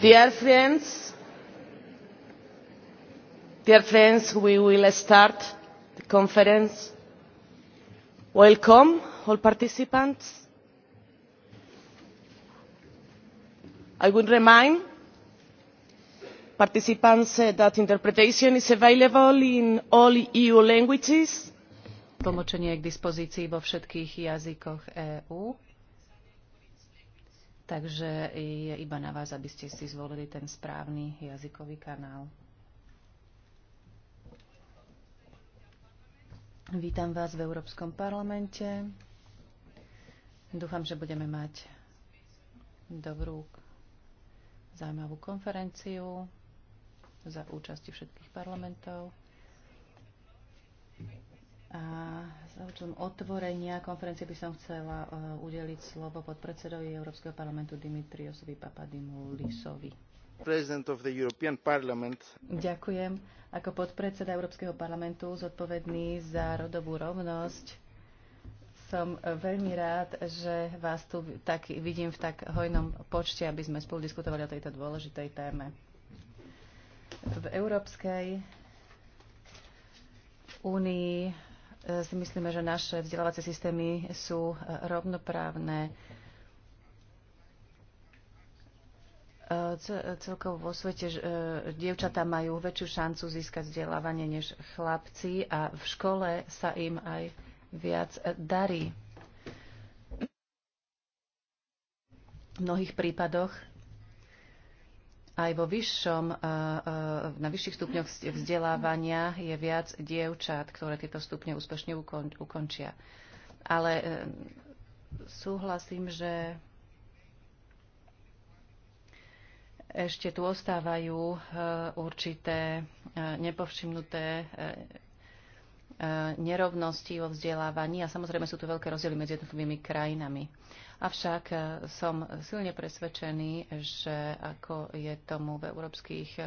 Dear friends, dear friends, we will start the conference. Welcome, all participants. I would remind participants eh, that interpretation is available in all EU languages. Tlmočenie je k dispozícii vo všetkých jazykoch EÚ. Takže je iba na vás, aby ste si zvolili ten správny jazykový kanál. Vítam vás v Európskom parlamente. Dúfam, že budeme mať dobrú zaujímavú konferenciu za účasti všetkých parlamentov. A za otvorenia konferencie by som chcela e, udeliť slovo podpredsedovi Európskeho parlamentu Dimitriosovi Papadimulisovi. Ďakujem. Ako podpredseda Európskeho parlamentu zodpovedný za rodovú rovnosť som veľmi rád, že vás tu tak vidím v tak hojnom počte, aby sme spolu diskutovali o tejto dôležitej téme. V Európskej únii E, si myslíme, že naše vzdelávacie systémy sú e, rovnoprávne. E, celkovo vo svete dievčatá majú väčšiu šancu získať vzdelávanie než chlapci a v škole sa im aj viac darí. V mnohých prípadoch aj vo vyššom, eh, eh, na vyšších stupňoch vzdelávania je viac dievčat, ktoré tieto stupne úspešne ukončia. Ale eh, súhlasím, že ešte tu ostávajú určité nepovšimnuté nerovnosti vo vzdelávaní a samozrejme sú tu veľké rozdiely medzi jednotlivými krajinami. Avšak e, som silne presvedčený, že ako je tomu v európskych e,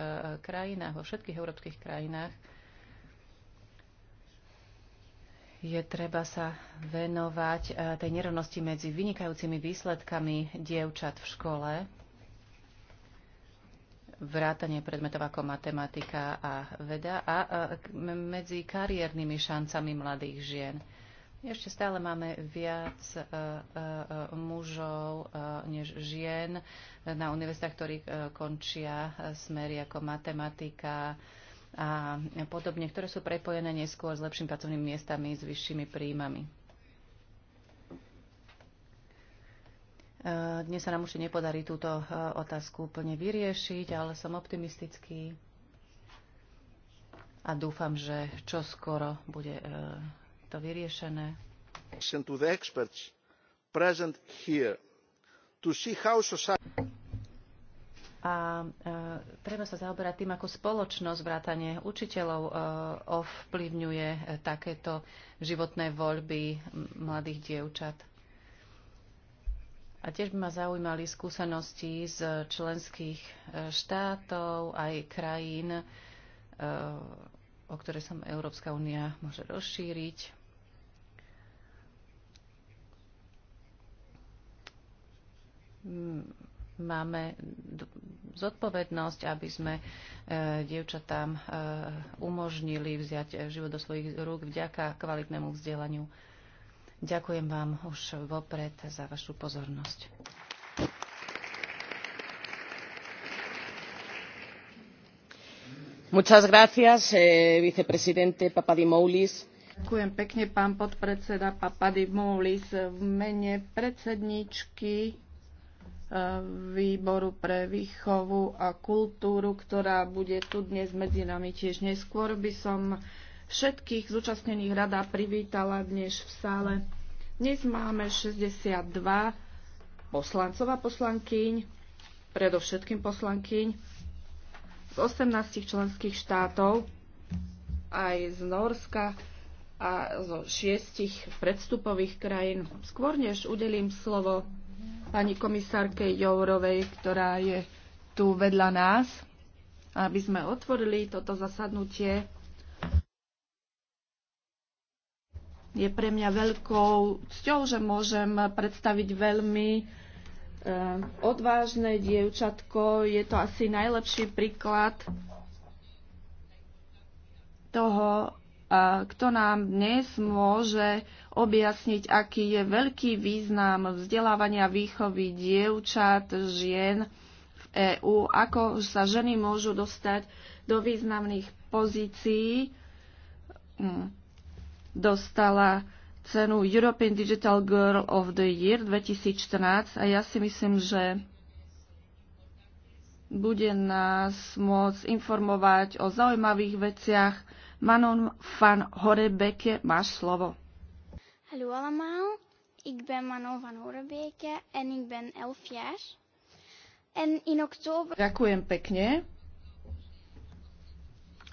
krajinách, vo všetkých európskych krajinách, je treba sa venovať e, tej nerovnosti medzi vynikajúcimi výsledkami dievčat v škole, vrátanie predmetov ako matematika a veda a medzi kariérnymi šancami mladých žien. Ešte stále máme viac e, e, e, mužov než žien na univerzitách, ktorí končia smery ako matematika a podobne, ktoré sú prepojené neskôr s lepším pracovnými miestami, s vyššími príjmami. Dnes sa nám už nepodarí túto otázku úplne vyriešiť, ale som optimistický a dúfam, že čo skoro bude to vyriešené. a e, treba sa zaoberať tým, ako spoločnosť vrátanie učiteľov e, ovplyvňuje e, takéto životné voľby mladých dievčat. A tiež by ma zaujímali skúsenosti z členských e, štátov, aj krajín, e, o ktoré sa Európska únia môže rozšíriť. máme zodpovednosť, aby sme e, dievčatám e, umožnili vziať e, život do svojich rúk vďaka kvalitnému vzdelaniu. Ďakujem vám už vopred za vašu pozornosť. Muchas gracias, eh, vicepresidente Papadimoulis. Ďakujem pekne, pán podpredseda Papadimoulis. V mene predsedničky výboru pre výchovu a kultúru, ktorá bude tu dnes medzi nami tiež neskôr. By som všetkých zúčastnených rada privítala dnes v sále. Dnes máme 62 poslancov a poslankyň, predovšetkým poslankyň z 18 členských štátov, aj z Norska a zo šiestich predstupových krajín. Skôr než udelím slovo pani komisárke Jourovej, ktorá je tu vedľa nás, aby sme otvorili toto zasadnutie. Je pre mňa veľkou cťou, že môžem predstaviť veľmi e, odvážne dievčatko. Je to asi najlepší príklad toho, kto nám dnes môže objasniť, aký je veľký význam vzdelávania výchovy dievčat, žien v EÚ, ako sa ženy môžu dostať do významných pozícií. Hm. Dostala cenu European Digital Girl of the Year 2014 a ja si myslím, že bude nás môcť informovať o zaujímavých veciach, Manon van Horebeke, má slovo. Hallo allemaal, ik ben Manon van Horebeke en ik ben 11 jaar. En in oktober... Ďakujem pekne.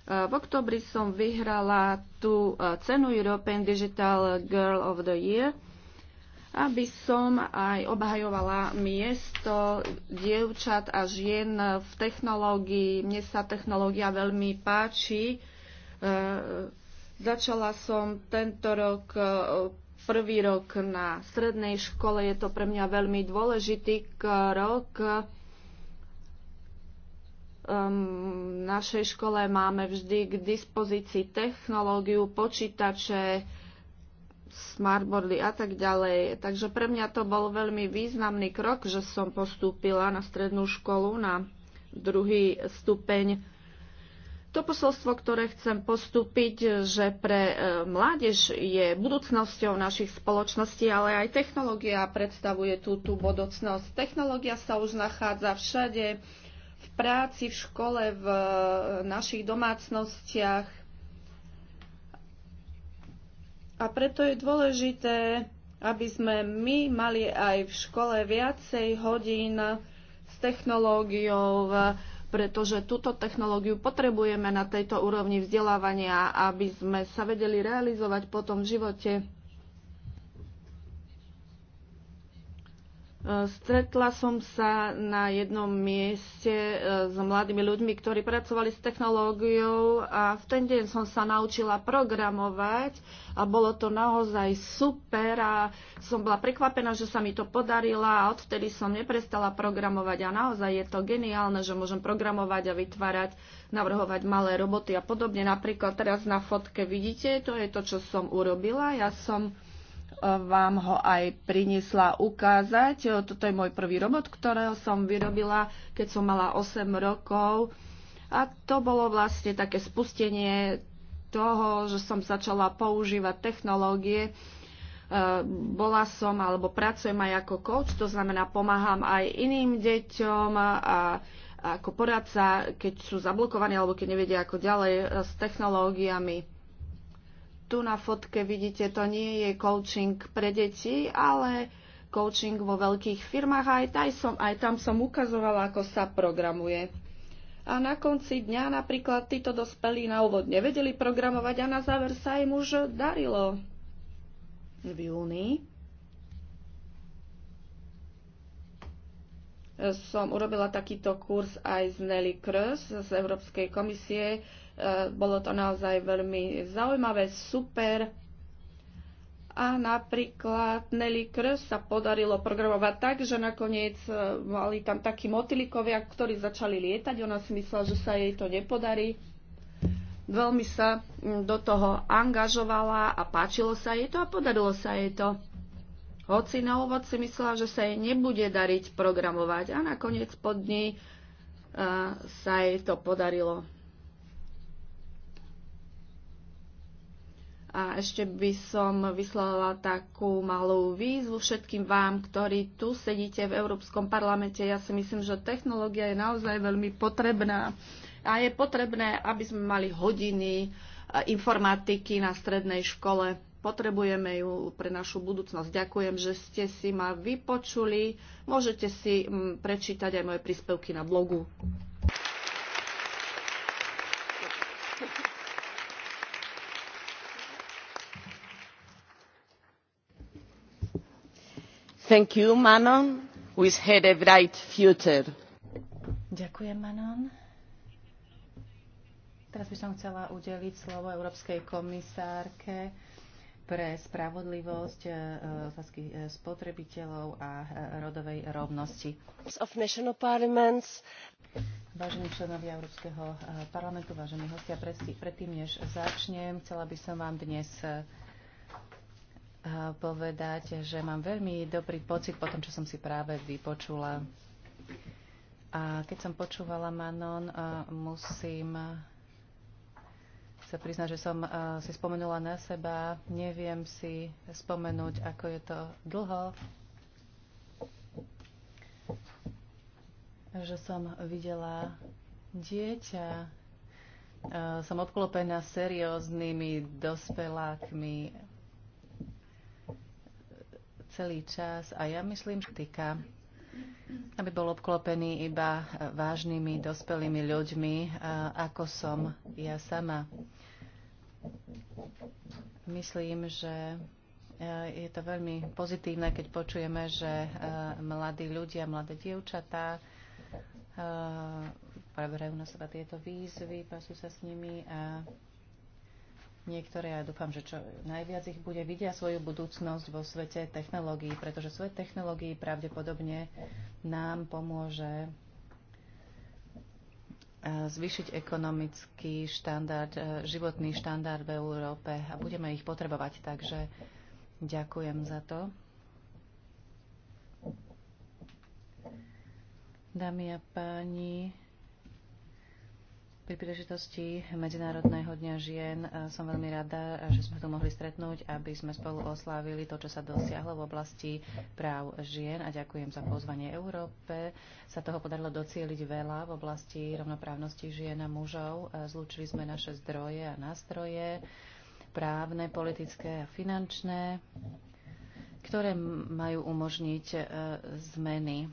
E, v oktobri som vyhrala tú e, cenu European Digital Girl of the Year, aby som aj obhajovala miesto dievčat a žien v technológii. Mne sa technológia veľmi páči E, začala som tento rok e, prvý rok na strednej škole. Je to pre mňa veľmi dôležitý rok. E, v našej škole máme vždy k dispozícii technológiu, počítače, smartboardy a tak ďalej. Takže pre mňa to bol veľmi významný krok, že som postúpila na strednú školu na druhý stupeň to posolstvo, ktoré chcem postúpiť, že pre e, mládež je budúcnosťou našich spoločností, ale aj technológia predstavuje tú, tú budúcnosť. Technológia sa už nachádza všade, v práci, v škole, v e, našich domácnostiach. A preto je dôležité, aby sme my mali aj v škole viacej hodín s technológiou, pretože túto technológiu potrebujeme na tejto úrovni vzdelávania, aby sme sa vedeli realizovať potom v živote. Stretla som sa na jednom mieste e, s mladými ľuďmi, ktorí pracovali s technológiou a v ten deň som sa naučila programovať a bolo to naozaj super a som bola prekvapená, že sa mi to podarila a odvtedy som neprestala programovať a naozaj je to geniálne, že môžem programovať a vytvárať, navrhovať malé roboty a podobne. Napríklad teraz na fotke vidíte, to je to, čo som urobila. Ja som vám ho aj priniesla ukázať. Toto je môj prvý robot, ktorého som vyrobila, keď som mala 8 rokov. A to bolo vlastne také spustenie toho, že som začala používať technológie. E, bola som alebo pracujem aj ako coach, to znamená pomáham aj iným deťom a ako poradca, keď sú zablokovaní alebo keď nevedia ako ďalej s technológiami. Tu na fotke vidíte, to nie je coaching pre deti, ale coaching vo veľkých firmách. Aj, taj som, aj tam som ukazovala, ako sa programuje. A na konci dňa napríklad títo dospelí na úvod nevedeli programovať a na záver sa im už darilo. V júni som urobila takýto kurz aj z Nelly Kröz z Európskej komisie, Eh, bolo to naozaj veľmi zaujímavé, super. A napríklad Nelly Kröz sa podarilo programovať tak, že nakoniec eh, mali tam takí motylikovia, ktorí začali lietať. Ona si myslela, že sa jej to nepodarí. Veľmi sa mm, do toho angažovala a páčilo sa jej to a podarilo sa jej to. Hoci na úvod si myslela, že sa jej nebude dariť programovať a nakoniec pod dní eh, sa jej to podarilo. A ešte by som vyslala takú malú výzvu všetkým vám, ktorí tu sedíte v Európskom parlamente. Ja si myslím, že technológia je naozaj veľmi potrebná. A je potrebné, aby sme mali hodiny e, informatiky na strednej škole. Potrebujeme ju pre našu budúcnosť. Ďakujem, že ste si ma vypočuli. Môžete si prečítať aj moje príspevky na blogu. Teraz by som chcela udeliť slovo Európskej komisárke pre spravodlivosť e, otázky e, spotrebiteľov a e, rodovej rovnosti. Vážení členovia Európskeho parlamentu, vážení hostia, predtým, než začnem, chcela by som vám dnes povedať, že mám veľmi dobrý pocit po tom, čo som si práve vypočula. A keď som počúvala Manon, musím sa priznať, že som si spomenula na seba. Neviem si spomenúť, ako je to dlho, že som videla dieťa. Som obklopená serióznymi dospelákmi, celý čas a ja myslím, že týka aby bol obklopený iba vážnymi, dospelými ľuďmi, ako som ja sama. Myslím, že e, je to veľmi pozitívne, keď počujeme, že e, mladí ľudia, mladé dievčatá e, preberajú na seba tieto výzvy, pasujú sa s nimi a niektoré, ja dúfam, že čo najviac ich bude, vidia svoju budúcnosť vo svete technológií, pretože svet technológií pravdepodobne nám pomôže eh, zvýšiť ekonomický štandard, eh, životný štandard v Európe a budeme ich potrebovať. Takže ďakujem za to. Dámy a páni, pri príležitosti Medzinárodného dňa žien e, som veľmi rada, že sme tu mohli stretnúť, aby sme spolu oslávili to, čo sa dosiahlo v oblasti práv žien a ďakujem za pozvanie Európe. Sa toho podarilo docieliť veľa v oblasti rovnoprávnosti žien a mužov. E, zlúčili sme naše zdroje a nástroje právne, politické a finančné, ktoré majú umožniť e, zmeny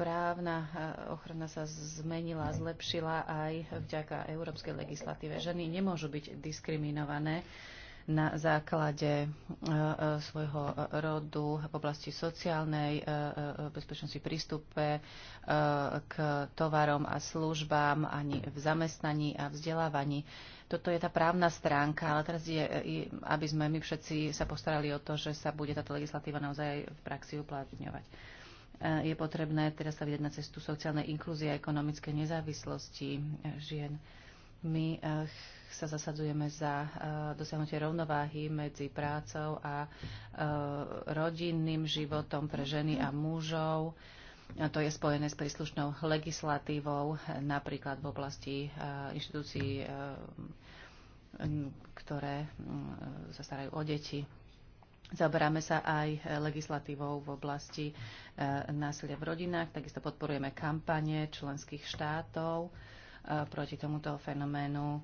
právna ochrana sa zmenila, zlepšila aj vďaka európskej legislatíve. Ženy nemôžu byť diskriminované na základe e, e, svojho rodu v oblasti sociálnej e, bezpečnosti prístupe k tovarom a službám, ani v zamestnaní a vzdelávaní. Toto je tá právna stránka, ale teraz je, aby sme my všetci sa postarali o to, že sa bude táto legislatíva naozaj v praxi uplatňovať. Eh, je potrebné teraz sa vidieť na cestu sociálnej inklúzie a ekonomickej nezávislosti eh, žien. My eh, sa zasadzujeme za dosiahnutie rovnováhy medzi prácou a rodinným životom pre ženy a mužov. A to je spojené s príslušnou legislatívou, napríklad v oblasti inštitúcií, ktoré mm, sa starajú o deti. Zaberáme sa aj eh, legislatívou v oblasti eh, násilia v rodinách, takisto podporujeme kampane členských štátov eh, proti tomuto fenoménu.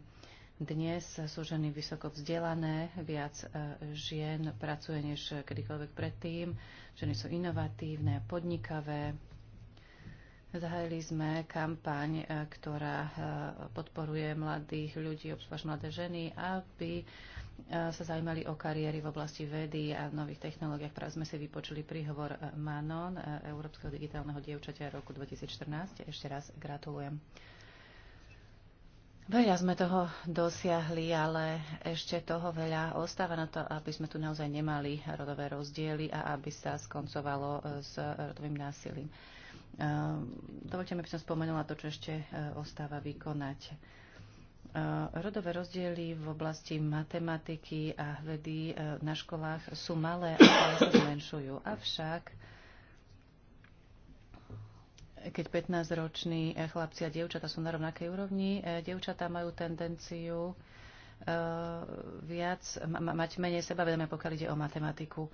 Dnes sú ženy vysoko vzdelané, viac žien pracuje než kedykoľvek predtým. Ženy sú inovatívne, podnikavé. Zahájili sme kampaň, ktorá podporuje mladých ľudí, obzvlášť mladé ženy, aby sa zaujímali o kariéry v oblasti vedy a nových technológiách. Práve sme si vypočuli príhovor Manon, e, Európskeho digitálneho dievčatia roku 2014. Ešte raz gratulujem. Veľa sme toho dosiahli, ale ešte toho veľa ostáva na to, aby sme tu naozaj nemali rodové rozdiely a aby sa skoncovalo e, s rodovým násilím. E, dovolte mi, aby som spomenula to, čo ešte ostáva vykonať Rodové rozdiely v oblasti matematiky a vedy e, na školách sú malé a stále sa zmenšujú. Avšak keď 15-roční e, chlapci a dievčata sú na rovnakej úrovni, e, dievčata majú tendenciu viac, mať menej sebavedomia, pokiaľ ide o matematiku.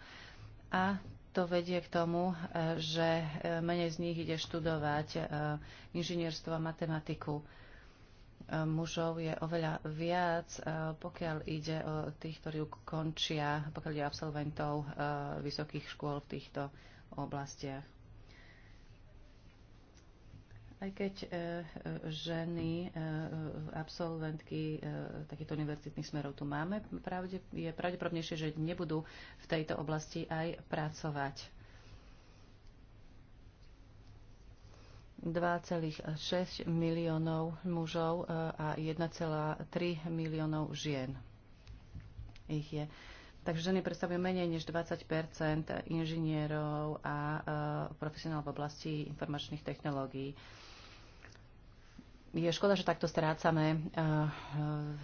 A to vedie k tomu, že menej z nich ide študovať inžinierstvo a matematiku mužov je oveľa viac, e, pokiaľ ide o tých, ktorí končia, pokiaľ ide o absolventov e, vysokých škôl v týchto oblastiach. Aj keď e, ženy, absolventky takýchto univerzitných smerov tu máme, je pravdepodobnejšie, že nebudú v tejto oblasti aj pracovať 2,6 miliónov mužov e, a 1,3 miliónov žien. Ich je. Takže ženy predstavujú menej než 20 inžinierov a e, profesionál v oblasti informačných technológií. Je škoda, že takto strácame e,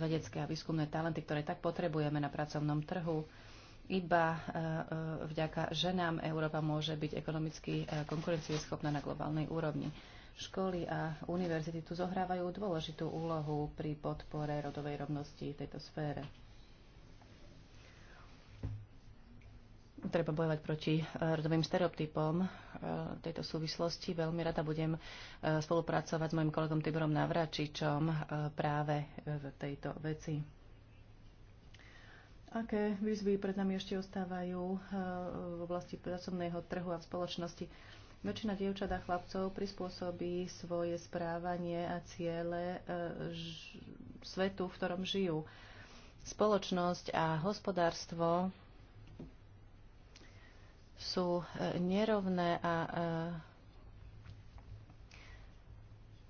vedecké a výskumné talenty, ktoré tak potrebujeme na pracovnom trhu iba e, e, vďaka ženám Európa môže byť ekonomicky e, konkurencieschopná na globálnej úrovni. Školy a univerzity tu zohrávajú dôležitú úlohu pri podpore rodovej rovnosti v tejto sfére. treba bojovať proti rodovým stereotypom tejto súvislosti. Veľmi rada budem spolupracovať s mojim kolegom Tiborom Navračičom práve v tejto veci. Aké výzvy pred nami ešte ostávajú eh, v oblasti pracovného trhu a v spoločnosti? Väčšina dievčat a chlapcov prispôsobí svoje správanie a ciele eh, svetu, v ktorom žijú. Spoločnosť a hospodárstvo sú eh, nerovné a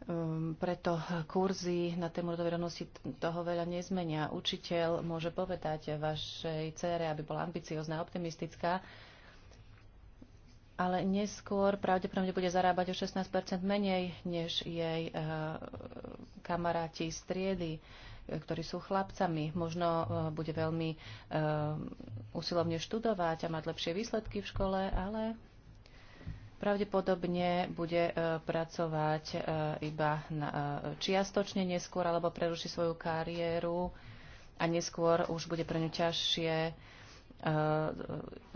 Um, preto kurzy na tému rodovej rovnosti toho veľa nezmenia. Učiteľ môže povedať vašej cére, aby bola ambiciozná, optimistická, ale neskôr pravdepodobne bude zarábať o 16 menej, než jej uh, kamaráti z triedy, eh, ktorí sú chlapcami. Možno uh, bude veľmi uh, usilovne študovať a mať lepšie výsledky v škole, ale pravdepodobne bude e, pracovať e, iba e, čiastočne neskôr alebo preruší svoju kariéru a neskôr už bude pre ňu ťažšie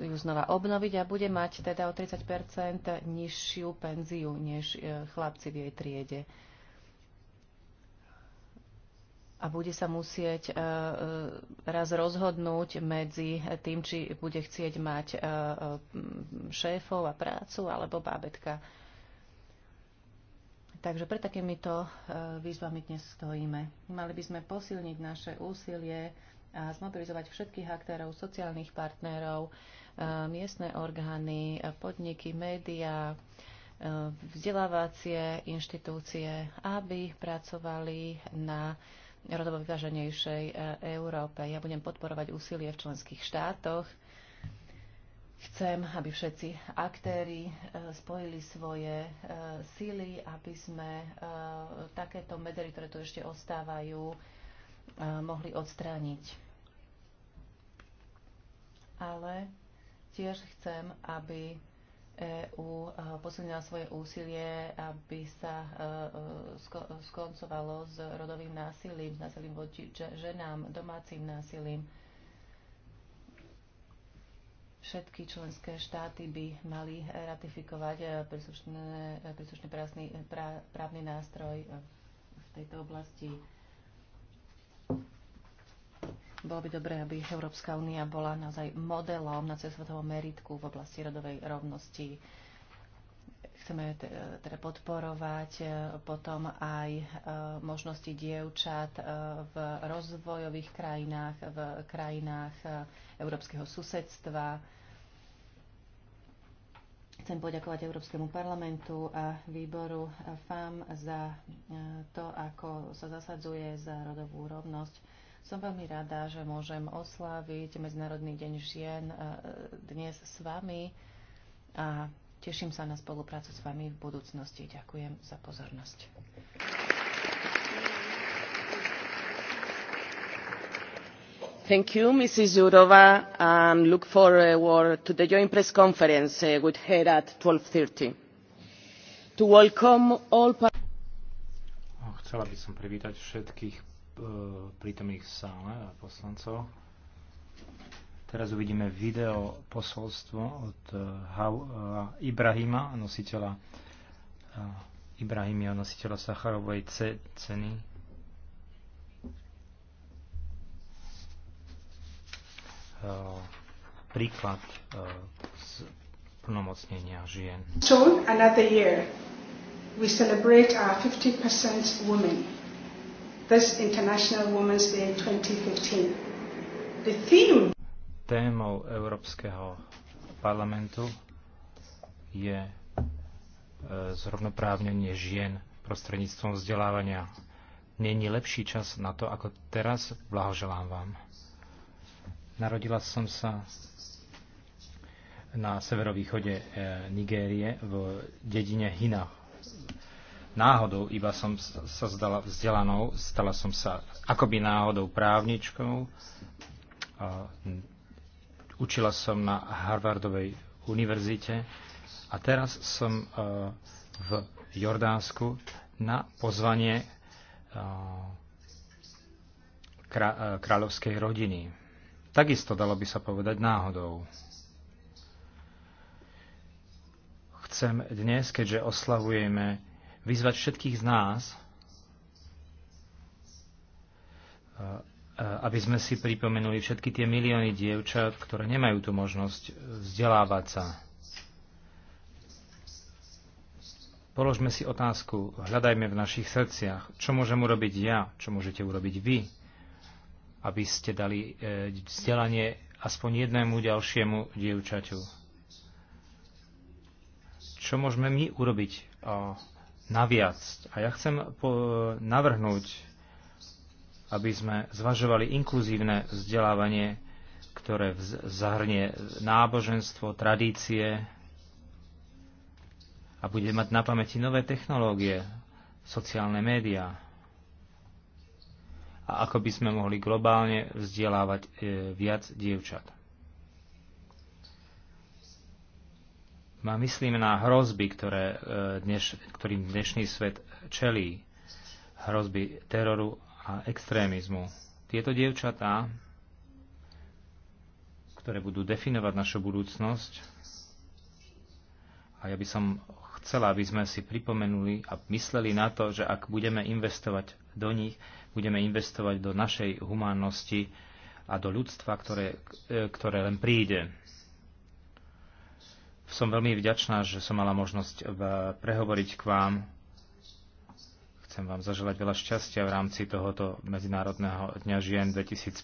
ju znova obnoviť a bude mať teda o 30 nižšiu penziu než chlapci v jej triede a bude sa musieť e, e, raz rozhodnúť medzi tým, či bude chcieť mať e, šéfov a prácu alebo bábetka. Takže pred takýmito výzvami dnes stojíme. Mali by sme posilniť naše úsilie a zmobilizovať všetkých aktérov, sociálnych partnerov, miestne orgány, podniky, médiá, vzdelávacie inštitúcie, aby pracovali na rodovo vyváženejšej e, Európe. Ja budem podporovať úsilie v členských štátoch. Chcem, aby všetci aktéry e, spojili svoje e, síly, aby sme takéto medzery, ktoré tu ešte ostávajú, mohli odstrániť. Ale tiež chcem, aby EÚ e, posilnila svoje úsilie, aby sa e, e, skoncovalo s rodovým násilím, násilím voči ženám, domácim násilím. Všetky členské štáty by mali ratifikovať príslušný právny nástroj v tejto oblasti. Bolo by dobré, aby Európska únia bola naozaj modelom na celosvetovom meritku v oblasti rodovej rovnosti. Chceme teda podporovať e, potom aj e, možnosti dievčat e, v rozvojových krajinách, v krajinách európskeho susedstva, Chcem poďakovať Európskemu parlamentu a výboru FAM za to, ako sa zasadzuje za rodovú rovnosť. Som veľmi rada, že môžem osláviť Medzinárodný deň žien e, dnes s vami a teším sa na spoluprácu s vami v budúcnosti. Ďakujem za pozornosť. Thank you, Mrs. Jourova, and look forward to the joint press conference uh, with her at 12.30. To welcome all... Chcela by som privítať všetkých Eh, prítomných v sále a poslancov. Teraz uvidíme video posolstvo od eh, eh, Ibrahima, nositeľa Ibrahimia, nositeľa Sacharovej ceny. Príklad z plnomocnenia žien. So another year we celebrate our 50% women this International Women's Day 2015. The theme Témou Európskeho parlamentu je e, zrovnoprávnenie žien prostredníctvom vzdelávania. Není lepší čas na to, ako teraz. Blahoželám vám. Narodila som sa na severovýchode e, Nigérie v dedine Hina náhodou iba som sa zdala vzdelanou, stala som sa akoby náhodou právničkou. Učila som na Harvardovej univerzite a teraz som v Jordánsku na pozvanie kráľovskej rodiny. Takisto dalo by sa povedať náhodou. Chcem dnes, keďže oslavujeme vyzvať všetkých z nás, eh, aby sme si pripomenuli všetky tie milióny dievčat, ktoré nemajú tú možnosť vzdelávať sa. Položme si otázku, hľadajme v našich srdciach, čo môžem urobiť ja, čo môžete urobiť vy, aby ste dali eh, vzdelanie aspoň jednému ďalšiemu dievčaťu. Čo môžeme my urobiť eh, naviac. A ja chcem navrhnúť, aby sme zvažovali inkluzívne vzdelávanie, ktoré zahrnie náboženstvo, tradície a bude mať na pamäti nové technológie, sociálne médiá. A ako by sme mohli globálne vzdelávať e, viac dievčat. Ma myslím na hrozby, ktoré, e, dneš, ktorým dnešný svet čelí. Hrozby teroru a extrémizmu. Tieto dievčatá, ktoré budú definovať našu budúcnosť, a ja by som chcela, aby sme si pripomenuli a mysleli na to, že ak budeme investovať do nich, budeme investovať do našej humánnosti a do ľudstva, ktoré, e, ktoré len príde. Som veľmi vďačná, že som mala možnosť eh, prehovoriť k vám. Chcem vám zaželať veľa šťastia v rámci tohoto Medzinárodného dňa žien 2015.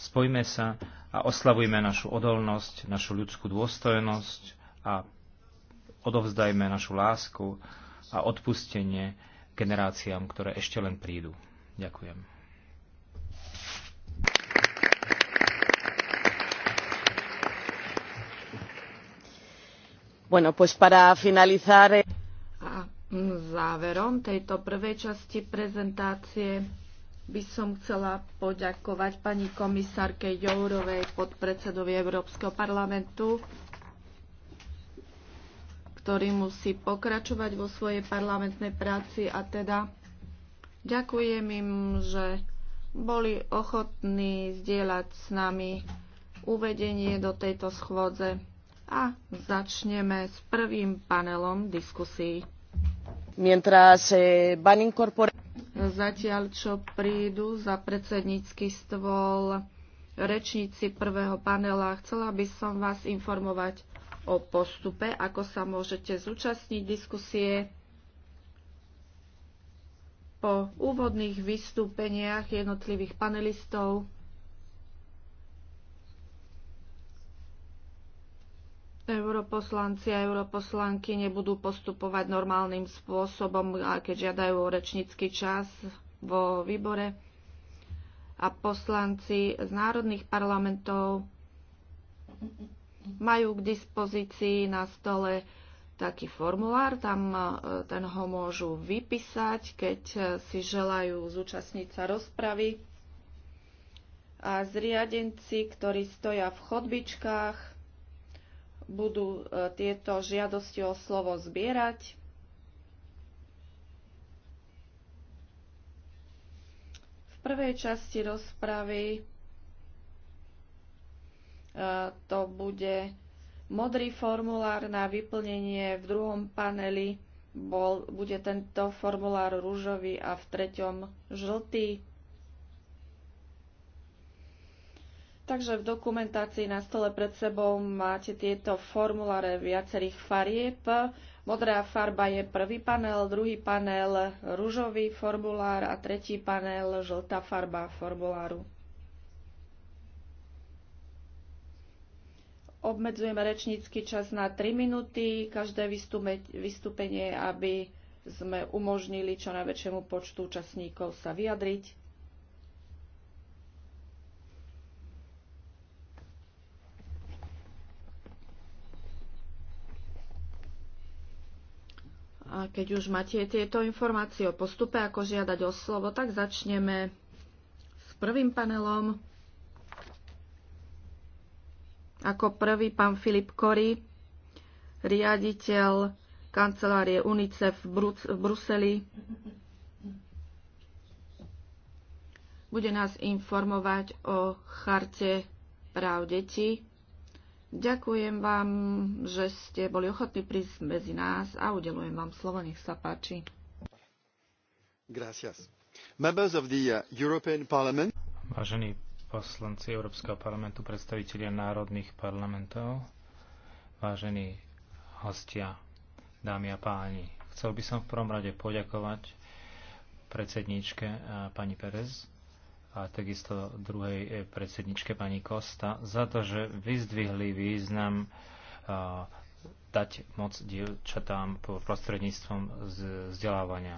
Spojme sa a oslavujme našu odolnosť, našu ľudskú dôstojnosť a odovzdajme našu lásku a odpustenie generáciám, ktoré ešte len prídu. Ďakujem. Bueno, pues para finalizar... Eh, a záverom tejto prvej časti prezentácie by som chcela poďakovať pani komisárke Jourovej, podpredsedovi Európskeho parlamentu, ktorý musí pokračovať vo svojej parlamentnej práci a teda ďakujem im, že boli ochotní zdieľať s nami uvedenie do tejto schôdze a začneme s prvým panelom diskusí. Mientras eh, van incorporar... Zatiaľ, čo prídu za predsednícky stôl rečníci prvého panela, chcela by som vás informovať o postupe, ako sa môžete zúčastniť diskusie. Po úvodných vystúpeniach jednotlivých panelistov Europoslanci a europoslanky nebudú postupovať normálnym spôsobom, keď žiadajú o rečnícky čas vo výbore. A poslanci z národných parlamentov majú k dispozícii na stole taký formulár, tam e, ten ho môžu vypísať, keď e, si želajú zúčastniť sa rozpravy. A zriadenci, ktorí stoja v chodbičkách, budú e, tieto žiadosti o slovo zbierať. V prvej časti rozpravy e, to bude modrý formulár na vyplnenie v druhom paneli. Bol, bude tento formulár rúžový a v treťom žltý. Takže v dokumentácii na stole pred sebou máte tieto formuláre viacerých farieb. Modrá farba je prvý panel, druhý panel rúžový formulár a tretí panel žltá farba formuláru. Obmedzujeme rečnícky čas na 3 minúty, každé vystúpenie, aby sme umožnili čo najväčšiemu počtu účastníkov sa vyjadriť. A keď už máte tieto informácie o postupe, ako žiadať o slovo, tak začneme s prvým panelom. Ako prvý pán Filip Kory, riaditeľ kancelárie UNICEF v, Bruseli. Bude nás informovať o charte práv detí. Ďakujem vám, že ste boli ochotní prísť medzi nás a udelujem vám slovo, nech sa páči. Gracias. Members of the uh, European Parliament. Vážení poslanci Európskeho parlamentu, predstavitelia národných parlamentov, vážení hostia, dámy a páni. Chcel by som v prvom rade poďakovať predsedníčke pani Perez a takisto druhej e, predsedničke pani Kosta za to, že vyzdvihli význam dať moc dievčatám prostredníctvom vzdelávania.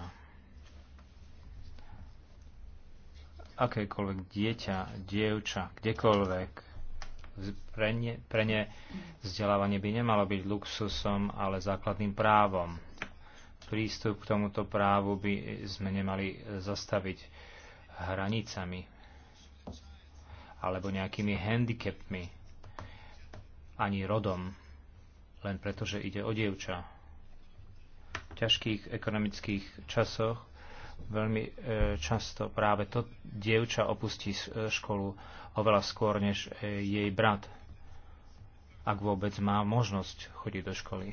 Akékoľvek dieťa, dievča, kdekoľvek, pre ne, pre ne vzdelávanie by nemalo byť luxusom, ale základným právom. Prístup k tomuto právu by sme nemali e, zastaviť hranicami alebo nejakými handicapmi, ani rodom, len preto, že ide o dievča. V ťažkých ekonomických časoch veľmi e, často práve to dievča opustí e, školu oveľa skôr než e, jej brat, ak vôbec má možnosť chodiť do školy.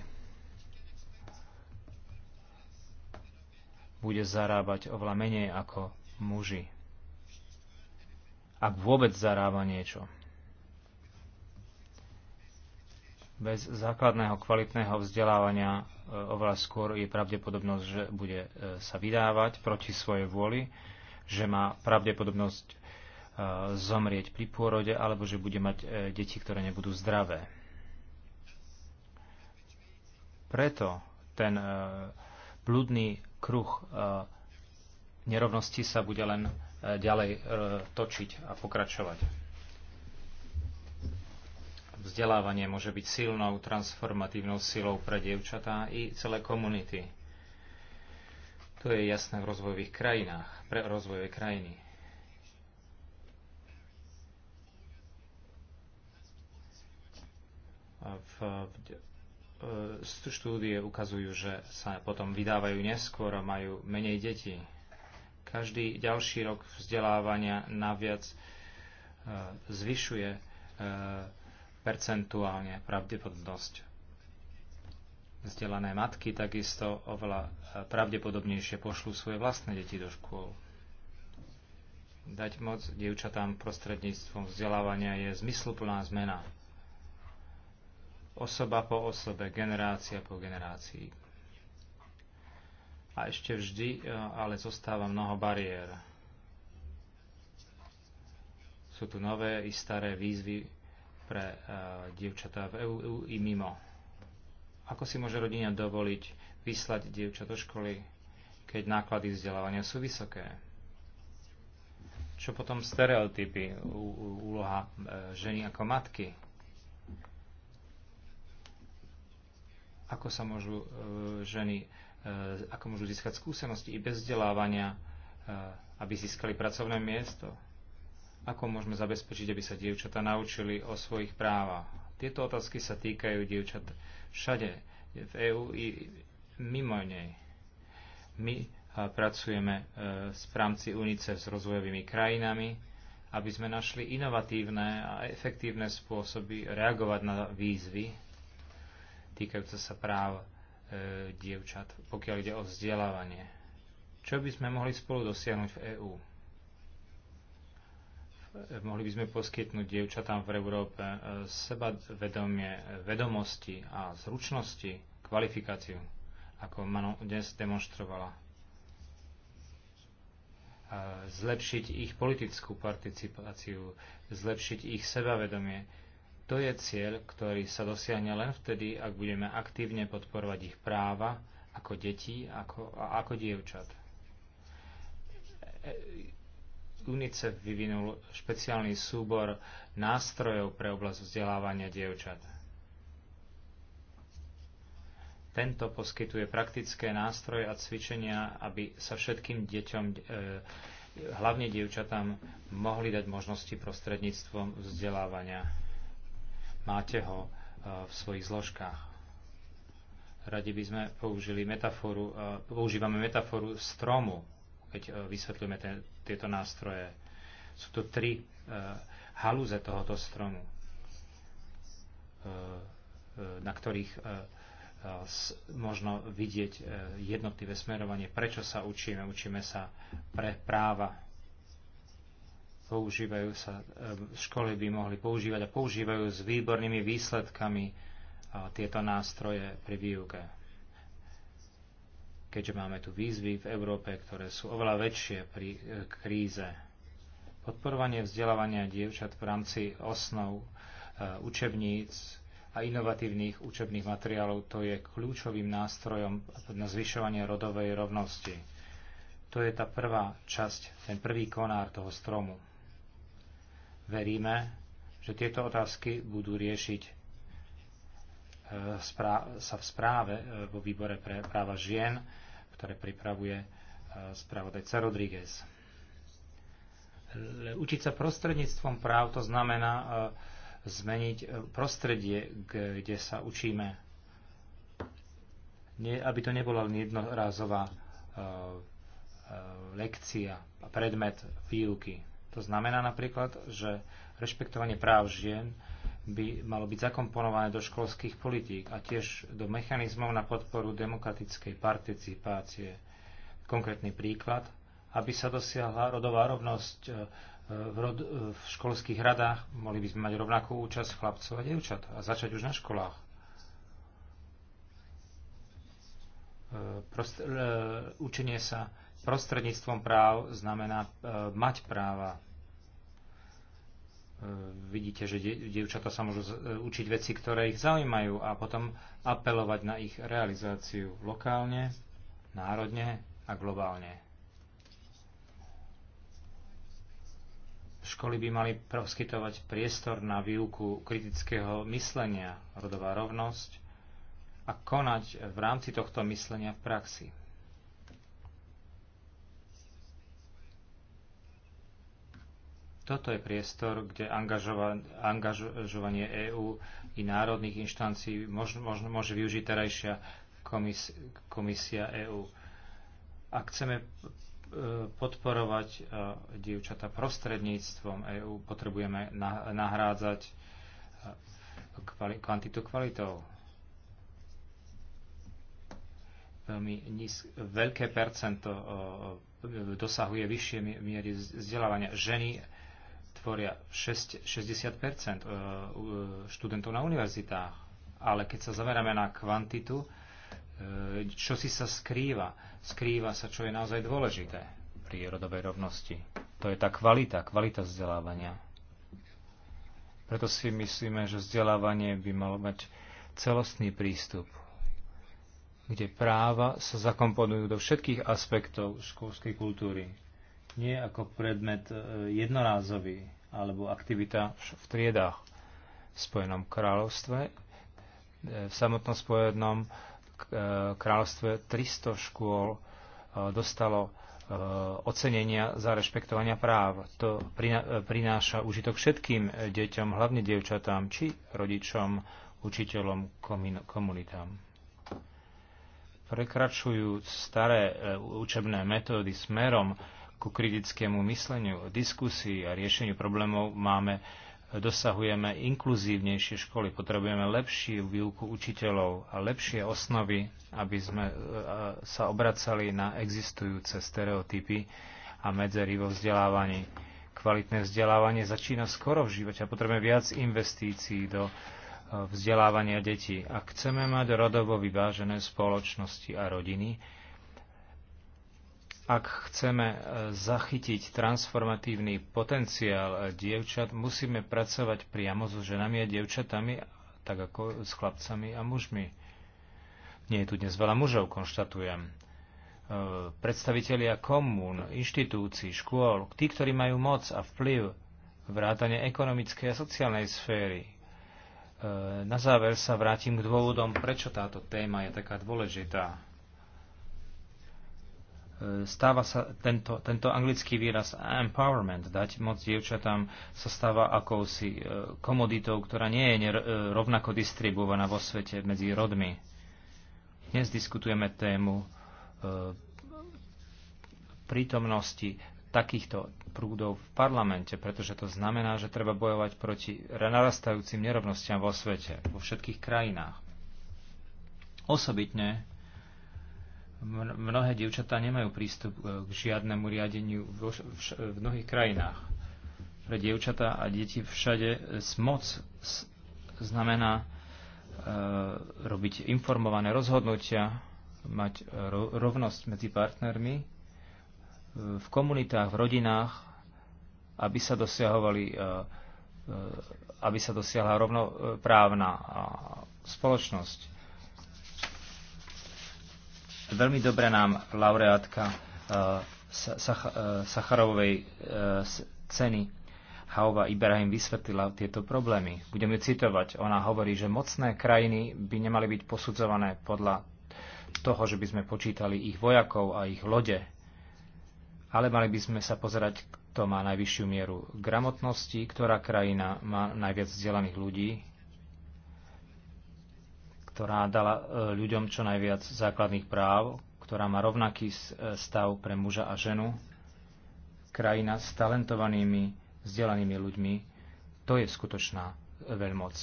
Bude zarábať oveľa menej ako muži. Ak vôbec zarába niečo. Bez základného kvalitného vzdelávania e, oveľa skôr je pravdepodobnosť, že bude e, sa vydávať proti svojej vôli, že má pravdepodobnosť e, zomrieť pri pôrode alebo že bude mať deti, ktoré nebudú zdravé. Preto ten blúdny kruh nerovnosti sa bude len e, ďalej e, točiť a pokračovať. Vzdelávanie môže byť silnou transformatívnou silou pre dievčatá i celé komunity. To je jasné v rozvojových krajinách, pre rozvojové krajiny. V, e, štúdie ukazujú, že sa potom vydávajú neskôr a majú menej detí. Každý ďalší rok vzdelávania naviac e, zvyšuje e, percentuálne pravdepodobnosť. Vzdelané matky takisto oveľa e, pravdepodobnejšie pošlú svoje vlastné deti do škôl. Dať moc dievčatám prostredníctvom vzdelávania je zmysluplná zmena. Osoba po osobe, generácia po generácii a ešte vždy e, ale zostáva mnoho bariér. Sú tu nové i staré výzvy pre e, dievčatá v EU e i mimo. Ako si môže rodina dovoliť vyslať dievča do školy, keď náklady vzdelávania sú vysoké? Čo potom stereotypy, úloha ženy ako matky? Ako sa môžu ženy E, ako môžu získať skúsenosti i bez vzdelávania, e, aby získali pracovné miesto. Ako môžeme zabezpečiť, aby sa dievčata naučili o svojich právach. Tieto otázky sa týkajú dievčat všade, v EÚ i mimo nej. My e, pracujeme v rámci UNICEF s rozvojovými krajinami, aby sme našli inovatívne a efektívne spôsoby reagovať na výzvy týkajúce sa práv E, dievčat, pokiaľ ide o vzdelávanie. Čo by sme mohli spolu dosiahnuť v EÚ? E, mohli by sme poskytnúť dievčatám v Európe e, seba vedomie, vedomosti a zručnosti, kvalifikáciu, ako Mano dnes demonstrovala. Zlepšiť ich politickú participáciu, zlepšiť ich sebavedomie, to je cieľ, ktorý sa dosiahne len vtedy, ak budeme aktívne podporovať ich práva ako deti ako, a ako dievčat. E, UNICEF vyvinul špeciálny súbor nástrojov pre oblasť vzdelávania dievčat. Tento poskytuje praktické nástroje a cvičenia, aby sa všetkým deťom, e, hlavne dievčatám, mohli dať možnosti prostredníctvom vzdelávania Máte ho e, v svojich zložkách. Radi by sme použili metaforu, e, používame metaforu stromu, keď e, vysvetľujeme te, tieto nástroje. Sú to tri halúze tohoto stromu, na ktorých možno vidieť jednotlivé smerovanie, prečo sa učíme. Učíme sa pre práva používajú sa, eh, školy by mohli používať a používajú s výbornými výsledkami eh, tieto nástroje pri výuke. Keďže máme tu výzvy v Európe, ktoré sú oveľa väčšie pri eh, kríze. Podporovanie vzdelávania dievčat v rámci osnov učebníc a inovatívnych učebných materiálov to je kľúčovým nástrojom na zvyšovanie rodovej rovnosti. To je tá prvá časť, ten prvý konár toho stromu. Veríme, že tieto otázky budú riešiť e, sa v správe e, vo výbore pre práva žien, ktoré pripravuje e, spravodajca Rodríguez. Učiť sa prostredníctvom práv to znamená zmeniť prostredie, kde sa učíme. Nie, aby to nebola len jednorázová lekcia a predmet výuky to znamená napríklad, že rešpektovanie práv žien by malo byť zakomponované do školských politík a tiež do mechanizmov na podporu demokratickej participácie. Konkrétny príklad, aby sa dosiahla rodová rovnosť e, e, v, rod, e, v školských radách, mohli by sme mať rovnakú účasť chlapcov a dievčat a začať už na školách. Prost, e, učenie sa Prostredníctvom práv znamená e, mať práva. E, vidíte, že dievčatá sa môžu e, učiť veci, ktoré ich zaujímajú a potom apelovať na ich realizáciu lokálne, národne a globálne. Školy by mali poskytovať priestor na výuku kritického myslenia, rodová rovnosť a konať v rámci tohto myslenia v praxi. Toto je priestor, kde angažovanie EÚ i národných inštancií môže využiť terajšia komisia EÚ. Ak chceme e, podporovať e, dievčata prostredníctvom EÚ, potrebujeme nahrádzať e, kvantitu kvalitou. Veľmi níz, veľké percento dosahuje vyššie miery vzdelávania. Ženy tvoria 6, 60 e, študentov na univerzitách. Ale keď sa zameráme na kvantitu, e, čo si sa skrýva? Skrýva sa, čo je naozaj dôležité pri rodovej rovnosti. To je tá kvalita, kvalita vzdelávania. Preto si myslíme, že vzdelávanie by malo mať celostný prístup, kde práva sa zakomponujú do všetkých aspektov školskej kultúry. Nie ako predmet e, jednorázový alebo aktivita v triedách v Spojenom kráľovstve. E, v samotnom Spojenom e, kráľovstve 300 škôl e, dostalo ocenenia za rešpektovania práv. To prináša užitok všetkým deťom, hlavne dievčatám, či rodičom, učiteľom, komunitám. Prekračujú staré učebné metódy smerom ku kritickému mysleniu, diskusii a riešeniu problémov máme, e, dosahujeme inkluzívnejšie školy, potrebujeme lepšiu výuku učiteľov a lepšie osnovy, aby sme e, e, sa obracali na existujúce stereotypy a medzery vo vzdelávaní. Kvalitné vzdelávanie začína skoro v živote a potrebujeme viac investícií do vzdelávania detí. Ak chceme mať rodovo vyvážené spoločnosti a rodiny, ak chceme e, zachytiť transformatívny potenciál e, dievčat, musíme pracovať priamo so ženami a dievčatami, tak ako s chlapcami a mužmi. Nie je tu dnes veľa mužov, konštatujem. E, predstavitelia komún, inštitúcií, škôl, tí, ktorí majú moc a vplyv, vrátane ekonomickej a sociálnej sféry. Na záver sa vrátim k dôvodom, prečo táto téma je taká dôležitá E, stáva sa tento, tento anglický výraz empowerment, dať moc dievčatám, sa stáva akousi e, komoditou, ktorá nie je e, rovnako distribuovaná vo svete medzi rodmi. Dnes diskutujeme tému prítomnosti takýchto prúdov v parlamente, pretože to znamená, že treba bojovať proti narastajúcim nerovnostiam vo svete, vo všetkých krajinách. Osobitne mnohé dievčatá nemajú prístup e, k žiadnemu riadeniu v, v mnohých krajinách. Pre dievčatá a deti všade moc znamená e, robiť informované rozhodnutia, mať e, ro, rovnosť medzi partnermi e, v komunitách, v rodinách, aby sa dosiahovali e, aby sa dosiahla rovnoprávna spoločnosť Veľmi dobre nám laureátka uh, uh, Sacharovej uh, ceny Hauva Ibrahim vysvetlila tieto problémy. Budem ju citovať. Ona hovorí, že mocné krajiny by nemali byť posudzované podľa toho, že by sme počítali ich vojakov a ich lode, ale mali by sme sa pozerať, kto má najvyššiu mieru gramotnosti, ktorá krajina má najviac vzdelaných ľudí, ktorá dala e, ľuďom čo najviac základných práv, ktorá má rovnaký e, stav pre muža a ženu, krajina s talentovanými, vzdelanými ľuďmi, to je skutočná e, veľmoc.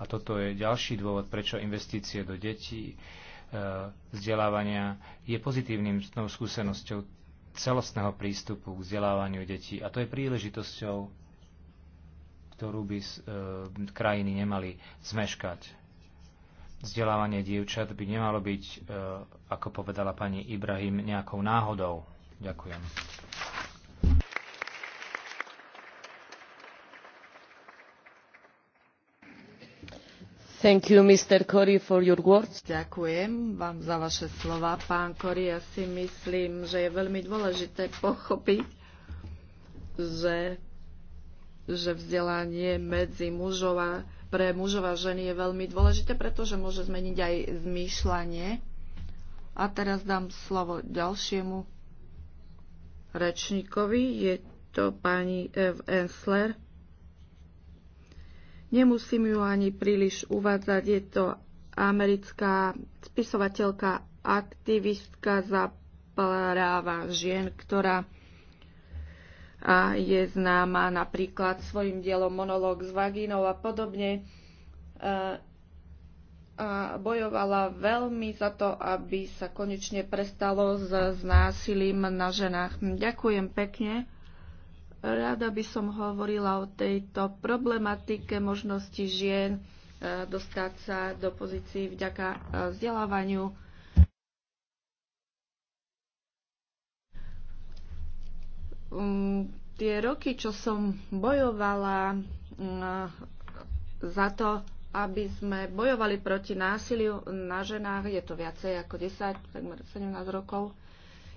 A toto je ďalší dôvod, prečo investície do detí, vzdelávania je pozitívnym skúsenosťou celostného prístupu k vzdelávaniu detí. A to je príležitosťou, ktorú by krajiny nemali zmeškať Vzdelávanie dievčat by nemalo byť, e, ako povedala pani Ibrahim, nejakou náhodou. Ďakujem. You, Curry, ďakujem vám za vaše slova pán Kory, Ja si myslím, že je veľmi dôležité pochopiť, že, že vzdelanie medzi mužov a pre mužov a ženy je veľmi dôležité, pretože môže zmeniť aj zmýšľanie. A teraz dám slovo ďalšiemu rečníkovi. Je to pani Ev Ensler. Nemusím ju ani príliš uvádzať. Je to americká spisovateľka, aktivistka za práva žien, ktorá a je známa napríklad svojim dielom monológ s vagínou a podobne. E, a bojovala veľmi za to, aby sa konečne prestalo s, s násilím na ženách. Ďakujem pekne. Rada by som hovorila o tejto problematike možnosti žien e, dostať sa do pozícií vďaka e, vzdelávaniu um, tie roky, čo som bojovala um, za to, aby sme bojovali proti násiliu na ženách, je to viacej ako 10, takmer 17 rokov,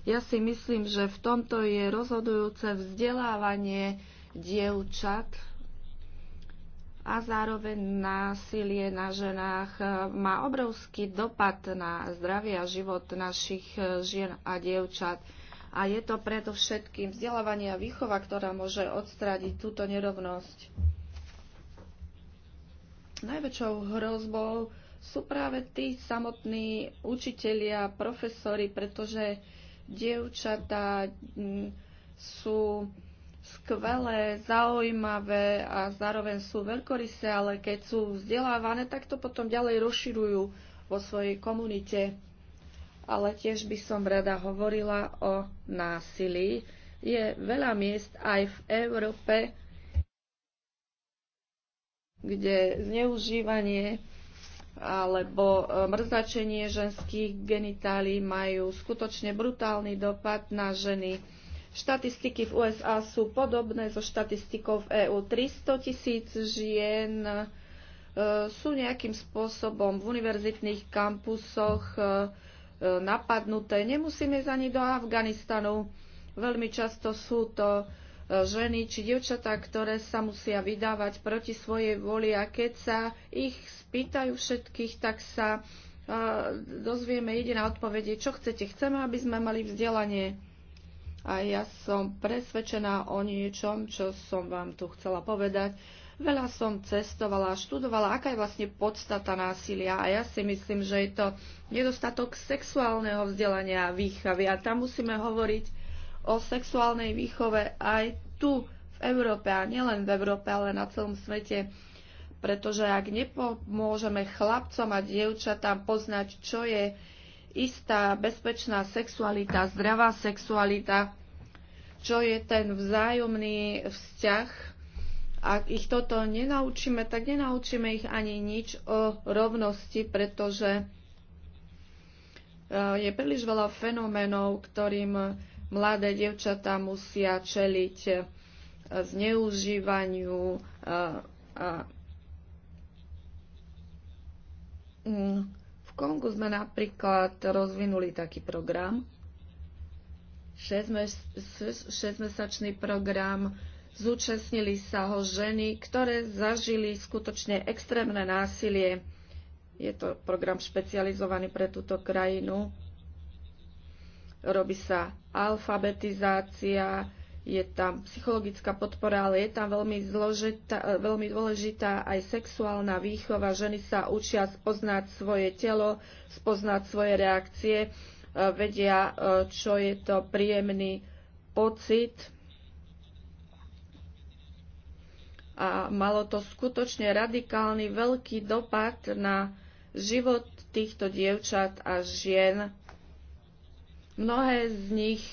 ja si myslím, že v tomto je rozhodujúce vzdelávanie dievčat a zároveň násilie na ženách e, má obrovský dopad na zdravie a život našich e, žien a dievčat. A je to predovšetkým vzdelávanie a výchova, ktorá môže odstrádiť túto nerovnosť. Najväčšou hrozbou sú práve tí samotní učitelia, profesori, pretože dievčatá mm, sú skvelé, zaujímavé a zároveň sú veľkorysé, ale keď sú vzdelávané, tak to potom ďalej rozširujú vo svojej komunite ale tiež by som rada hovorila o násilí. Je veľa miest aj v Európe, kde zneužívanie alebo e, mrzačenie ženských genitálií majú skutočne brutálny dopad na ženy. Štatistiky v USA sú podobné so štatistikou v EÚ. 300 tisíc žien e, sú nejakým spôsobom v univerzitných kampusoch e, E, napadnuté. Nemusíme ísť ani do Afganistanu. Veľmi často sú to e, ženy či dievčatá, ktoré sa musia vydávať proti svojej voli a keď sa ich spýtajú všetkých, tak sa e, dozvieme jediná odpovede, čo chcete. Chceme, aby sme mali vzdelanie. A ja som presvedčená o niečom, čo som vám tu chcela povedať. Veľa som cestovala a študovala, aká je vlastne podstata násilia a ja si myslím, že je to nedostatok sexuálneho vzdelania a výchavy a tam musíme hovoriť o sexuálnej výchove aj tu v Európe a nielen v Európe, ale na celom svete pretože ak nepomôžeme chlapcom a dievčatám poznať, čo je istá bezpečná sexualita, zdravá sexualita, čo je ten vzájomný vzťah ak ich toto nenaučíme, tak nenaučíme ich ani nič o rovnosti, pretože e, je príliš veľa fenoménov, ktorým mladé dievčatá musia čeliť e, zneužívaniu e, a mm, v Kongu sme napríklad rozvinuli taký program, 6-mesačný program Zúčastnili sa ho ženy, ktoré zažili skutočne extrémne násilie. Je to program špecializovaný pre túto krajinu. Robí sa alfabetizácia, je tam psychologická podpora, ale je tam veľmi, zložitá, veľmi dôležitá aj sexuálna výchova. Ženy sa učia spoznať svoje telo, spoznať svoje reakcie, vedia, čo je to príjemný pocit a malo to skutočne radikálny veľký dopad na život týchto dievčat a žien. Mnohé z nich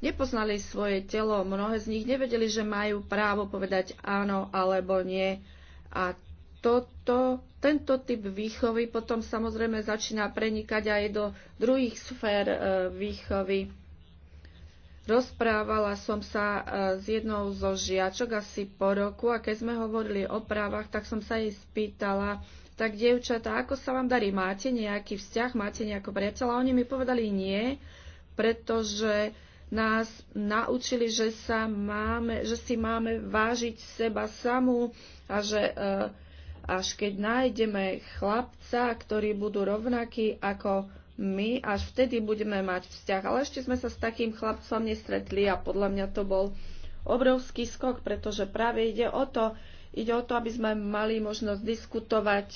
nepoznali svoje telo, mnohé z nich nevedeli, že majú právo povedať áno alebo nie. A toto, tento typ výchovy potom samozrejme začína prenikať aj do druhých sfér e, výchovy. Rozprávala som sa eh, s jednou zo žiačok asi po roku a keď sme hovorili o právach, tak som sa jej spýtala, tak dievčatá, ako sa vám darí? Máte nejaký vzťah? Máte nejakú priateľa? Oni mi povedali nie, pretože nás naučili, že, sa máme, že si máme vážiť seba samú a že eh, až keď nájdeme chlapca, ktorí budú rovnakí ako my až vtedy budeme mať vzťah. Ale ešte sme sa s takým chlapcom nestretli a podľa mňa to bol obrovský skok, pretože práve ide o to, ide o to, aby sme mali možnosť diskutovať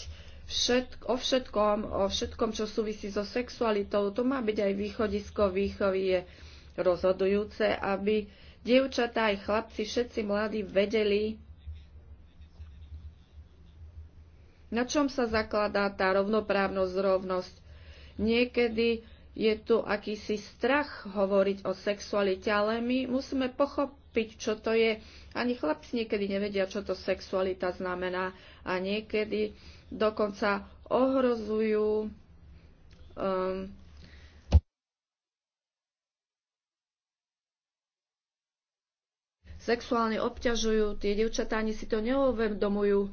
všetk, o všetkom, o všetkom, čo súvisí so sexualitou. To má byť aj východisko výchovy je rozhodujúce, aby dievčatá aj chlapci, všetci mladí vedeli, na čom sa zakladá tá rovnoprávnosť, rovnosť Niekedy je tu akýsi strach hovoriť o sexualite, ale my musíme pochopiť, čo to je. Ani chlapci niekedy nevedia, čo to sexualita znamená a niekedy dokonca ohrozujú um, sexuálne obťažujú. Tie dievčatá ani si to neuvedomujú,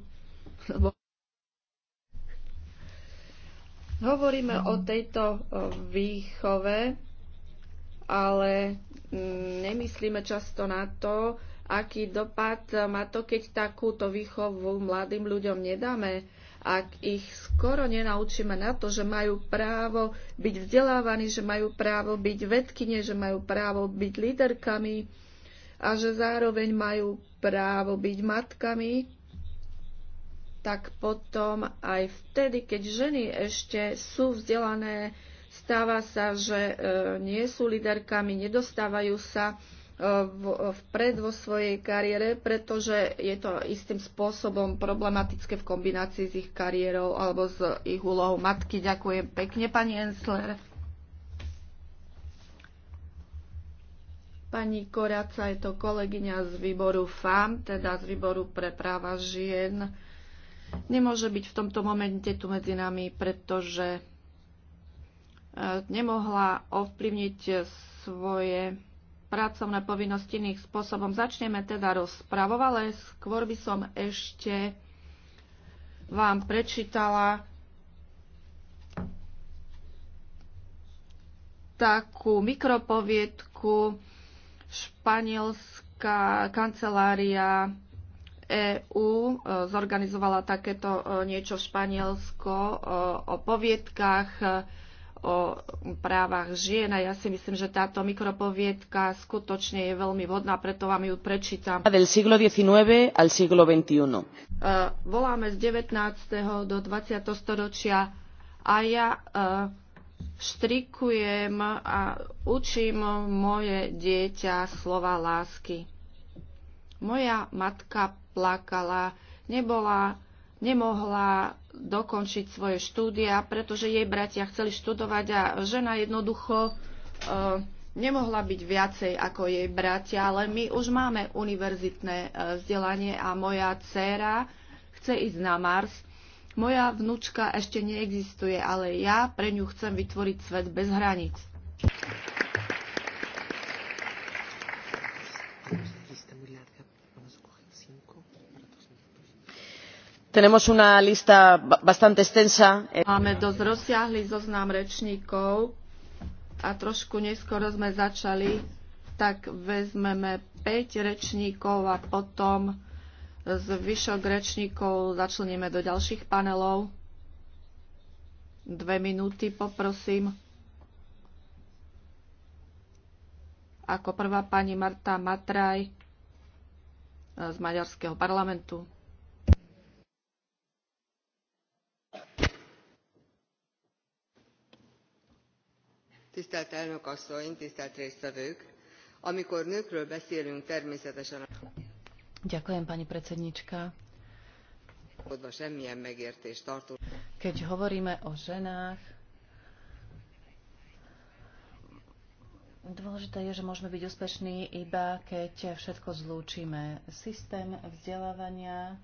lebo Hovoríme o tejto výchove, ale mm, nemyslíme často na to, aký dopad má to, keď takúto výchovu mladým ľuďom nedáme ak ich skoro nenaučíme na to, že majú právo byť vzdelávaní, že majú právo byť vedkine, že majú právo byť líderkami a že zároveň majú právo byť matkami, tak potom aj vtedy, keď ženy ešte sú vzdelané, stáva sa, že e, nie sú líderkami, nedostávajú sa e, vpred vo svojej kariére, pretože je to istým spôsobom problematické v kombinácii s ich kariérou alebo s ich úlohou matky. Ďakujem pekne, pani Ensler. Pani Koraca je to kolegyňa z výboru FAM, teda z výboru pre práva žien nemôže byť v tomto momente tu medzi nami, pretože e, nemohla ovplyvniť svoje pracovné povinnosti iným spôsobom. Začneme teda rozpravou, ale skôr by som ešte vám prečítala takú mikropoviedku španielská kancelária EÚ e, zorganizovala takéto e, niečo v Španielsko e, o povietkách, o právach žien a ja si myslím, že táto mikropoviedka skutočne je veľmi vhodná, preto vám ju prečítam. Del siglo XIX al siglo XXI. Voláme z 19. do 20. storočia a ja štrikujem a učím moje dieťa slova lásky. Moja matka plakala, nebola, nemohla dokončiť svoje štúdia, pretože jej bratia chceli študovať a žena jednoducho e, nemohla byť viacej ako jej bratia, ale my už máme univerzitné e, vzdelanie a moja dcéra chce ísť na Mars. Moja vnúčka ešte neexistuje, ale ja pre ňu chcem vytvoriť svet bez hraníc. Eh, Máme dosť rozsiahly zoznam rečníkov a trošku neskoro sme začali, tak vezmeme 5 rečníkov a potom zvyšok rečníkov začlenieme do ďalších panelov. Dve minúty poprosím. Ako prvá pani Marta Matraj z Maďarského parlamentu. tisztelt elnök asszony tisztelt résztvevők! amikor nőkről beszélünk természetesen Ďakujem, pani predsednička. semmilyen megértést tartó. Keď hovoríme o ženách, Dôležité je, že môžeme byť úspešní iba keď všetko zlúčime. Systém vzdelávania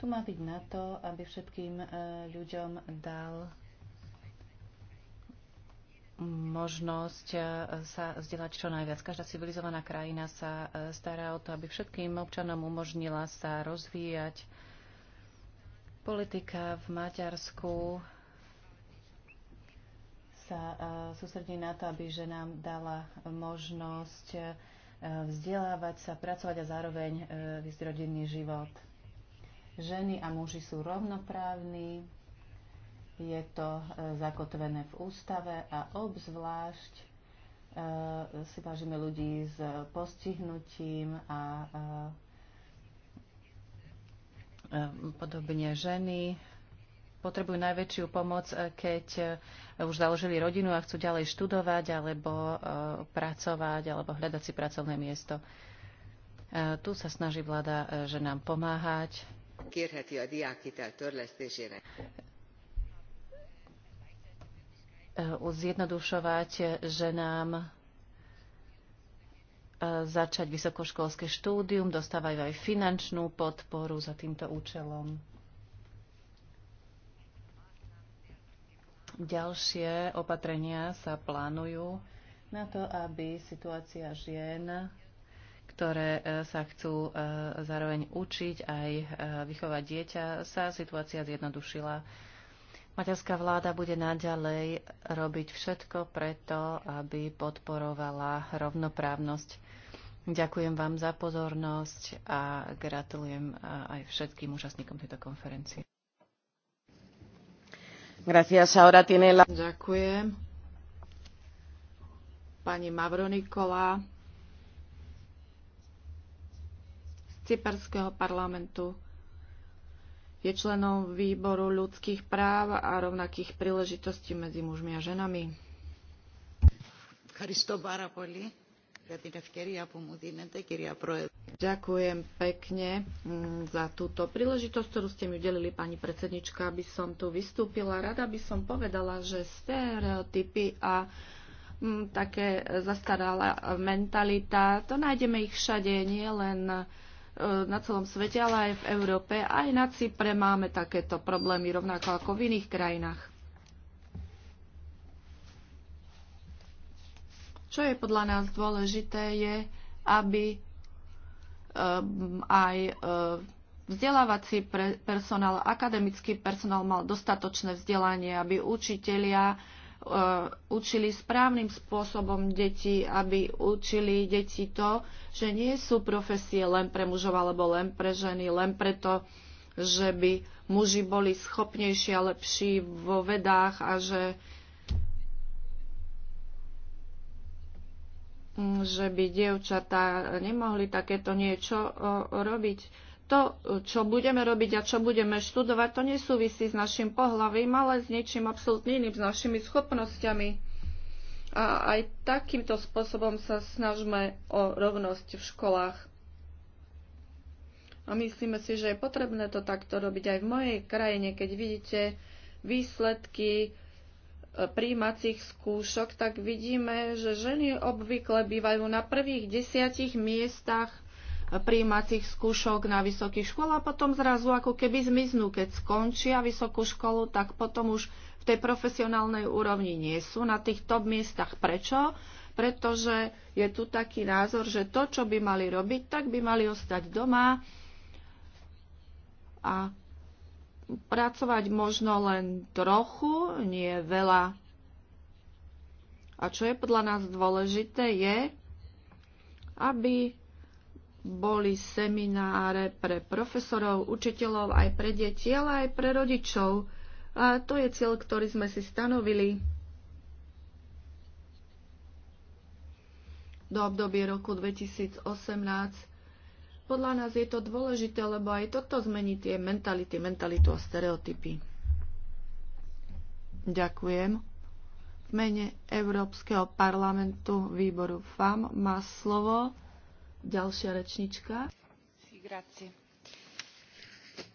tu má byť na to, aby všetkým eh, ľuďom dal možnosť eh, sa vzdelať čo najviac. Každá civilizovaná krajina sa eh, stará o to, aby všetkým občanom umožnila sa rozvíjať. Politika v Maďarsku sa eh, sústredí na to, aby že nám dala možnosť vzdelávať sa, pracovať a zároveň vysť rodinný život. Ženy a muži sú rovnoprávni, je to e, zakotvené v ústave a obzvlášť e, si vážime ľudí s postihnutím a e, podobne ženy potrebujú najväčšiu pomoc, keď už založili rodinu a chcú ďalej študovať alebo pracovať alebo hľadať si pracovné miesto. Tu sa snaží vláda ženám pomáhať. E, zjednodušovať ženám e, začať vysokoškolské štúdium, dostávajú aj finančnú podporu za týmto účelom. Ďalšie opatrenia sa plánujú na to, aby situácia žien, ktoré e, sa chcú zároveň učiť aj vychovať dieťa, sa situácia zjednodušila. Maďarská vláda bude naďalej robiť všetko preto, aby podporovala rovnoprávnosť. Ďakujem vám za pozornosť a gratulujem aj všetkým účastníkom tejto konferencie. Gracias, ahora tiene la... Ďakujem. Pani Mavro Nikola z Cyperského parlamentu. Je členom výboru ľudských práv a rovnakých príležitostí medzi mužmi a ženami. Teda Ďakujem pekne mm, za túto príležitosť, ktorú ste mi udelili, pani predsednička, aby som tu vystúpila. Rada by som povedala, že stereotypy a mm, také zastaralá mentalita. To nájdeme ich všade, nie len E, na celom svete, ale aj v Európe. Aj na Cypre máme takéto problémy, rovnako ako v iných krajinách. Čo je podľa nás dôležité, je, aby e, aj e, vzdelávací personál, akademický personál mal dostatočné vzdelanie, aby učitelia Uh, učili správnym spôsobom deti, aby učili deti to, že nie sú profesie len pre mužov alebo len pre ženy, len preto, že by muži boli schopnejší a lepší vo vedách a že mm, že by dievčatá nemohli takéto niečo uh, robiť to, čo budeme robiť a čo budeme študovať, to nesúvisí s našim pohľavím, ale s niečím absolútne iným, s našimi schopnosťami. A aj takýmto spôsobom sa snažme o rovnosť v školách. A myslíme si, že je potrebné to takto robiť aj v mojej krajine, keď vidíte výsledky e, príjímacích skúšok, tak vidíme, že ženy obvykle bývajú na prvých desiatich miestach príjímacích skúšok na vysokých škôl a potom zrazu ako keby zmiznú. Keď skončia vysokú školu, tak potom už v tej profesionálnej úrovni nie sú na tých top miestach. Prečo? Pretože je tu taký názor, že to, čo by mali robiť, tak by mali ostať doma a pracovať možno len trochu, nie veľa. A čo je podľa nás dôležité, je, aby boli semináre pre profesorov, učiteľov, aj pre deti, ale aj pre rodičov. A to je cieľ, ktorý sme si stanovili do obdobie roku 2018. Podľa nás je to dôležité, lebo aj toto zmení tie mentality, mentalitu a stereotypy. Ďakujem. V mene Európskeho parlamentu výboru FAM má slovo Ďalšia rečnička. grazie.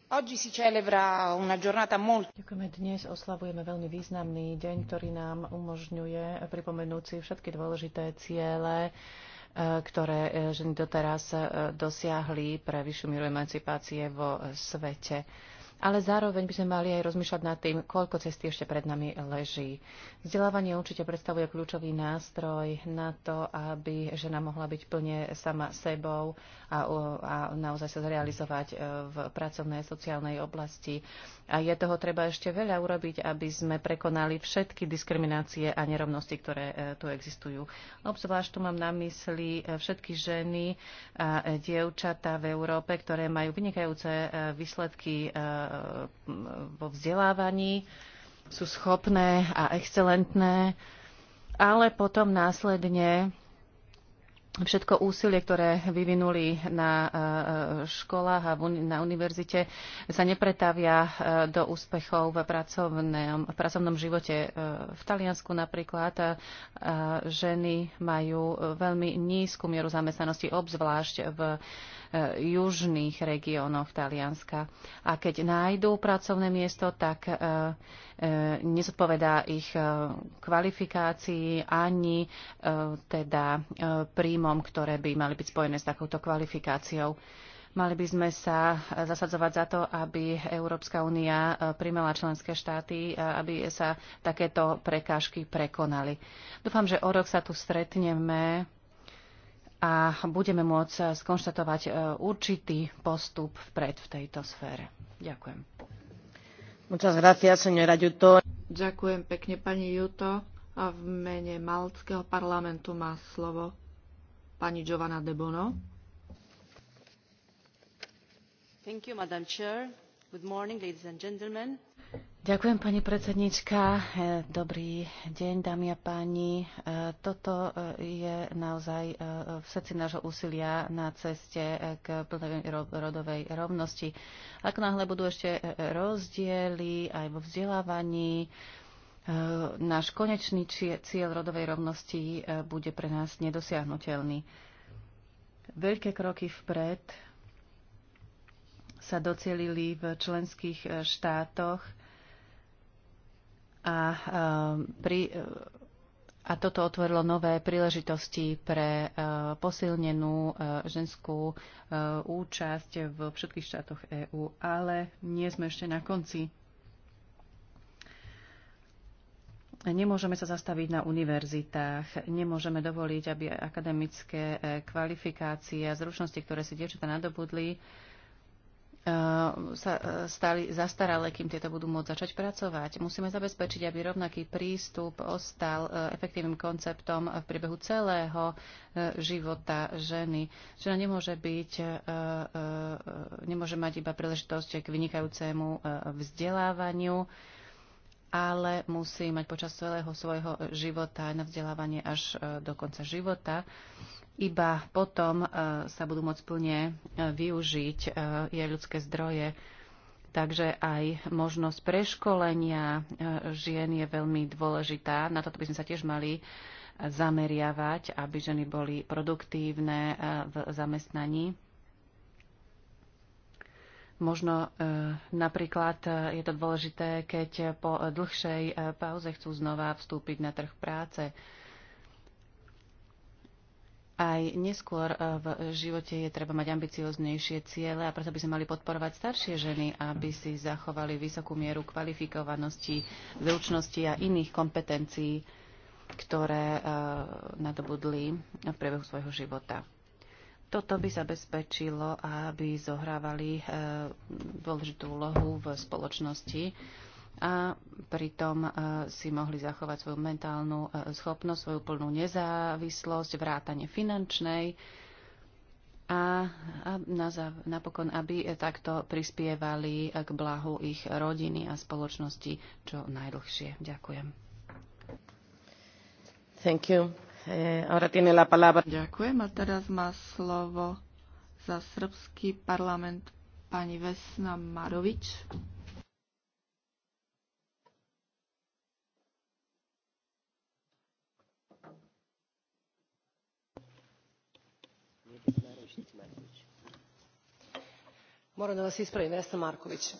Oggi si celebra una giornata molto. Ďakujeme. Dnes oslavujeme veľmi významný deň, ktorý nám umožňuje pripomenúť si všetky dôležité ciele, e, ktoré e, ženy doteraz e, dosiahli pre vyššiu míru emancipácie vo svete ale zároveň by sme mali aj rozmýšľať nad tým, koľko cesty ešte pred nami leží. Vzdelávanie určite predstavuje kľúčový nástroj na to, aby žena mohla byť plne sama sebou a, a naozaj sa zrealizovať e, v pracovnej a sociálnej oblasti. A je toho treba ešte veľa urobiť, aby sme prekonali všetky diskriminácie a nerovnosti, ktoré e, tu existujú. Obzvlášť tu mám na mysli e, všetky ženy a dievčatá v Európe, ktoré majú vynikajúce výsledky vo vzdelávaní, sú schopné a excelentné, ale potom následne všetko úsilie, ktoré vyvinuli na e, e, školách a na univerzite, sa nepretavia e, do úspechov v pracovnom, v pracovnom živote. V Taliansku napríklad ženy majú veľmi nízku mieru zamestnanosti, obzvlášť v Eh, južných regiónoch Talianska. A keď nájdú pracovné miesto, tak eh, eh, nezodpovedá ich kvalifikácii ani teda príjmom, ktoré by mali byť spojené s takouto kvalifikáciou. Mali by sme sa zasadzovať za to, aby Európska únia primela členské štáty, aby sa takéto prekážky prekonali. Dúfam, že o rok sa tu stretneme a budeme môcť eh, skonštatovať eh, určitý postup vpred v tejto sfére. Ďakujem. Muchas gracias, señora Juto. Ďakujem pekne, pani Juto. A v mene Malckého parlamentu má slovo pani Giovanna De Bono. Thank you, Madam Chair. Good morning, ladies and gentlemen. Ďakujem, pani predsednička. E, dobrý deň, dámy a páni. E, toto e, je naozaj v srdci nášho úsilia na ceste k plnej rodovej rovnosti. Ak náhle budú ešte rozdiely aj vo vzdelávaní, náš konečný cieľ rodovej rovnosti bude pre nás nedosiahnutelný. Veľké kroky vpred sa docelili v členských štátoch a, eh, pri, eh, a toto otvorilo nové príležitosti pre eh, posilnenú ženskú účasť v všetkých štátoch EÚ, ale nie sme ešte na konci. Nemôžeme sa zastaviť na univerzitách, nemôžeme dovoliť, aby akademické kvalifikácie a zručnosti, ktoré si dievčatá nadobudli, Eh, sa eh, stali zastaralé, kým tieto budú môcť začať pracovať. Musíme zabezpečiť, aby rovnaký prístup ostal eh, efektívnym konceptom v priebehu celého života ženy. Žena nemôže byť, nemôže mať iba príležitosť k vynikajúcemu vzdelávaniu, ale musí mať počas celého svojho života na vzdelávanie až do konca života iba potom e, sa budú môcť plne e, využiť e, jej ľudské zdroje. Takže aj možnosť preškolenia žien je veľmi dôležitá. Na toto by sme sa tiež mali zameriavať, aby ženy boli produktívne v zamestnaní. Možno napríklad je to dôležité, keď po dlhšej pauze chcú znova vstúpiť na trh práce aj neskôr eh, v živote je treba mať ambicioznejšie ciele a preto by sme mali podporovať staršie ženy, aby si zachovali vysokú mieru kvalifikovanosti, zručnosti a iných kompetencií, ktoré eh, nadobudli v priebehu svojho života. Toto by zabezpečilo, aby zohrávali eh, dôležitú úlohu v spoločnosti a pritom e, si mohli zachovať svoju mentálnu e, schopnosť, svoju plnú nezávislosť, vrátanie finančnej a, a na, napokon, aby takto prispievali e, k blahu ich rodiny a spoločnosti čo najdlhšie. Ďakujem. Thank you. Ahora tiene la palabra. Ďakujem a teraz má slovo za Srbský parlament pani Vesna Marovič. moram da vas ispravim vesna marković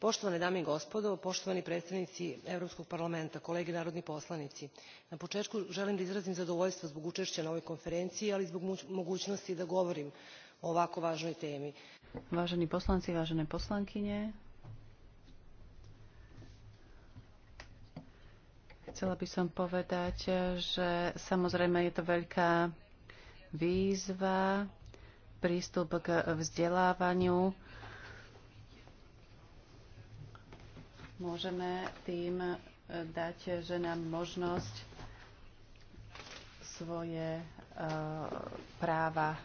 poštovane dame i gospodo poštovani predstavnici evropskog parlamenta kolege narodni poslanici na početku želim da izrazim zadovoljstvo zbog učešća na ovoj konferenciji ali i zbog mogućnosti da govorim o ovako važnoj temi poslanci chcela by som povedať že samozrejme je to veľká výzva prístup k vzdelávaniu. Môžeme tým dať ženám možnosť svoje e, práva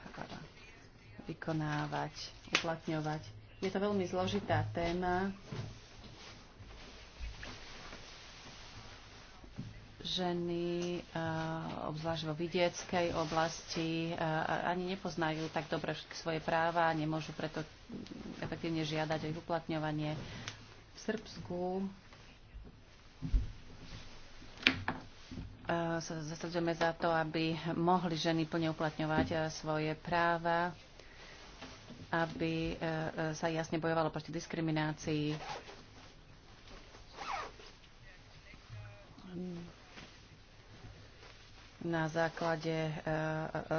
vykonávať, uplatňovať. Je to veľmi zložitá téma. ženy, eh, obzvlášť vo vidieckej oblasti, eh, ani nepoznajú tak dobre svoje práva, nemôžu preto efektívne žiadať o uplatňovanie. V Srbsku eh, zasadzujeme za to, aby mohli ženy plne uplatňovať svoje práva, aby sa jasne bojovalo proti diskriminácii na základe e,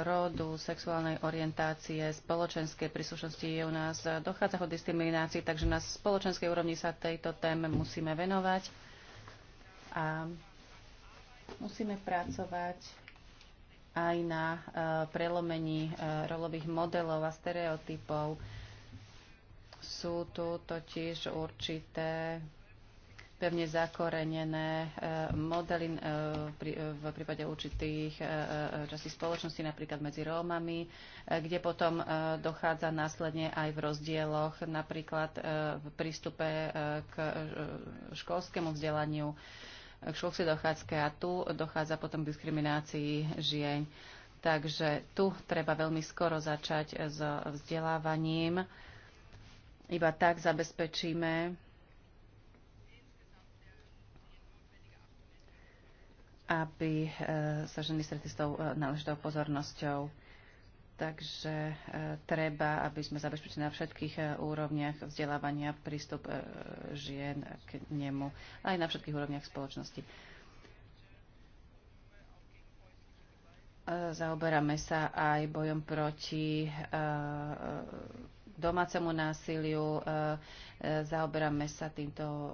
rodu, sexuálnej orientácie, spoločenskej príslušnosti je u nás e, dochádza o diskriminácii, takže na spoločenskej úrovni sa tejto téme musíme venovať a musíme pracovať aj na e, prelomení rolových modelov a stereotypov. Sú tu totiž určité pevne zakorenené e, modely e, e, v prípade určitých časí spoločnosti, napríklad medzi Rómami, kde potom dochádza následne aj v rozdieloch, napríklad v prístupe k školskému vzdelaniu, k školskej dochádzke a tu dochádza potom k diskriminácii žien. Takže tu treba veľmi skoro začať s vzdelávaním. Iba tak zabezpečíme aby e, sa ženy stretli s tou e, náležitou pozornosťou. Takže e, treba, aby sme zabezpečili na všetkých úrovniach vzdelávania prístup žien k nemu, aj na všetkých úrovniach spoločnosti. Zaoberáme sa aj bojom proti domácemu násiliu, e, e, zaoberáme sa týmto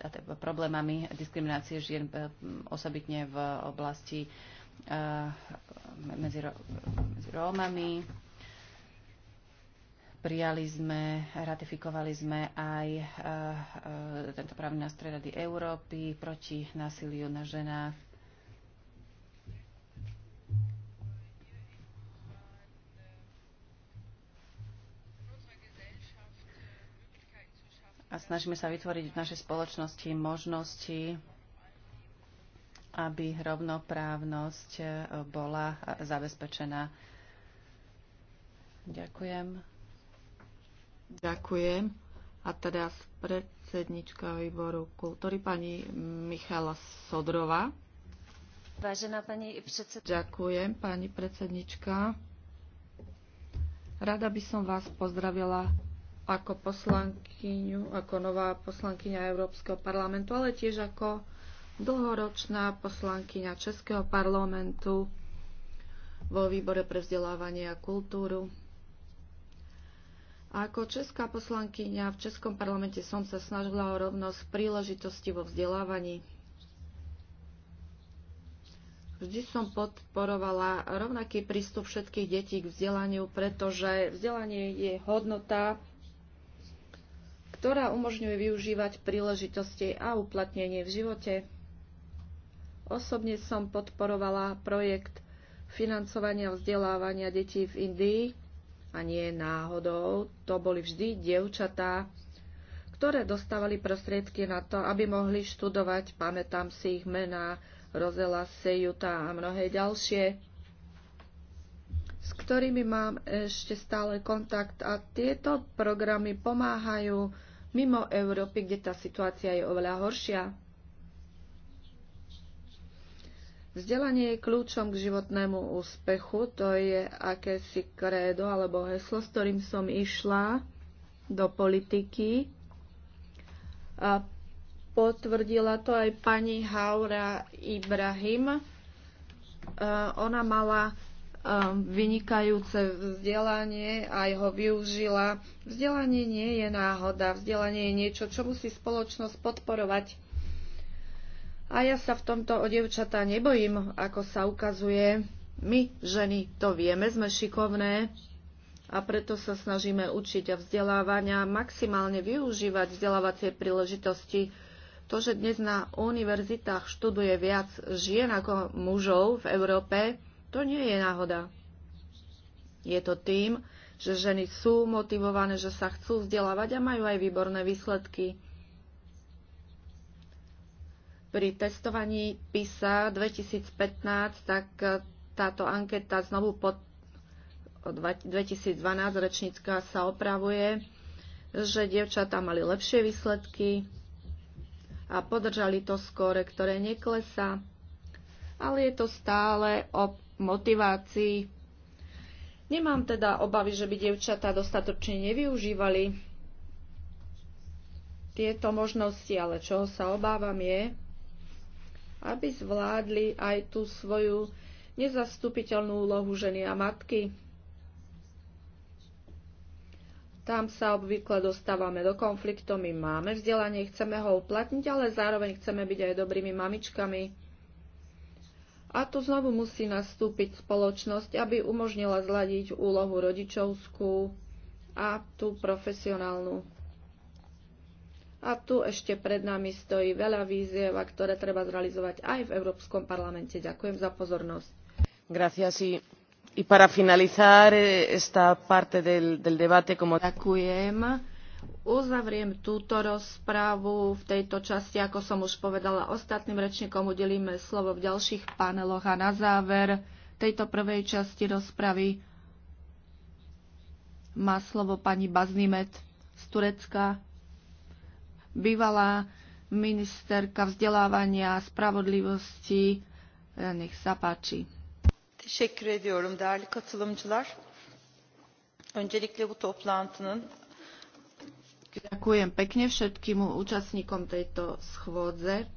e, problémami diskriminácie žien osobitne v oblasti medzi, medzi Rómami. Prijali sme, ratifikovali sme aj tento právny nástroj Rady Európy proti násiliu na ženách a snažíme sa vytvoriť v našej spoločnosti možnosti, aby rovnoprávnosť e, bola zabezpečená. Ďakujem. Ďakujem. A teraz predsednička výboru kultúry pani Michala Sodrova. Vážená pani predsednička. Ďakujem, pani predsednička. Rada by som vás pozdravila ako poslankyňu, ako nová poslankyňa Európskeho parlamentu, ale tiež ako dlhoročná poslankyňa Českého parlamentu vo výbore pre vzdelávanie a kultúru. A ako česká poslankyňa v Českom parlamente som sa snažila o rovnosť príležitosti vo vzdelávaní. Vždy som podporovala rovnaký prístup všetkých detí k vzdelaniu, pretože vzdelanie je hodnota, ktorá umožňuje využívať príležitosti a uplatnenie v živote. Osobne som podporovala projekt financovania vzdelávania detí v Indii a nie náhodou, to boli vždy dievčatá, ktoré dostávali prostriedky na to, aby mohli študovať, pamätám si ich mená, Rozela Sejuta a mnohé ďalšie, s ktorými mám ešte stále kontakt a tieto programy pomáhajú mimo Európy, kde tá situácia je oveľa horšia. Vzdelanie je kľúčom k životnému úspechu, to je akési krédo alebo heslo, s ktorým som išla do politiky. A potvrdila to aj pani Haura Ibrahim. Ona mala Um, vynikajúce vzdelanie a ho využila. Vzdelanie nie je náhoda, vzdelanie je niečo, čo musí spoločnosť podporovať. A ja sa v tomto o dievčatá nebojím, ako sa ukazuje. My, ženy, to vieme, sme šikovné a preto sa snažíme učiť a vzdelávania, maximálne využívať vzdelávacie príležitosti, to, že dnes na univerzitách študuje viac žien ako mužov v Európe, to nie je náhoda. Je to tým, že ženy sú motivované, že sa chcú vzdelávať a majú aj výborné výsledky. Pri testovaní PISA 2015 tak e, táto anketa znovu po 2012 rečnícka sa opravuje, že dievčatá mali lepšie výsledky a podržali to skóre, ktoré neklesá, ale je to stále o motivácii. Nemám teda obavy, že by dievčatá dostatočne nevyužívali tieto možnosti, ale čoho sa obávam je, aby zvládli aj tú svoju nezastupiteľnú úlohu ženy a matky. Tam sa obvykle dostávame do konfliktu, my máme vzdelanie, chceme ho uplatniť, ale zároveň chceme byť aj dobrými mamičkami. A tu znovu musí nastúpiť spoločnosť, aby umožnila zladiť úlohu rodičovskú a tú profesionálnu. A tu ešte pred nami stojí veľa víziev, ktoré treba zrealizovať aj v Európskom parlamente. Ďakujem za pozornosť. Gracias y, y para finalizar eh, esta parte del, del debate como... Ďakujem uzavriem túto rozprávu v tejto časti. Ako som už povedala ostatným rečníkom, udelíme slovo v ďalších paneloch a na záver tejto prvej časti rozpravy má slovo pani Baznimet z Turecka, bývalá ministerka vzdelávania a spravodlivosti. E, nech sa páči. Teşekkür ediyorum değerli katılımcılar. Öncelikle bu toplantının Ďakujem pekne všetkým účastníkom tejto schôdze.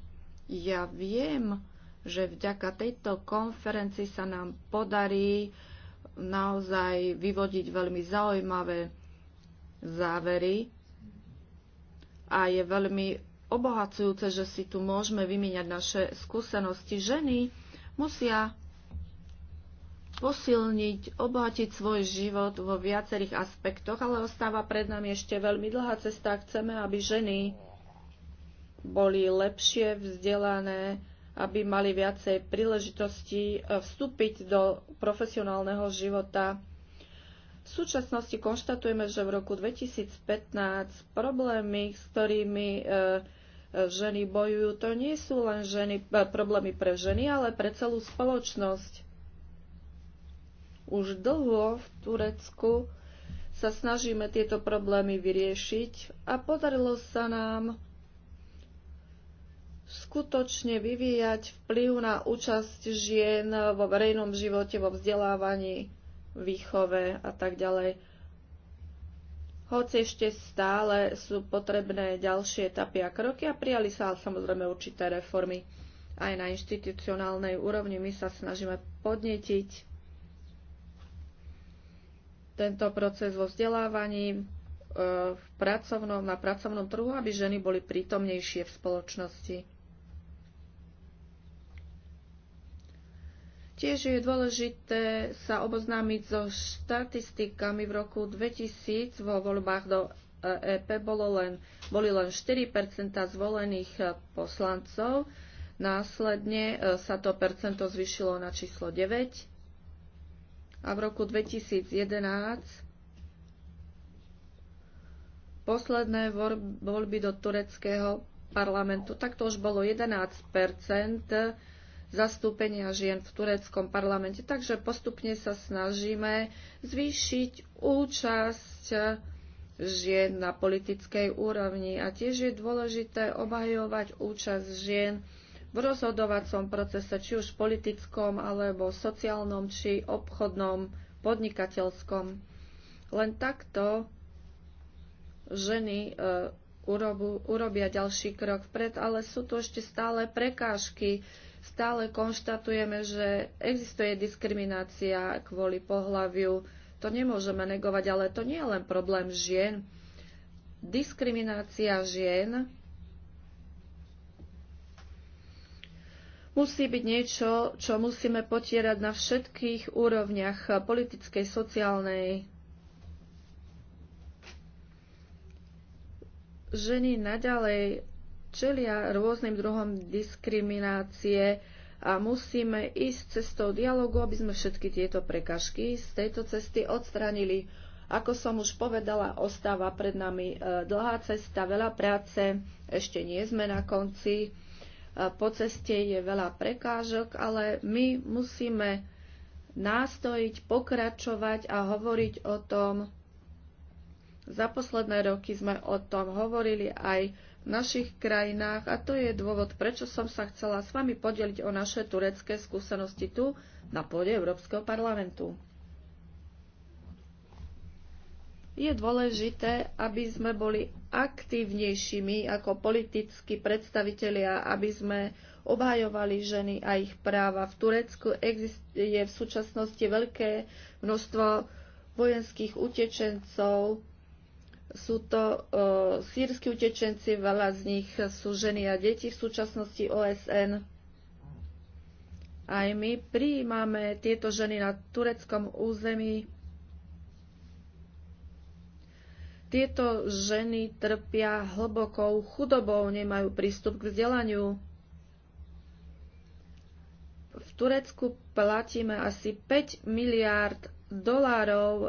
Ja viem, že vďaka tejto konferencii sa nám podarí naozaj vyvodiť veľmi zaujímavé závery a je veľmi obohacujúce, že si tu môžeme vymieňať naše skúsenosti. Ženy musia posilniť, obohatiť svoj život vo viacerých aspektoch, ale ostáva pred nami ešte veľmi dlhá cesta. Chceme, aby ženy boli lepšie vzdelané, aby mali viacej príležitosti e, vstúpiť do profesionálneho života. V súčasnosti konštatujeme, že v roku 2015 problémy, s ktorými e, e, ženy bojujú, to nie sú len ženy, problémy pre ženy, ale pre celú spoločnosť. Už dlho v Turecku sa snažíme tieto problémy vyriešiť a podarilo sa nám skutočne vyvíjať vplyv na účasť žien vo verejnom živote, vo vzdelávaní, výchove a tak ďalej. Hoci ešte stále sú potrebné ďalšie etapy a kroky a prijali sa samozrejme určité reformy. Aj na inštitucionálnej úrovni my sa snažíme podnetiť tento proces vo vzdelávaní, e, v pracovnom, na pracovnom trhu, aby ženy boli prítomnejšie v spoločnosti. Tiež je dôležité sa oboznámiť so štatistikami. V roku 2000 vo voľbách do EP e bolo len, boli len 4 zvolených e, poslancov. Následne sa to percento zvyšilo na číslo 9 a v roku 2011 posledné voľby do tureckého parlamentu, tak to už bolo 11 zastúpenia žien v tureckom parlamente. Takže postupne sa snažíme zvýšiť účasť žien na politickej úrovni. A tiež je dôležité obhajovať účasť žien v rozhodovacom procese, či už politickom, alebo sociálnom, či obchodnom, podnikateľskom. Len takto ženy e, urobu, urobia ďalší krok vpred, ale sú tu ešte stále prekážky. Stále konštatujeme, že existuje diskriminácia kvôli pohľaviu. To nemôžeme negovať, ale to nie je len problém žien. Diskriminácia žien musí byť niečo, čo musíme potierať na všetkých úrovniach politickej, sociálnej. Ženy naďalej čelia rôznym druhom diskriminácie a musíme ísť cestou dialogu, aby sme všetky tieto prekažky z tejto cesty odstranili. Ako som už povedala, ostáva pred nami eh, dlhá cesta, veľa práce, ešte nie sme na konci po ceste je veľa prekážok, ale my musíme nástojiť, pokračovať a hovoriť o tom. Za posledné roky sme o tom hovorili aj v našich krajinách a to je dôvod, prečo som sa chcela s vami podeliť o naše turecké skúsenosti tu na pôde Európskeho parlamentu. je dôležité, aby sme boli aktívnejšími ako politickí predstavitelia, aby sme obhajovali ženy a ich práva. V Turecku je v súčasnosti veľké množstvo vojenských utečencov. Sú to e, sírsky utečenci, veľa z nich sú ženy a deti v súčasnosti OSN. Aj my prijímame tieto ženy na tureckom území Tieto ženy trpia hlbokou chudobou, nemajú prístup k vzdelaniu. V Turecku platíme asi 5 miliárd dolárov e,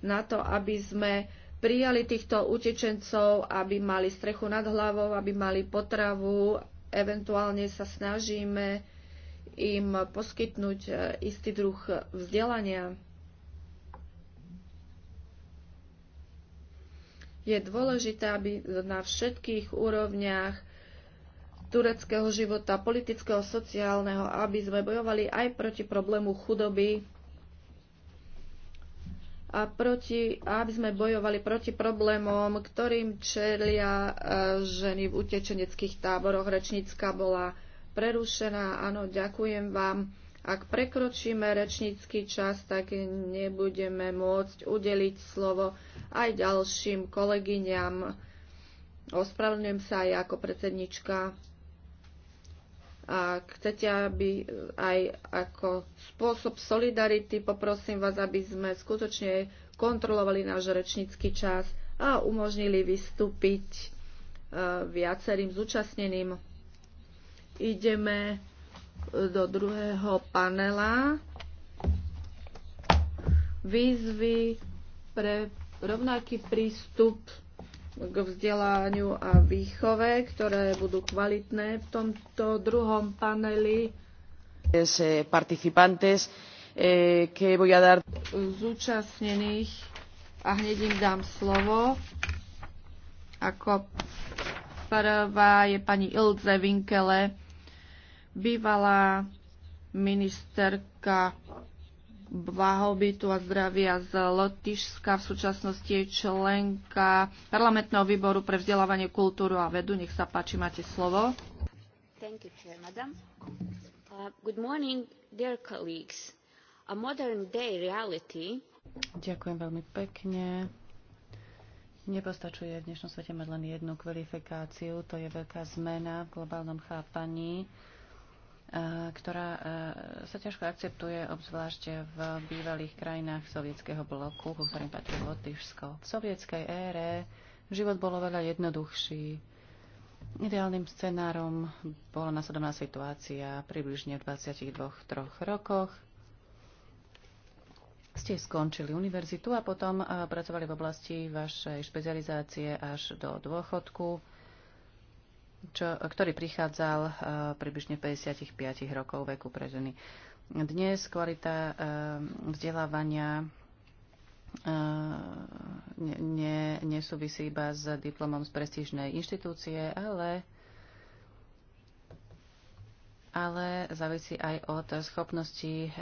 na to, aby sme prijali týchto utečencov, aby mali strechu nad hlavou, aby mali potravu. Eventuálne sa snažíme im poskytnúť e, istý druh vzdelania. Je dôležité, aby na všetkých úrovniach tureckého života, politického, sociálneho, aby sme bojovali aj proti problému chudoby a proti, aby sme bojovali proti problémom, ktorým čelia e, ženy v utečeneckých táboroch. Rečnícka bola prerušená. Áno, ďakujem vám. Ak prekročíme rečnícky čas, tak nebudeme môcť udeliť slovo aj ďalším kolegyňam. Ospravedlňujem sa aj ako predsednička. A chcete, aby aj ako spôsob solidarity, poprosím vás, aby sme skutočne kontrolovali náš rečnícky čas a umožnili vystúpiť eh, viacerým zúčastneným. Ideme do druhého panela výzvy pre rovnaký prístup k vzdelaniu a výchove, ktoré budú kvalitné. V tomto druhom paneli eh, participantes eh, que voy a dar zúčastnených a hneď im dám slovo. Ako prvá je pani Ilze Winkele, Bývalá ministerka blahobytu a zdravia z Lotyšska. V súčasnosti je členka parlamentného výboru pre vzdelávanie, kultúru a vedu. Nech sa páči, máte slovo. Thank you, chair, madam. Uh, good morning, dear colleagues. A modern day reality... Ďakujem veľmi pekne. Nepostačuje v dnešnom svete mať len jednu kvalifikáciu. To je veľká zmena v globálnom chápaní E, ktorá e, sa ťažko akceptuje, obzvlášť v bývalých krajinách sovietského bloku, ku ktorým patrí Lotyšsko. V sovietskej ére život bol oveľa jednoduchší. Ideálnym scenárom bola nasledovná situácia približne v 22-3 rokoch. Ste skončili univerzitu a potom e, pracovali v oblasti vašej špecializácie až do dôchodku čo, ktorý prichádzal eh, približne 55 rokov veku pre ženy. Dnes kvalita eh, vzdelávania eh, ne, nesúvisí iba s diplomom z prestížnej inštitúcie, ale ale závisí aj od schopnosti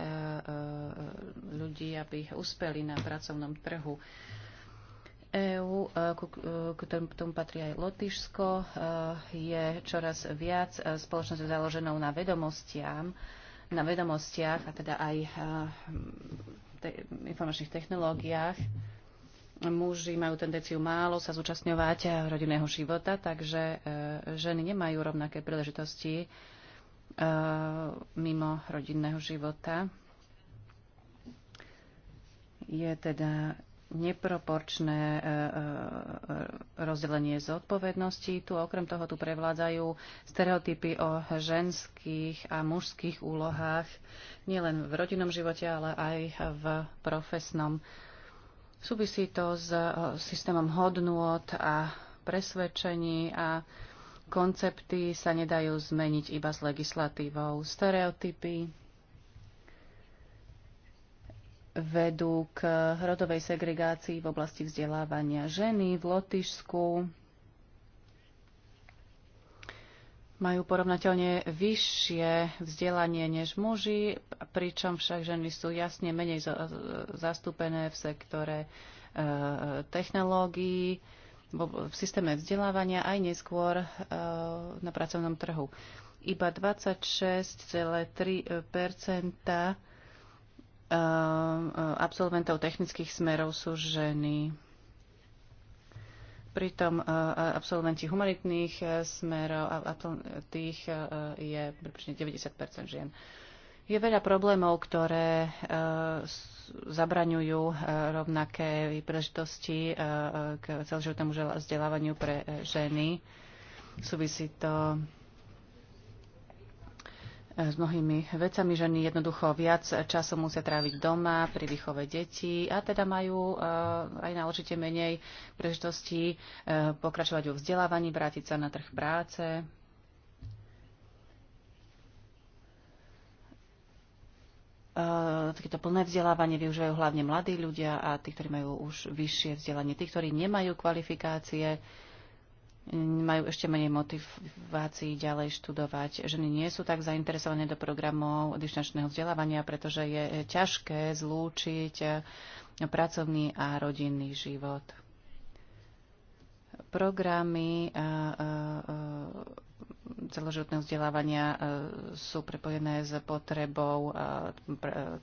ľudí, aby uspeli na pracovnom trhu. EÚ, e, e, k tomu patrí aj Lotyšsko, e, je čoraz viac spoločnosť založenou na vedomostiam, na vedomostiach a teda aj te, informačných technológiách. Muži majú tendenciu málo sa zúčastňovať rodinného života, takže ženy nemajú rovnaké príležitosti mimo rodinného života. Je teda neproporčné e, e, rozdelenie zodpovedností. Tu okrem toho tu prevládzajú stereotypy o ženských a mužských úlohách, nielen v rodinnom živote, ale aj v profesnom. Súvisí to s e, systémom hodnôt a presvedčení a koncepty sa nedajú zmeniť iba s legislatívou. Stereotypy vedú k rodovej segregácii v oblasti vzdelávania. Ženy v Lotyšsku majú porovnateľne vyššie vzdelanie než muži, pričom však ženy sú jasne menej zastúpené v sektore e, technológií, v systéme vzdelávania aj neskôr e, na pracovnom trhu. Iba 26,3 Ehm, absolventov technických smerov sú ženy. Pritom e, e, absolventi humanitných e, smerov a tých je približne 90 žien. Je veľa problémov, ktoré zabraňujú rovnaké príležitosti k celoživotnému vzdelávaniu pre ženy. Súvisí to s mnohými vecami. Ženy jednoducho viac času musia tráviť doma pri výchove detí a teda majú e, aj na určite menej príležitostí e, pokračovať vo vzdelávaní, vrátiť sa na trh práce. E, takéto plné vzdelávanie využívajú hlavne mladí ľudia a tí, ktorí majú už vyššie vzdelanie. Tí, ktorí nemajú kvalifikácie, majú ešte menej motivácií ďalej študovať. Ženy nie sú tak zainteresované do programov distančného vzdelávania, pretože je ťažké zlúčiť pracovný a rodinný život. Programy celoživotného vzdelávania sú prepojené s potrebou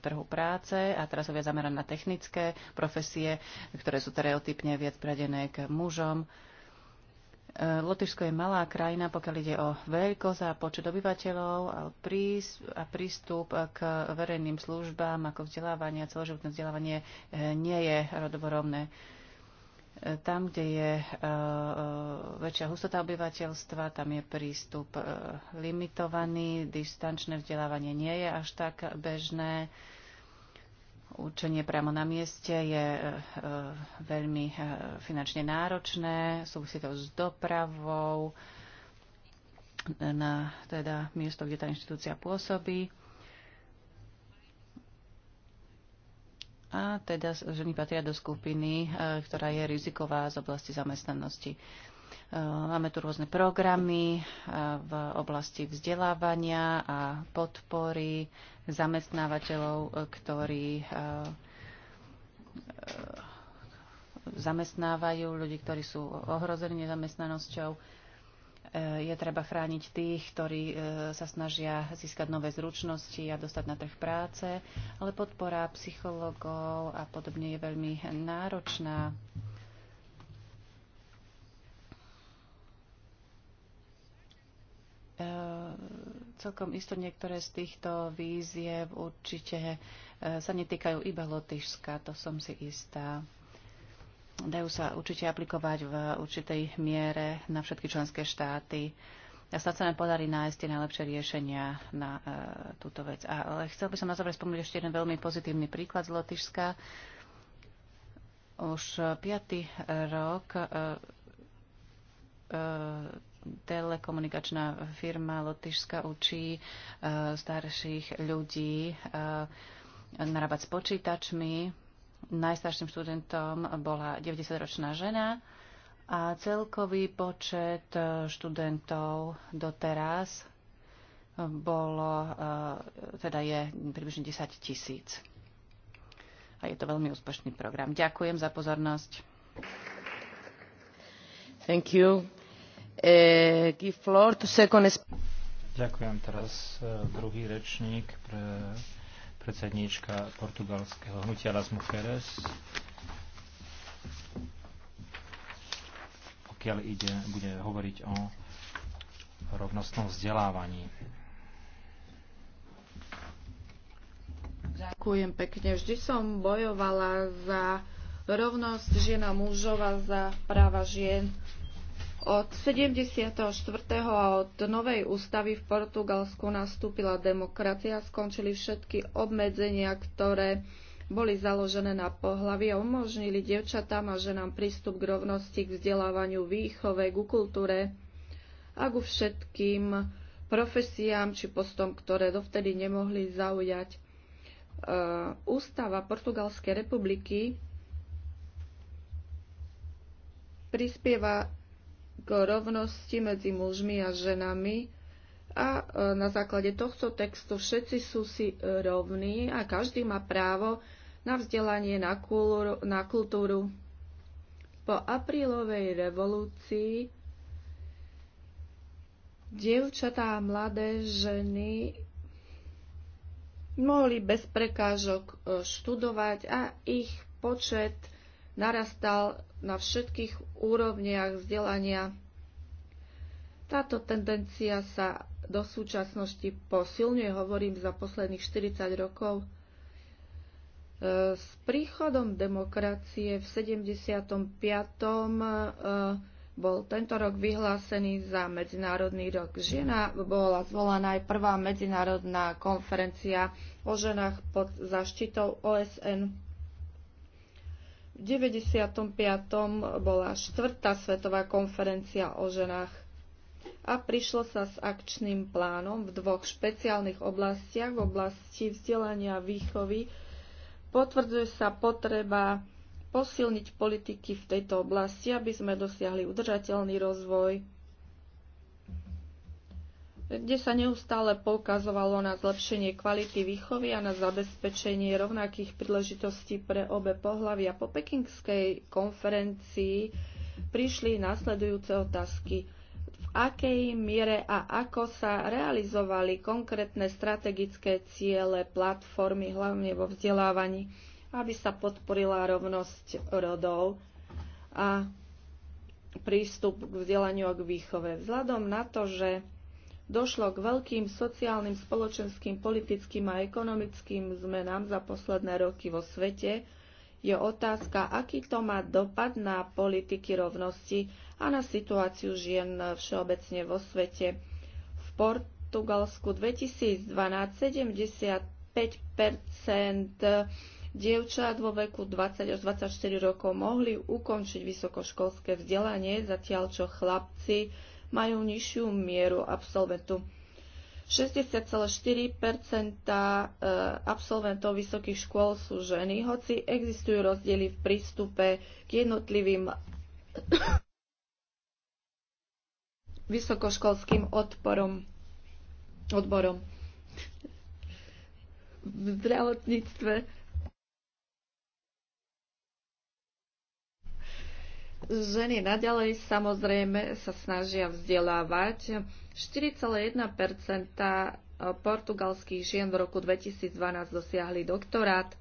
trhu práce a teraz sú viac zamerané na technické profesie, ktoré sú stereotypne viac pradené k mužom. Eh, Lotyšsko je malá krajina, pokiaľ ide o veľkosť a počet obyvateľov a prístup k verejným službám ako vzdelávanie a celoživotné vzdelávanie eh, nie je rodovorovné. Eh, tam, kde je väčšia hustota obyvateľstva, tam je prístup limitovaný, distančné vzdelávanie nie je až tak bežné Učenie priamo na mieste je e, e, veľmi e, finančne náročné, súvisí to s dopravou na teda miesto, kde tá inštitúcia pôsobí. A teda ženy patria do skupiny, ktorá je riziková z oblasti zamestnanosti. E, máme tu rôzne programy e, v oblasti vzdelávania a podpory zamestnávateľov, e, ktorí zamestnávajú ľudí, ktorí sú ohrození nezamestnanosťou. Je treba chrániť tých, ktorí sa snažia získať nové zručnosti a dostať na trh práce, ale podpora psychologov a podobne je veľmi náročná. E, celkom isto niektoré z týchto víziev určite e, sa netýkajú iba Lotyšska, to som si istá. Dajú sa určite aplikovať v určitej miere na všetky členské štáty. A snad sa nám podarí nájsť tie najlepšie riešenia na e, túto vec. A, ale chcel by som na záver spomenúť ešte jeden veľmi pozitívny príklad z Lotyšska. Už piatý rok e, e, telekomunikačná firma Lotyšska učí e, starších ľudí e, narábať s počítačmi. Najstarším študentom bola 90-ročná žena a celkový počet e, študentov doteraz bolo, teda je približne 10 tisíc. A je to veľmi úspešný program. Ďakujem za pozornosť. Thank you. Eh, Ďakujem teraz eh, druhý rečník, pre predsedníčka portugalského hnutia Las Mujeres. Pokiaľ ide, bude hovoriť o rovnostnom vzdelávaní. Ďakujem pekne. Vždy som bojovala za rovnosť žien a mužov a za práva žien od 74. a od novej ústavy v Portugalsku nastúpila demokracia, skončili všetky obmedzenia, ktoré boli založené na pohlavi a umožnili devčatám a ženám prístup k rovnosti, k vzdelávaniu, výchove, ku kultúre a ku všetkým profesiám či postom, ktoré dovtedy nemohli zaujať. E, ústava Portugalskej republiky prispieva k rovnosti medzi mužmi a ženami a e, na základe tohto textu všetci sú si e, rovní a každý má právo na vzdelanie, na kultúru. Na kultúru. Po aprílovej revolúcii dievčatá a mladé ženy mohli bez prekážok e, študovať a ich počet narastal na všetkých úrovniach vzdelania. Táto tendencia sa do súčasnosti posilňuje, hovorím za posledných 40 rokov. E, s príchodom demokracie v 75. E, bol tento rok vyhlásený za Medzinárodný rok žena. Bola zvolaná aj prvá medzinárodná konferencia o ženách pod zaštitou OSN 95. bola štvrtá svetová konferencia o ženách a prišlo sa s akčným plánom v dvoch špeciálnych oblastiach, v oblasti vzdelania a výchovy. Potvrdzuje sa potreba posilniť politiky v tejto oblasti, aby sme dosiahli udržateľný rozvoj kde sa neustále poukazovalo na zlepšenie kvality výchovy a na zabezpečenie rovnakých príležitostí pre obe pohlavia. Po pekingskej konferencii prišli následujúce otázky. V akej miere a ako sa realizovali konkrétne strategické ciele platformy, hlavne vo vzdelávaní, aby sa podporila rovnosť rodov a prístup k vzdelaniu a k výchove. Vzhľadom na to, že došlo k veľkým sociálnym, spoločenským, politickým a ekonomickým zmenám za posledné roky vo svete, je otázka, aký to má dopad na politiky rovnosti a na situáciu žien všeobecne vo svete. V Portugalsku 2012 75 dievčat vo veku 20 až 24 rokov mohli ukončiť vysokoškolské vzdelanie, zatiaľ čo chlapci majú nižšiu mieru absolventu. 60,4 eh, absolventov vysokých škôl sú ženy, hoci existujú rozdiely v prístupe k jednotlivým vysokoškolským odporom, odborom v zdravotníctve Ženy naďalej samozrejme sa snažia vzdelávať. 4,1 eh, portugalských žien v roku 2012 dosiahli doktorát.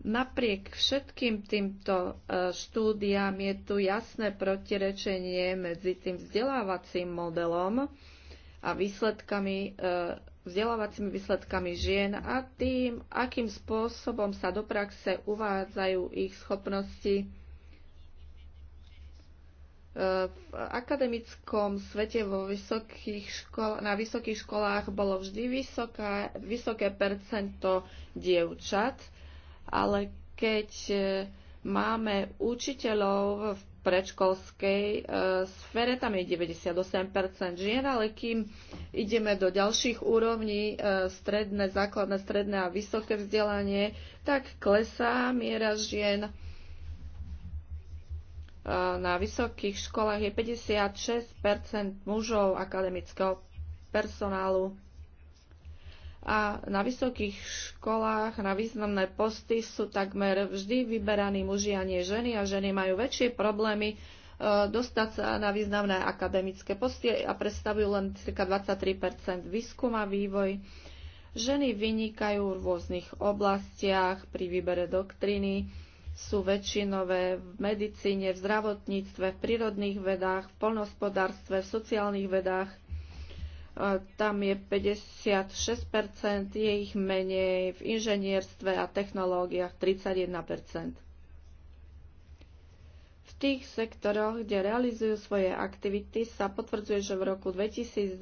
Napriek všetkým týmto eh, štúdiám je tu jasné protirečenie medzi tým vzdelávacím modelom a výsledkami, eh, vzdelávacími výsledkami žien a tým, akým spôsobom sa do praxe uvádzajú ich schopnosti E, v akademickom svete vo vysokých škol, na vysokých školách bolo vždy vysoká, vysoké percento dievčat, ale keď e, máme učiteľov v predškolskej e, sfére, tam je 98% žien, ale kým ideme do ďalších úrovní, e, stredné, základné, stredné a vysoké vzdelanie, tak klesá miera žien na vysokých školách je 56 mužov akademického personálu. A na vysokých školách na významné posty sú takmer vždy vyberaní muži a nie ženy a ženy majú väčšie problémy e, dostať sa na významné akademické posty a predstavujú len cirka 23 výskum a vývoj. Ženy vynikajú v rôznych oblastiach pri výbere doktriny sú väčšinové v medicíne, v zdravotníctve, v prírodných vedách, v polnospodárstve, v sociálnych vedách. Tam je 56%, je ich menej v inžinierstve a technológiách 31%. V tých sektoroch, kde realizujú svoje aktivity, sa potvrdzuje, že v roku 2012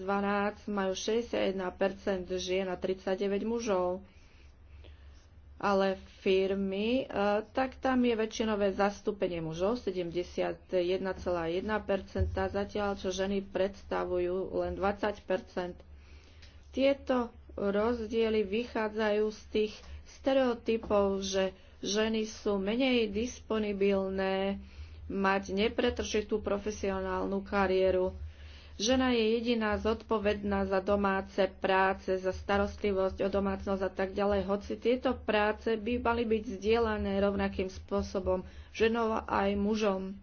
majú 61% žien a 39 mužov ale firmy, e, tak tam je väčšinové zastúpenie mužov 71,1%, zatiaľ čo ženy predstavujú len 20%. Tieto rozdiely vychádzajú z tých stereotypov, že ženy sú menej disponibilné mať nepretržitú profesionálnu kariéru Žena je jediná zodpovedná za domáce práce, za starostlivosť o domácnosť a tak ďalej, hoci tieto práce by mali byť zdieľané rovnakým spôsobom ženou aj mužom.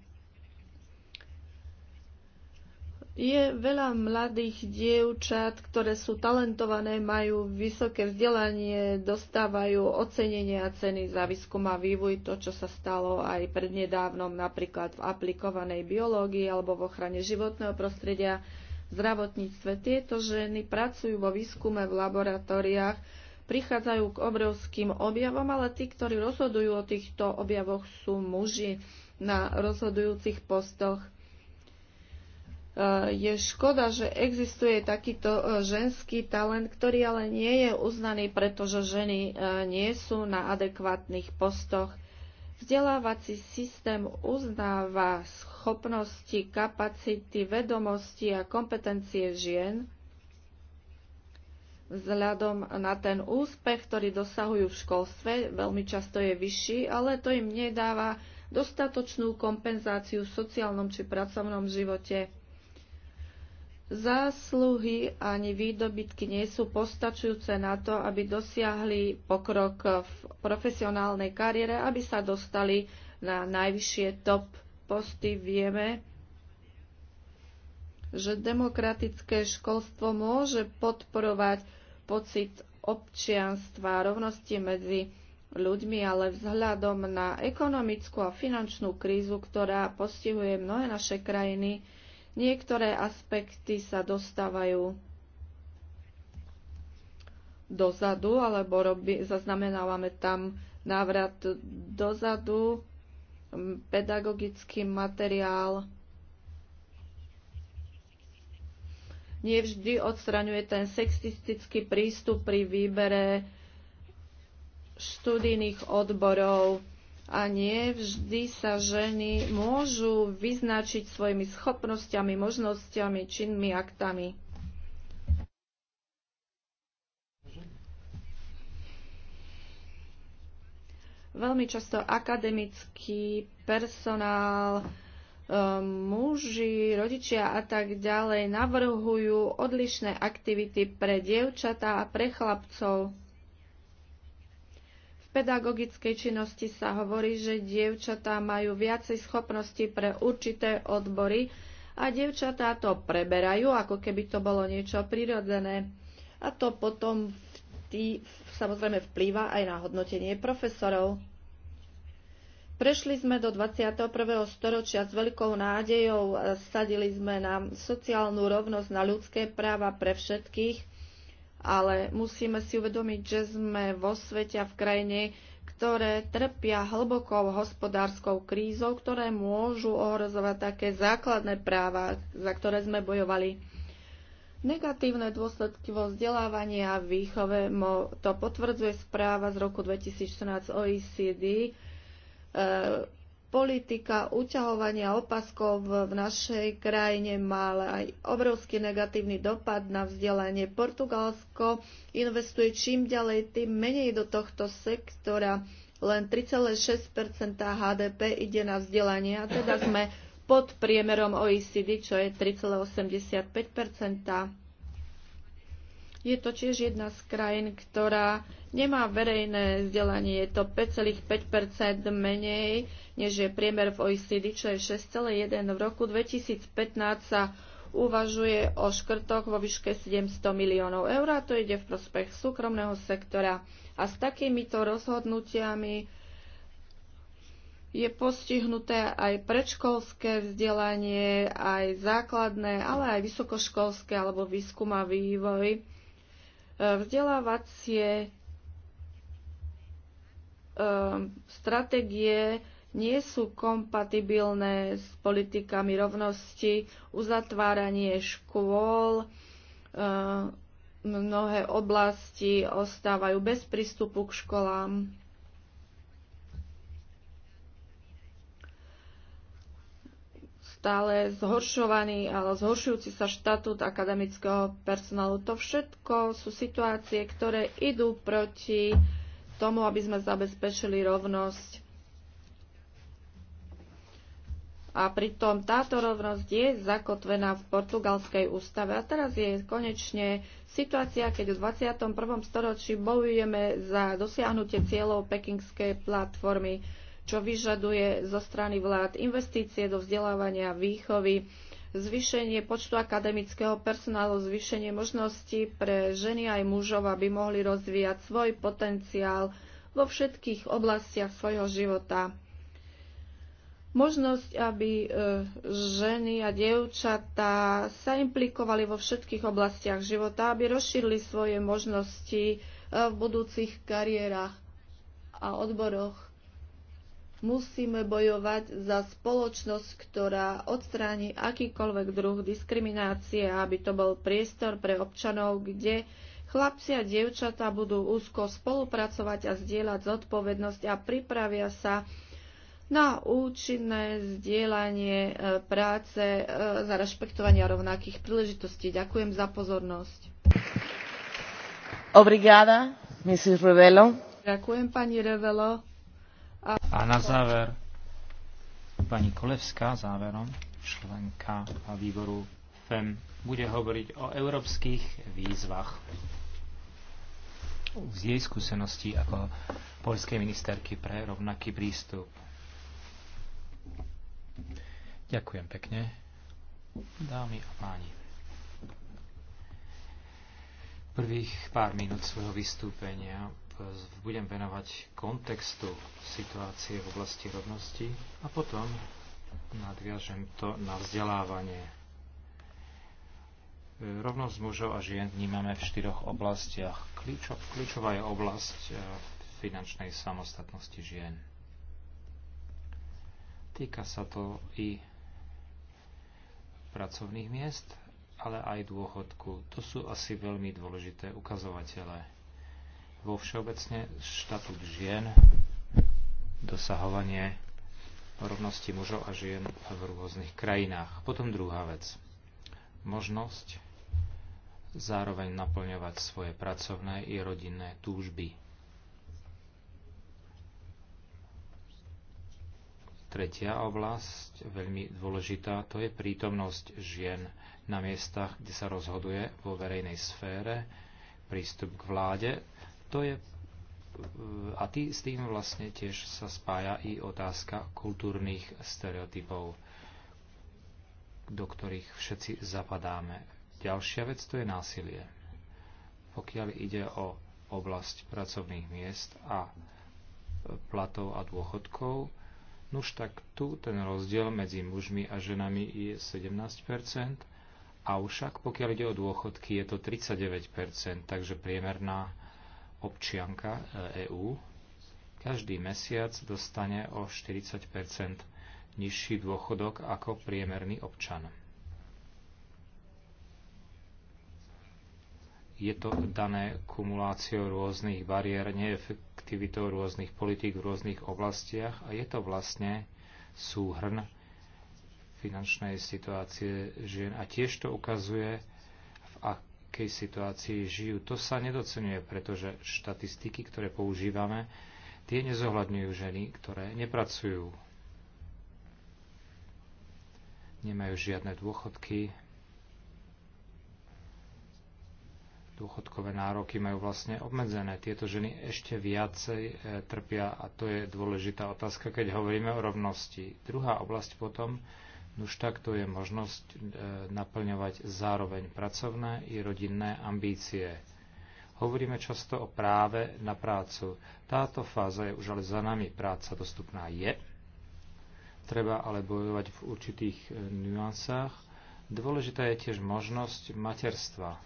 Je veľa mladých dievčat, ktoré sú talentované, majú vysoké vzdelanie, dostávajú ocenenia a ceny za výskum a vývoj, to, čo sa stalo aj prednedávnom napríklad v aplikovanej biológii alebo v ochrane životného prostredia, v zdravotníctve. Tieto ženy pracujú vo výskume v laboratóriách, prichádzajú k obrovským objavom, ale tí, ktorí rozhodujú o týchto objavoch, sú muži na rozhodujúcich postoch Eh, je škoda, že existuje takýto eh, ženský talent, ktorý ale nie je uznaný, pretože ženy eh, nie sú na adekvátnych postoch. Vzdelávací systém uznáva schopnosti, kapacity, vedomosti a kompetencie žien vzhľadom na ten úspech, ktorý dosahujú v školstve, veľmi často je vyšší, ale to im nedáva dostatočnú kompenzáciu v sociálnom či pracovnom živote. Zásluhy ani výdobytky nie sú postačujúce na to, aby dosiahli pokrok v profesionálnej kariére, aby sa dostali na najvyššie top posty. Vieme, že demokratické školstvo môže podporovať pocit občianstva, rovnosti medzi ľuďmi, ale vzhľadom na ekonomickú a finančnú krízu, ktorá postihuje mnohé naše krajiny, Niektoré aspekty sa dostávajú dozadu, alebo robí, zaznamenávame tam návrat dozadu, pedagogický materiál nevždy odstraňuje ten sexistický prístup pri výbere študijných odborov a nie vždy sa ženy môžu vyznačiť svojimi schopnosťami, možnosťami, činmi, aktami. Veľmi často akademický personál, um, muži, rodičia a tak ďalej navrhujú odlišné aktivity pre dievčatá a pre chlapcov pedagogickej činnosti sa hovorí, že dievčatá majú viacej schopnosti pre určité odbory a dievčatá to preberajú, ako keby to bolo niečo prirodzené. A to potom v tý, samozrejme vplýva aj na hodnotenie profesorov. Prešli sme do 21. storočia s veľkou nádejou, sadili sme na sociálnu rovnosť, na ľudské práva pre všetkých – ale musíme si uvedomiť, že sme vo svete a v krajine, ktoré trpia hlbokou hospodárskou krízou, ktoré môžu ohrozovať také základné práva, za ktoré sme bojovali. Negatívne dôsledky vo vzdelávaní a výchove to potvrdzuje správa z roku 2014 OECD, eh, politika uťahovania opaskov v našej krajine mala aj obrovský negatívny dopad na vzdelanie. Portugalsko investuje čím ďalej, tým menej do tohto sektora. Len 3,6 HDP ide na vzdelanie a teda sme pod priemerom OECD, čo je 3,85 Je to tiež jedna z krajín, ktorá nemá verejné vzdelanie. Je to 5,5 menej, než je priemer v OECD, čo je 6,1. V roku 2015 sa uvažuje o škrtoch vo výške 700 miliónov eur a to ide v prospech súkromného sektora. A s takýmito rozhodnutiami je postihnuté aj predškolské vzdelanie, aj základné, ale aj vysokoškolské alebo výskum a vývoj. E, vzdelávacie Ehm, stratégie nie sú kompatibilné s politikami rovnosti, uzatváranie škôl, ehm, mnohé oblasti ostávajú bez prístupu k školám. stále zhoršovaný ale zhoršujúci sa štatút akademického personálu. To všetko sú situácie, ktoré idú proti tomu, aby sme zabezpečili rovnosť. A pritom táto rovnosť je zakotvená v portugalskej ústave. A teraz je konečne situácia, keď v 21. storočí bojujeme za dosiahnutie cieľov pekingskej platformy, čo vyžaduje zo strany vlád investície do vzdelávania výchovy, zvýšenie počtu akademického personálu, zvýšenie možností pre ženy aj mužov, aby mohli rozvíjať svoj potenciál vo všetkých oblastiach svojho života. Možnosť, aby e, ženy a dievčatá sa implikovali vo všetkých oblastiach života, aby rozšírili svoje možnosti e, v budúcich kariérach a odboroch. Musíme bojovať za spoločnosť, ktorá odstráni akýkoľvek druh diskriminácie, aby to bol priestor pre občanov, kde Chlapci a dievčatá budú úzko spolupracovať a zdieľať zodpovednosť a pripravia sa na účinné zdieľanie e, práce e, za rešpektovanie rovnakých príležitostí. Ďakujem za pozornosť. Obrigada, Mrs. Revelo. Ďakujem, pani Revelo. A, na záver pani Kolevská, záverom členka výboru FEM, bude hovoriť o európskych výzvach z jej skúsenosti ako poľskej ministerky pre rovnaký prístup. Ďakujem pekne, dámy a páni. Prvých pár minút svojho vystúpenia E, budem venovať kontextu situácie v oblasti rovnosti a potom nadviažem to na vzdelávanie. E, rovnosť mužov a žien vnímame v štyroch oblastiach. kľúčová je oblasť e, finančnej samostatnosti žien. Týka sa to i pracovných miest, ale aj dôchodku. To sú asi veľmi dôležité ukazovatele vo všeobecne štatút žien, dosahovanie rovnosti mužov a žien v rôznych krajinách. Potom druhá vec. Možnosť zároveň naplňovať svoje pracovné i rodinné túžby. Tretia oblasť, veľmi dôležitá, to je prítomnosť žien na miestach, kde sa rozhoduje vo verejnej sfére, prístup k vláde, to je, e, a tý, s tým vlastne tiež sa spája i otázka kultúrnych stereotypov, do ktorých všetci zapadáme. Ďalšia vec to je násilie. Pokiaľ ide o oblasť pracovných miest a platov a dôchodkov, nuž tak tu ten rozdiel medzi mužmi a ženami je 17 a však pokiaľ ide o dôchodky, je to 39%, takže priemerná občianka EÚ e každý mesiac dostane o 40 nižší dôchodok ako priemerný občan. Je to dané kumuláciou rôznych bariér, neefektivitou rôznych politík v rôznych oblastiach a je to vlastne súhrn finančnej situácie žien. A tiež to ukazuje, akej situácii žijú. To sa nedocenuje, pretože štatistiky, ktoré používame, tie nezohľadňujú ženy, ktoré nepracujú. Nemajú žiadne dôchodky. Dôchodkové nároky majú vlastne obmedzené. Tieto ženy ešte viacej e, trpia a to je dôležitá otázka, keď hovoríme o rovnosti. Druhá oblasť potom už takto je možnosť e, naplňovať zároveň pracovné i rodinné ambície. Hovoríme často o práve na prácu. Táto fáza je už ale za nami. Práca dostupná je. Treba ale bojovať v určitých e, nuansách. Dôležitá je tiež možnosť materstva, e,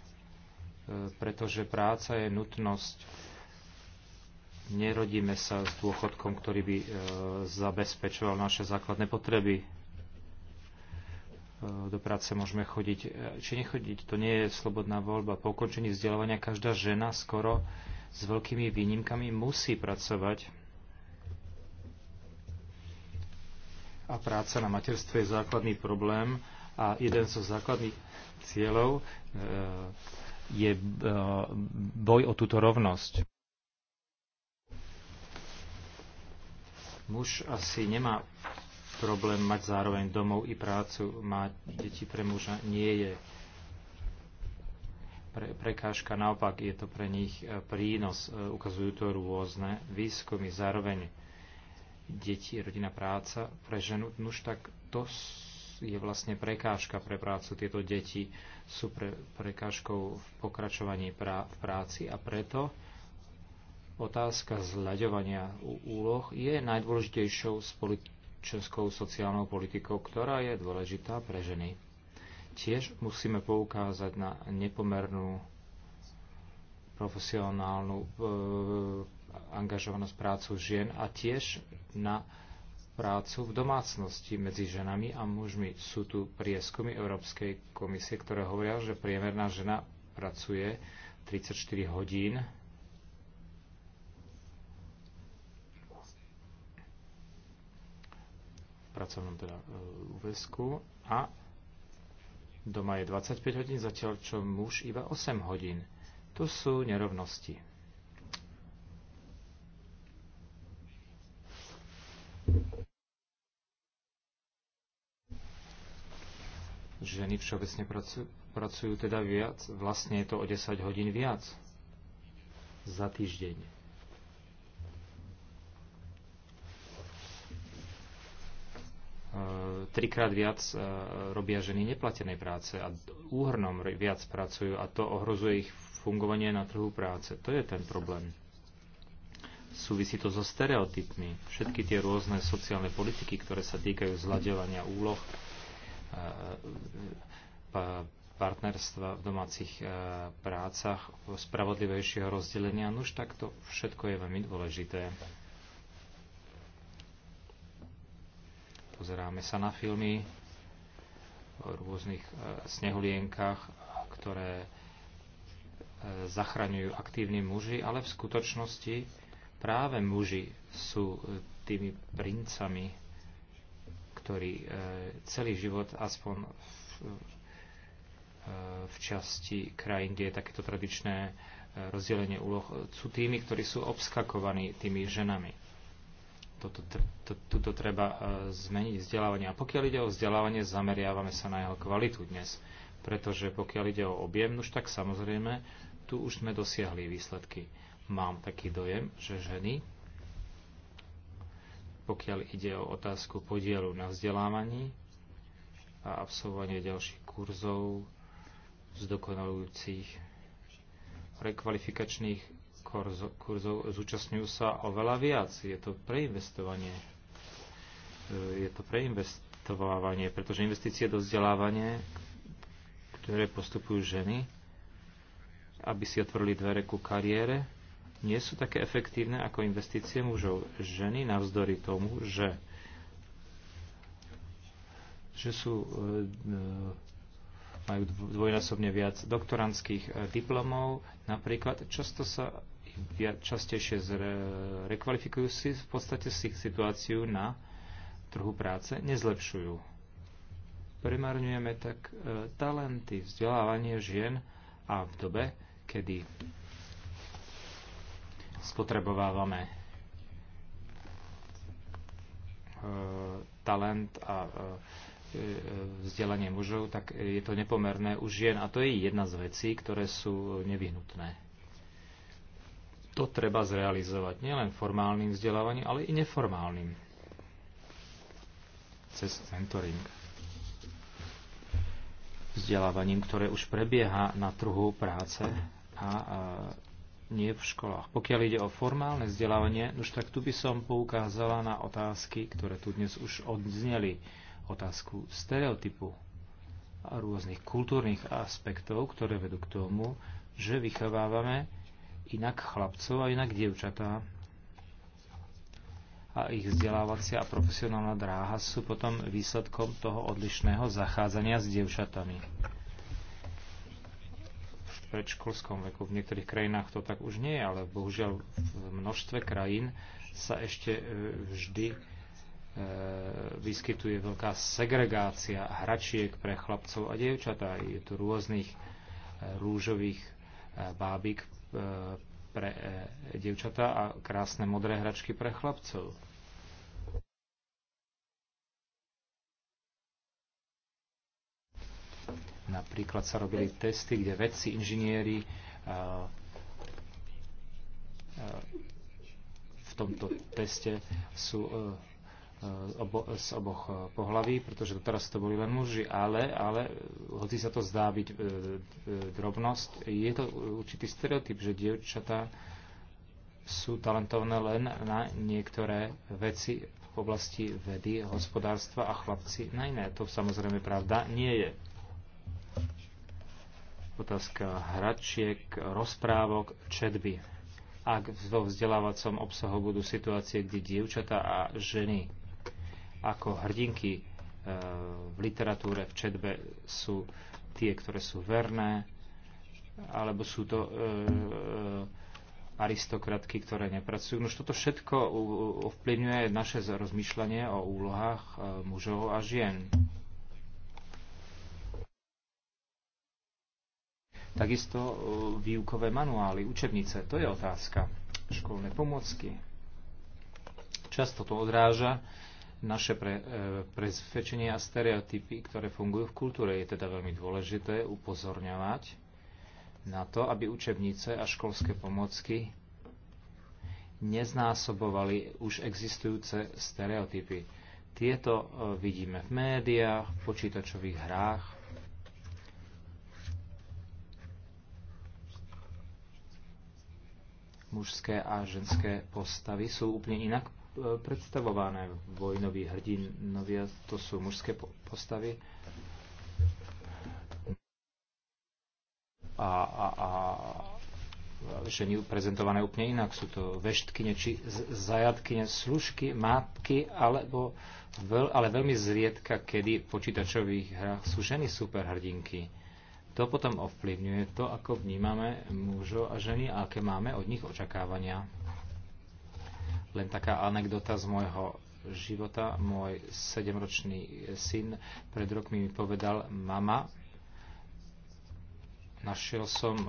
pretože práca je nutnosť. Nerodíme sa s dôchodkom, ktorý by zabezpečoval naše základné potreby E, do práce môžeme chodiť, e, či nechodiť. To nie je slobodná voľba. Po ukončení vzdelávania každá žena skoro s veľkými výnimkami musí pracovať. A práca na materstve je základný problém a jeden zo základných cieľov e, je boj o túto rovnosť. Muž asi nemá problém mať zároveň domov i prácu, mať deti pre muža nie je pre, prekážka, naopak je to pre nich e, prínos, e, ukazujú to rôzne výskumy, zároveň deti, rodina, práca pre ženu, nuž tak to je vlastne prekážka pre prácu. Tieto deti sú pre, prekážkou v pokračovaní pra, v práci a preto otázka zľaďovania úloh je najdôležitejšou z politi- českou sociálnou politikou, ktorá je dôležitá pre ženy. Tiež musíme poukázať na nepomernú profesionálnu e, angažovanosť prácu žien a tiež na prácu v domácnosti medzi ženami a mužmi. Sú tu prieskumy Európskej komisie, ktoré hovoria, že priemerná žena pracuje 34 hodín pracovnom teda e, úvesku a doma je 25 hodín, zatiaľ čo muž iba 8 hodín. Tu sú nerovnosti. Ženy všeobecne pracujú, pracujú teda viac, vlastne je to o 10 hodín viac za týždeň. E, trikrát viac e, robia ženy neplatenej práce a úhrnom viac pracujú a to ohrozuje ich fungovanie na trhu práce. To je ten problém. Súvisí to so stereotypmi. Všetky tie rôzne sociálne politiky, ktoré sa týkajú zľadevania úloh, e, partnerstva v domácich prácach, spravodlivejšieho rozdelenia, No už takto všetko je veľmi dôležité Pozeráme sa na filmy o rôznych e, snehulienkach, ktoré e, zachraňujú aktívni muži, ale v skutočnosti práve muži sú e, tými princami, ktorí celý život aspoň v, v časti krajín, kde je takéto tradičné rozdelenie úloh, sú tými, ktorí sú obskakovaní tými ženami. Toto, to, tuto treba e, zmeniť vzdelávanie. A pokiaľ ide o vzdelávanie, zameriavame sa na jeho kvalitu dnes. Pretože pokiaľ ide o objem, už tak samozrejme, tu už sme dosiahli výsledky. Mám taký dojem, že ženy, pokiaľ ide o otázku podielu na vzdelávaní a absolvovanie ďalších kurzov, zdokonalujúcich rekvalifikačných kurzov zúčastňujú sa oveľa viac. Je to preinvestovanie. Je to preinvestovávanie, pretože investície do vzdelávania, ktoré postupujú ženy, aby si otvorili dvere ku kariére, nie sú také efektívne ako investície mužov. Ženy navzdory tomu, že, že sú, e, e, majú dvojnásobne viac doktorandských e, diplomov, napríklad často sa viac častejšie rekvalifikujú si v podstate si situáciu na trhu práce, nezlepšujú. Primárňujeme tak e, talenty, vzdelávanie žien a v dobe, kedy spotrebovávame e, talent a e, e, vzdelanie mužov, tak je to nepomerné u žien a to je jedna z vecí, ktoré sú nevyhnutné to treba zrealizovať nielen formálnym vzdelávaním, ale i neformálnym cez mentoring. Vzdelávaním, ktoré už prebieha na trhu práce a nie v školách. Pokiaľ ide o formálne vzdelávanie, no už tak tu by som poukázala na otázky, ktoré tu dnes už odzneli. Otázku stereotypu a rôznych kultúrnych aspektov, ktoré vedú k tomu, že vychovávame inak chlapcov a inak dievčatá. A ich vzdelávacia a profesionálna dráha sú potom výsledkom toho odlišného zachádzania s dievčatami. V predškolskom veku v niektorých krajinách to tak už nie je, ale bohužiaľ v množstve krajín sa ešte e, vždy e, vyskytuje veľká segregácia hračiek pre chlapcov a dievčatá. Je tu rôznych e, rúžových bábik, pre e, devčatá a krásne modré hračky pre chlapcov. Napríklad sa robili testy, kde vedci, inžinieri e, e, v tomto teste sú obo, z oboch eh, pohlaví, pretože teraz to boli len muži, ale, ale eh, hoci sa to zdá byť e, drobnosť, je to určitý stereotyp, že dievčatá sú talentované len na niektoré veci v oblasti vedy, hospodárstva a chlapci na iné. To samozrejme pravda nie je. Otázka hračiek, rozprávok, četby. Ak vo vzdelávacom obsahu budú situácie, kde dievčatá a ženy ako hrdinky e, v literatúre, v četbe sú tie, ktoré sú verné, alebo sú to e, e, aristokratky, ktoré nepracujú. No toto všetko ovplyvňuje naše rozmýšľanie o úlohách mužov a žien. Takisto výukové manuály, učebnice, to je otázka. Školné pomocky. Často to odráža naše pre, e, presvedčenia a stereotypy, ktoré fungujú v kultúre, je teda veľmi dôležité upozorňovať na to, aby učebnice a školské pomocky neznásobovali už existujúce stereotypy. Tieto e, vidíme v médiách, v počítačových hrách. Mužské a ženské postavy sú úplne inak predstavované vojnoví hrdinovia, to sú mužské postavy. A, a, a ženy prezentované úplne inak. Sú to veštkyne či zajatkyne, služky, matky, alebo veľ, ale veľmi zriedka, kedy v počítačových hrách sú ženy superhrdinky. To potom ovplyvňuje to, ako vnímame mužov a ženy a aké máme od nich očakávania. Len taká anekdota z môjho života. Môj sedemročný syn pred rokmi mi povedal, mama, našiel som e,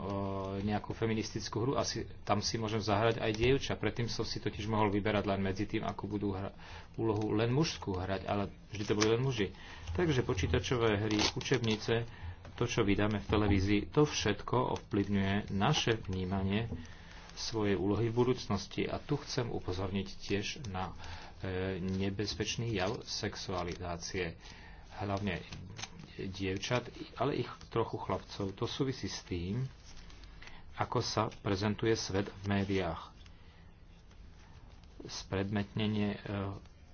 nejakú feministickú hru a tam si môžem zahrať aj dievča. Predtým som si totiž mohol vyberať len medzi tým, ako budú hra, úlohu len mužskú hrať, ale vždy to boli len muži. Takže počítačové hry, učebnice, to, čo vydáme v televízii, to všetko ovplyvňuje naše vnímanie svoje úlohy v budúcnosti. A tu chcem upozorniť tiež na e, nebezpečný jav sexualizácie, hlavne dievčat, ale ich trochu chlapcov. To súvisí s tým, ako sa prezentuje svet v médiách. Spredmetnenie e,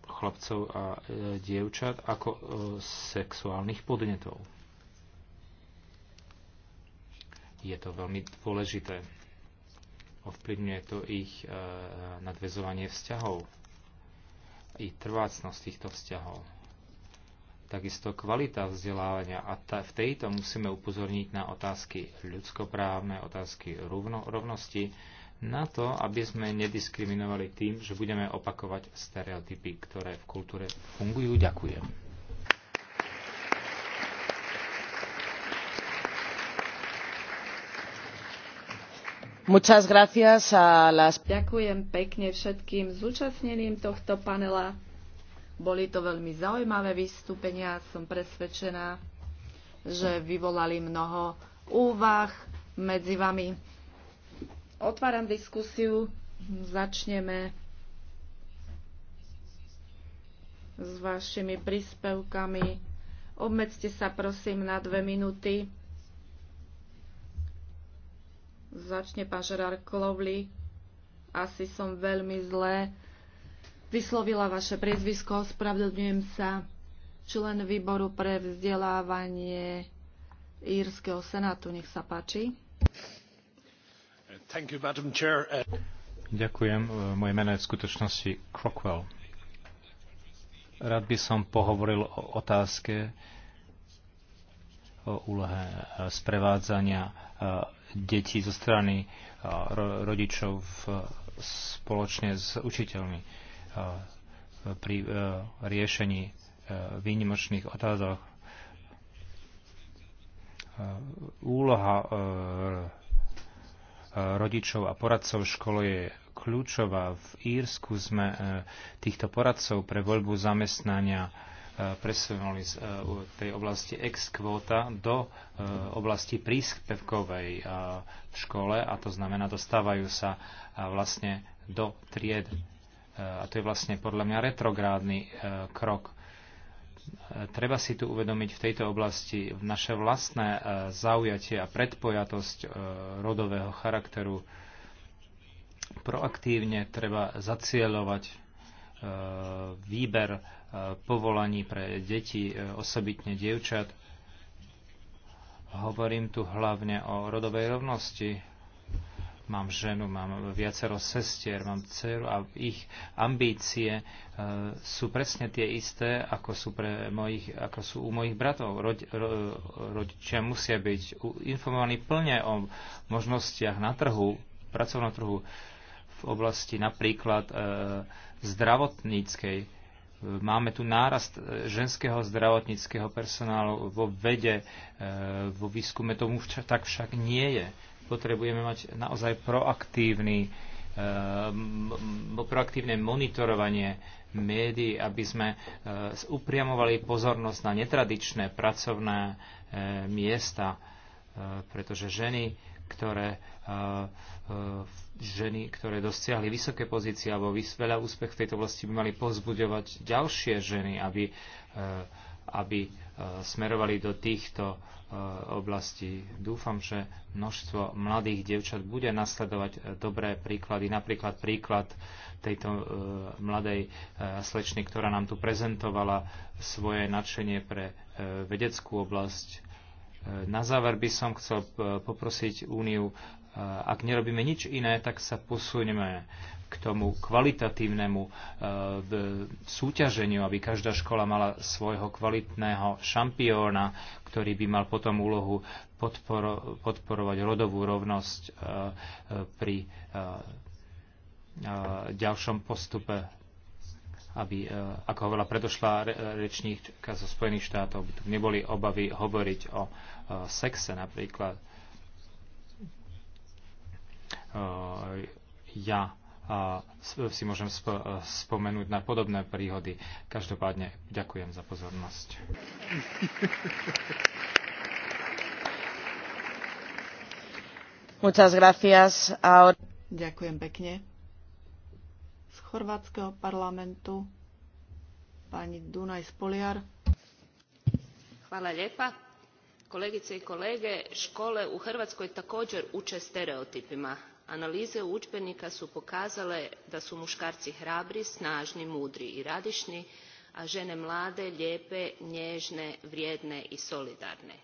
chlapcov a e, dievčat ako sexuálnych podnetov. Je to veľmi dôležité Ovplyvňuje to ich e, nadvezovanie vzťahov i trvácnosť týchto vzťahov. Takisto kvalita vzdelávania a ta, v tejto musíme upozorniť na otázky ľudskoprávne, otázky rovno, rovnosti, na to, aby sme nediskriminovali tým, že budeme opakovať stereotypy, ktoré v kultúre fungujú. Ďakujem. Muchas gracias a las... Ďakujem pekne všetkým zúčastneným tohto panela. Boli to veľmi zaujímavé vystúpenia. Som presvedčená, že vyvolali mnoho úvah medzi vami. Otváram diskusiu. Začneme s vašimi príspevkami. Obmedzte sa prosím na dve minúty. Začne pán Žerár Klovli. Asi som veľmi zle vyslovila vaše priezvisko, spravedlňujem sa člen výboru pre vzdelávanie Írskeho senátu. Nech sa páči. Thank you, Madam Chair. Ďakujem. Moje meno je v skutočnosti Crockwell. Rád by som pohovoril o otázke o úlohe eh, sprevádzania eh, detí zo strany rodičov v, spoločne s učiteľmi pri e, riešení e, výnimočných otázok. E, úloha rodičov a poradcov v škole je kľúčová. V Írsku sme týchto poradcov pre voľbu zamestnania presunuli z e, tej oblasti ex kvóta do e, oblasti príspevkovej e, v škole a to znamená, dostávajú sa vlastne do tried. A to je vlastne podľa mňa retrográdny krok. Treba si tu uvedomiť v tejto oblasti naše vlastné zaujatie a predpojatosť rodového charakteru. Proaktívne treba zacielovať výber e, povolaní pre deti, e, osobitne dievčat. Hovorím tu hlavne o rodovej rovnosti. Mám ženu, mám viacero sestier, mám dceru a ich ambície e, sú presne tie isté, ako sú, pre mojich, ako sú u mojich bratov. Rodi, ro, rodičia musia byť informovaní plne o možnostiach na trhu, pracovnom trhu v oblasti napríklad e, zdravotníckej. Máme tu nárast e, ženského zdravotníckého personálu vo vede, e, vo výskume tomu vča, tak však nie je. Potrebujeme mať naozaj proaktívny, e, proaktívne monitorovanie médií, aby sme upriamovali pozornosť na netradičné pracovné miesta, pretože ženy ktoré eh, eh, ženy, ktoré dosiahli vysoké pozície alebo veľa úspech v tejto oblasti by mali pozbudovať ďalšie ženy, aby, eh, aby smerovali do týchto oblastí. Dúfam, že množstvo mladých devčat bude nasledovať dobré príklady. Napríklad príklad tejto mladej slečny, ktorá nám tu prezentovala svoje nadšenie pre vedeckú oblasť E, na záver by som chcel e, poprosiť Úniu, e, ak nerobíme nič iné, tak sa posuneme k tomu kvalitatívnemu súťaženiu, aby každá škola mala svojho kvalitného šampióna, ktorý by mal potom úlohu podporo- podporovať rodovú rovnosť pri ďalšom postupe aby, e, ako hovorila predošlá rečníčka zo Spojených štátov, by tu neboli obavy hovoriť o e, sexe napríklad. E, ja si môžem spomenúť na podobné príhody. Každopádne ďakujem za pozornosť. Ďakujem pekne chorvátskeho parlamentu pani Dunaj Spoliar. Hvala lijepa. Kolegice i kolege, škole u Hrvatskoj također uče stereotipima. Analize udžbenika su pokazale da su muškarci hrabri, snažni, mudri i radišni, a žene mlade, lijepe, nježne, vrijedne i solidarne.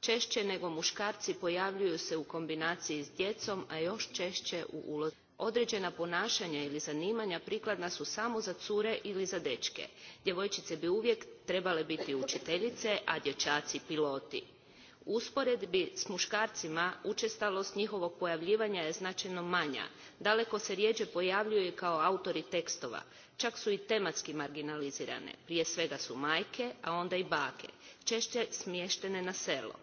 Češće nego muškarci pojavljuju se u kombinaciji s djecom, a još češće u ulozi određena ponašanja ili zanimanja prikladna su samo za cure ili za dečke djevojčice bi uvijek trebale biti učiteljice a dječaci piloti u usporedbi s muškarcima učestalost njihovog pojavljivanja je značajno manja daleko se rjeđe pojavljuju kao autori tekstova čak su i tematski marginalizirane prije svega su majke a onda i bake češće smještene na selo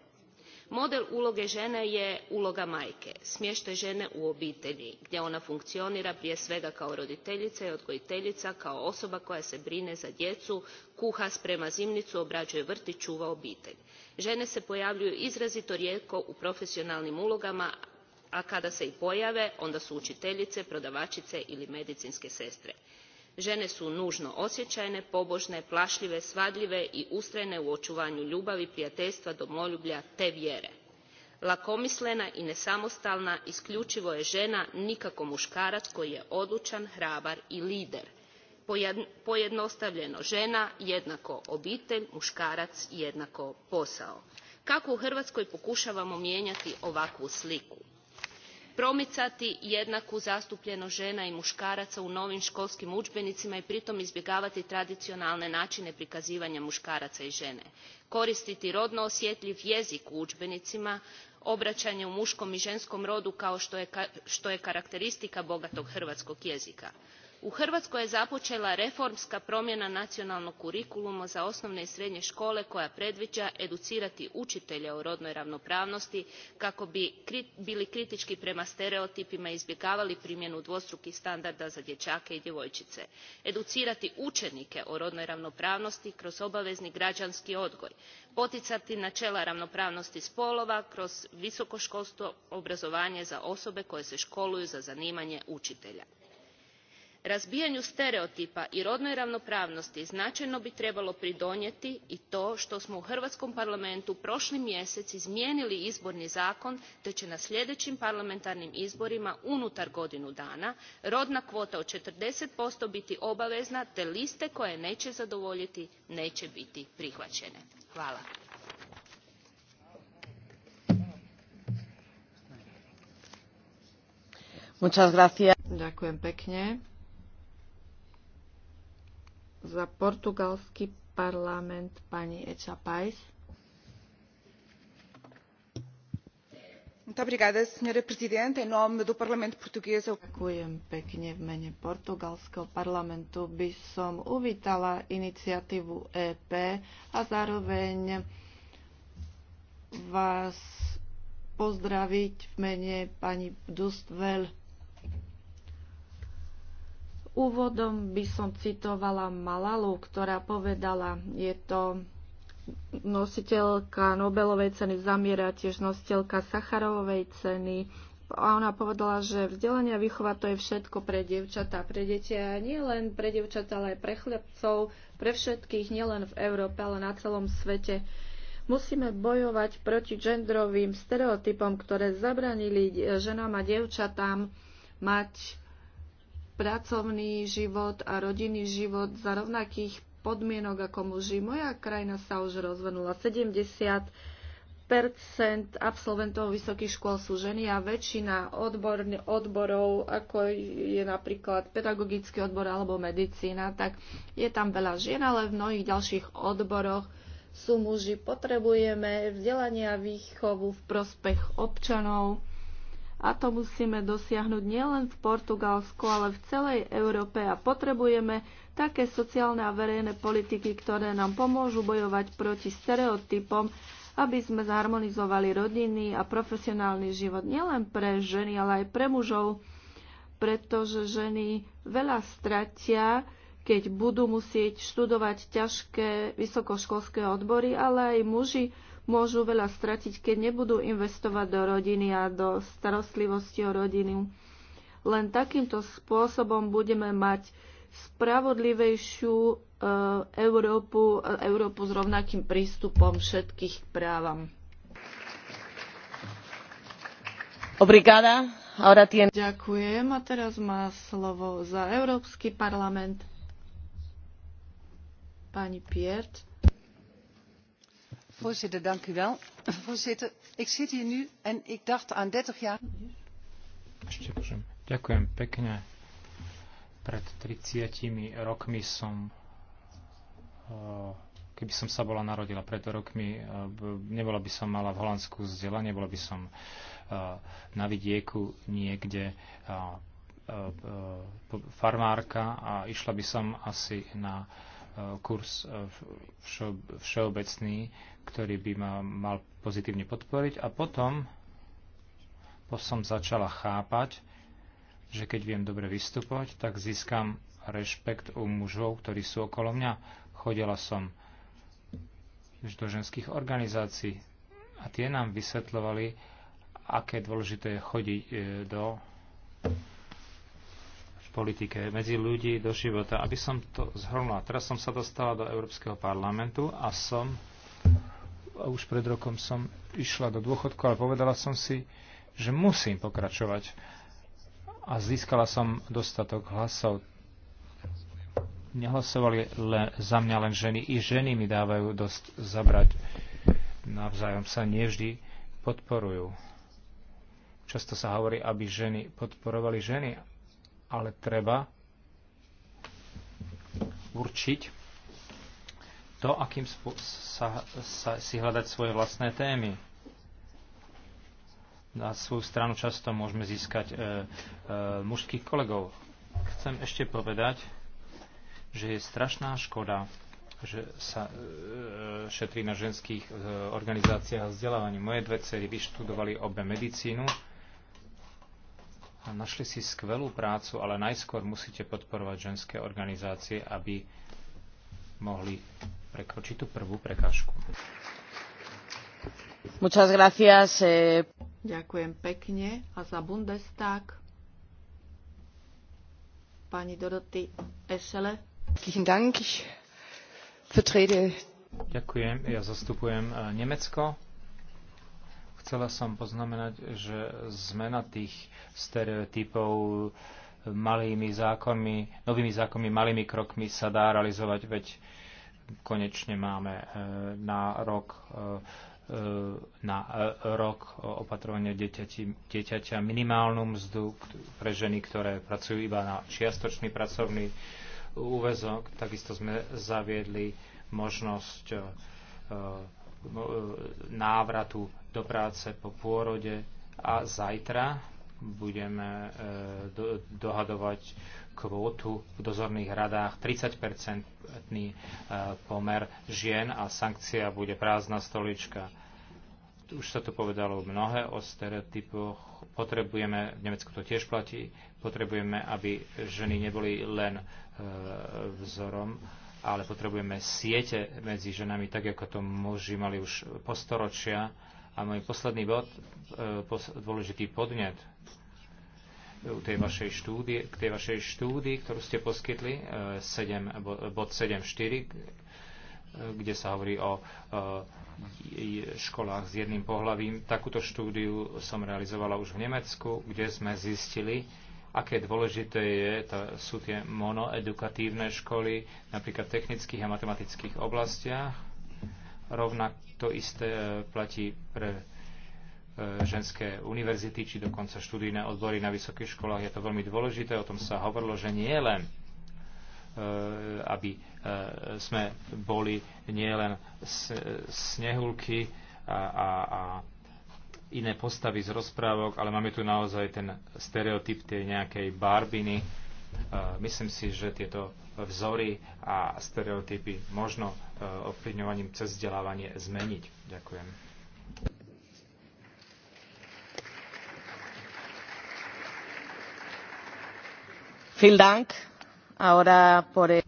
model uloge ene je uloga majke smještaj žene u obitelji gdje ona funkcionira prije svega kao roditeljica i odgojiteljica kao osoba koja se brine za djecu kuha sprema zimnicu obrađuje vrt i čuva obitelj žene se pojavljuju izrazito rijetko u profesionalnim ulogama a kada se i pojave onda su učiteljice prodavačice ili medicinske sestre žene su nužno osjećajne pobožne plašljive svadljive i ustrajne u očuvanju ljubavi prijateljstva domoljublja te vjere lakomislena i nesamostalna isključivo je žena nikako muškarac koji je odlučan hrabar i lider pojednostavljeno žena jednako obitelj muškarac jednako posao kako u hrvatskoj pokušavamo mijenjati ovakvu sliku promicati jednaku zastupljenost žena i muškaraca u novim školskim udžbenicima i pritom izbjegavati tradicionalne načine prikazivanja muškaraca i žene koristiti rodno osjetljiv jezik u udžbenicima obraćanje u muškom i ženskom rodu kao što je karakteristika bogatog hrvatskog jezika u hrvatskoj je započela reformska promjena nacionalnog kurikuluma za osnovne i srednje škole koja predviđa educirati učitelje o rodnoj ravnopravnosti kako bi bili kritički prema stereotipima i izbjegavali primjenu dvostrukih standarda za dječake i djevojčice educirati učenike o rodnoj ravnopravnosti kroz obavezni građanski odgoj poticati načela ravnopravnosti spolova kroz visokoškolsko obrazovanje za osobe koje se školuju za zanimanje učitelja razbijanju stereotipa i rodnoj ravnopravnosti značajno bi trebalo pridonijeti i to što smo u hrvatskom parlamentu prošli mjesec izmijenili izborni zakon te će na sljedećim parlamentarnim izborima unutar godinu dana rodna kvota od forty biti obavezna te liste koje neće zadovoljiti neće biti prihvaćene. hvala za portugalský parlament pani Echa Pais. Ďakujem pekne v mene portugalského parlamentu. By som uvítala iniciatívu EP a zároveň vás pozdraviť v mene pani Dustvel Úvodom by som citovala Malalu, ktorá povedala, je to nositeľka Nobelovej ceny v a tiež nositeľka Sacharovej ceny. A ona povedala, že vzdelanie a výchova to je všetko pre dievčatá, pre deti a nie len pre dievčatá, ale aj pre chlapcov, pre všetkých, nielen v Európe, ale na celom svete. Musíme bojovať proti genderovým stereotypom, ktoré zabranili ženám a dievčatám mať pracovný život a rodinný život za rovnakých podmienok ako muži. Moja krajina sa už rozvinula. 70 absolventov vysokých škôl sú ženy a väčšina odborn- odborov, ako je napríklad pedagogický odbor alebo medicína, tak je tam veľa žien, ale v mnohých ďalších odboroch sú muži. Potrebujeme vzdelanie a výchovu v prospech občanov a to musíme dosiahnuť nielen v Portugalsku, ale v celej Európe a potrebujeme také sociálne a verejné politiky, ktoré nám pomôžu bojovať proti stereotypom, aby sme zharmonizovali rodinný a profesionálny život nielen pre ženy, ale aj pre mužov, pretože ženy veľa stratia, keď budú musieť študovať ťažké vysokoškolské odbory, ale aj muži môžu veľa stratiť, keď nebudú investovať do rodiny a do starostlivosti o rodinu. Len takýmto spôsobom budeme mať spravodlivejšiu e, Európu, e, Európu s rovnakým prístupom všetkých právam. Obrigada. Ahora tiene... Ďakujem a teraz má slovo za Európsky parlament pani Piert voorzitter voorzitter ik zit hier nu en ik dacht aan dertig jaar. Ďakujem pekne. Pred 30 rokmi som, eh, keby som sa bola narodila pred rokmi, eh, nebola by som mala v Holandsku vzdelanie, bola by som eh, na vidieku niekde farmárka a išla by som asi na kurz eh, všeobecný, ktorý by ma mal pozitívne podporiť. A potom som začala chápať, že keď viem dobre vystupovať, tak získam rešpekt u mužov, ktorí sú okolo mňa. Chodila som do ženských organizácií a tie nám vysvetľovali, aké dôležité je chodiť eh, do politike, medzi ľudí, do života. Aby som to zhrnula, teraz som sa dostala do Európskeho parlamentu a som, a už pred rokom som išla do dôchodku, ale povedala som si, že musím pokračovať. A získala som dostatok hlasov. Nehlasovali le, za mňa len ženy. I ženy mi dávajú dosť zabrať. Navzájom sa nevždy podporujú. Často sa hovorí, aby ženy podporovali ženy, ale treba určiť to, akým sa, sa, si hľadať svoje vlastné témy. Na svoju stranu často môžeme získať e, e, mužských kolegov. Chcem ešte povedať, že je strašná škoda, že sa e, e, šetrí na ženských e, organizáciách a vzdelávaní. Moje dve cery vyštudovali obe medicínu Našli si skvelú prácu, ale najskôr musíte podporovať ženské organizácie, aby mohli prekročiť tú prvú prekážku. Muchas gracias. Eh. Ďakujem pekne. A za Bundestag pani Doroty Esele. Ďakujem. Ja zastupujem eh, Nemecko Chcela som poznamenať, že zmena tých stereotypov malými zákonmi, novými zákonmi, malými krokmi sa dá realizovať, veď konečne máme e, na rok e, e, na rok opatrovania dieťaťa, minimálnu mzdu pre ženy, ktoré pracujú iba na čiastočný pracovný úvezok. Takisto sme zaviedli možnosť návratu do práce po pôrode a zajtra budeme e, do, dohadovať kvótu v dozorných radách 30-percentný e, pomer žien a sankcia bude prázdna stolička. Už sa tu povedalo mnohé o stereotypoch. Potrebujeme, v Nemecku to tiež platí, potrebujeme, aby ženy neboli len e, vzorom, ale potrebujeme siete medzi ženami, tak ako to muži mali už po storočia a môj posledný bod, e, dôležitý podnet e, tej vašej štúdie, k tej vašej štúdii, ktorú ste poskytli, 7, e, bod 7.4, kde sa hovorí o školách s jedným pohľavím. Takúto štúdiu som realizovala už v Nemecku, kde sme zistili, aké dôležité je, to sú tie monoedukatívne školy, napríklad v technických a matematických oblastiach, Rovnak to isté e, platí pre e, ženské univerzity či dokonca študijné odbory na vysokých školách. Je to veľmi dôležité, o tom sa hovorilo, že nie len e, aby sme boli nielen snehulky a, a, a iné postavy z rozprávok, ale máme tu naozaj ten stereotyp tej nejakej barbiny, Myslím si, že tieto vzory a stereotypy možno e, ovplyvňovaním cez vzdelávanie zmeniť. Ďakujem.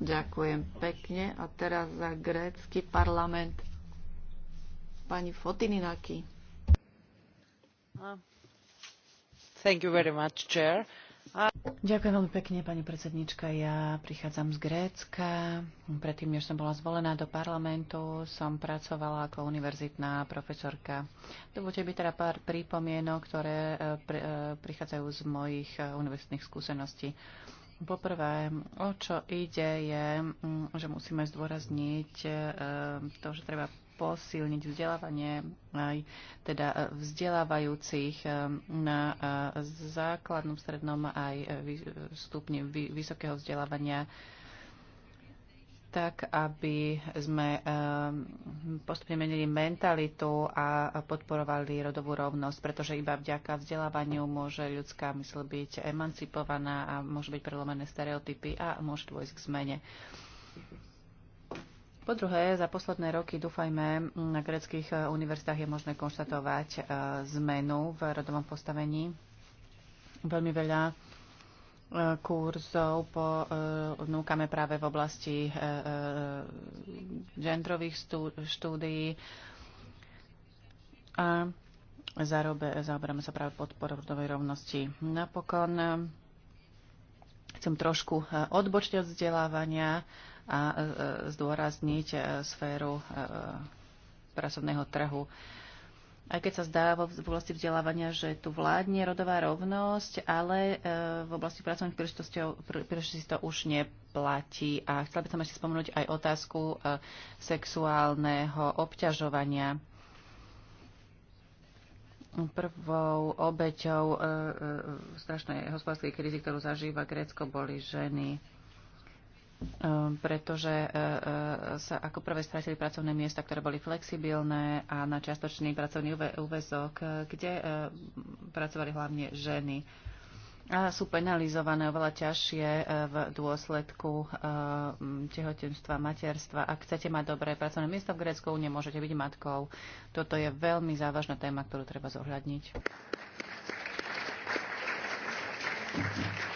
Ďakujem pekne. A teraz za grécky parlament pani Fotininaki. Thank you very much, Chair. Ďakujem veľmi pekne, pani predsednička. Ja prichádzam z Grécka. Predtým, než som bola zvolená do parlamentu, som pracovala ako univerzitná profesorka. Dovolte byť teda pár prípomienok, ktoré e, e, prichádzajú z mojich e, univerzitných skúseností. Poprvé, o čo ide je, že musíme zdôrazniť to, že treba posilniť vzdelávanie aj teda e, vzdelávajúcich e, na e, základnom, strednom aj stupni vysokého vzdelávania tak, aby sme postupne menili mentalitu a podporovali rodovú rovnosť, pretože iba vďaka vzdelávaniu môže ľudská mysl byť emancipovaná a môžu byť prelomené stereotypy a môže dôjsť k zmene. Po druhé, za posledné roky, dúfajme, na greckých eh, univerzitách je možné konštatovať eh, zmenu v rodovom postavení. Veľmi veľa eh, kurzov ponúkame práve v oblasti gendrových štúdií a zaoberáme sa práve podporou rodovej rovnosti. Napokon chcem trošku odbočiť od vzdelávania a e, zdôrazniť e, sféru e, pracovného trhu. Aj keď sa zdá v oblasti vzdelávania, že tu vládne rodová rovnosť, ale v oblasti pracovných príležitostí to už neplatí. A chcela by som ešte spomenúť aj otázku sexuálneho obťažovania prvou obeťou strašnej hospodárskej krízy, ktorú zažíva Grécko, boli ženy. Ehm, pretože e, e, sa ako prvé stratili pracovné miesta, ktoré boli flexibilné a na čiastočný pracovný úvezok, e, kde pracovali hlavne ženy. A sú penalizované oveľa ťažšie v dôsledku tehotenstva, materstva. Ak chcete mať dobré pracovné miesto v Grécku, nemôžete byť matkou. Toto je veľmi závažná téma, ktorú treba zohľadniť. Thank you.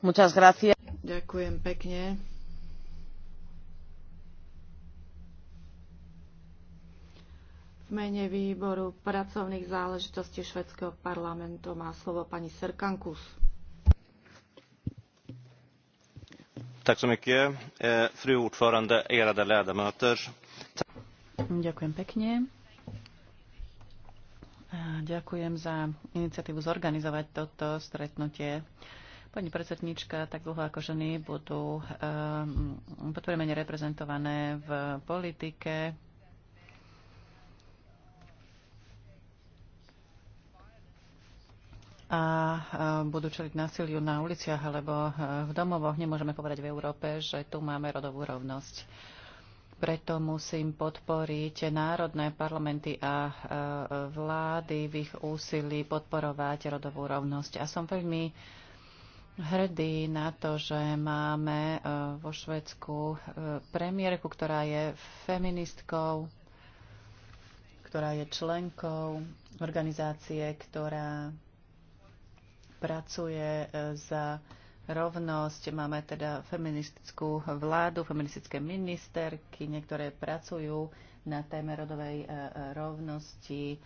V mene výboru pracovných záležitostí Švedského parlamentu má slovo pani Serkankus. Eh, ďakujem za iniciatívu zorganizovať toto stretnutie. Pani predsednička, tak dlho ako ženy budú um, ehm, potvrdené reprezentované v politike, a e, budú čeliť násiliu na uliciach alebo e, v domovoch, nemôžeme povedať v Európe, že tu máme rodovú rovnosť. Preto musím podporiť národné parlamenty a e, vlády v ich úsilí podporovať rodovú rovnosť. A som veľmi hrdí na to, že máme e, vo Švedsku e, premiérku, ktorá je feministkou, ktorá je členkou organizácie, ktorá pracuje e, za rovnosť. Máme teda feministickú vládu, feministické ministerky, niektoré pracujú na téme rodovej rovnosti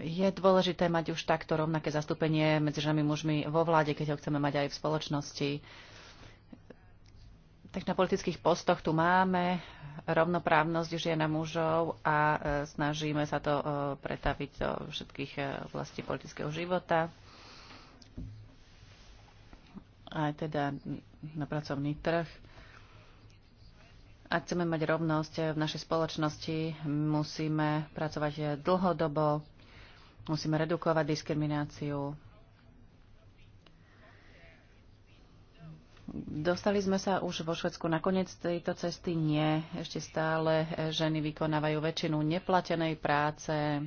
je dôležité mať už takto rovnaké zastúpenie medzi ženami mužmi vo vláde, keď ho chceme mať aj v spoločnosti. Tak na politických postoch tu máme rovnoprávnosť žien a mužov a e, snažíme sa to e, pretaviť do všetkých e, oblastí politického života. Aj teda na pracovný trh. Ak chceme mať rovnosť v našej spoločnosti, musíme pracovať dlhodobo Musíme redukovať diskrimináciu. Dostali sme sa už vo Švedsku na koniec tejto cesty? Nie. Ešte stále ženy vykonávajú väčšinu neplatenej práce.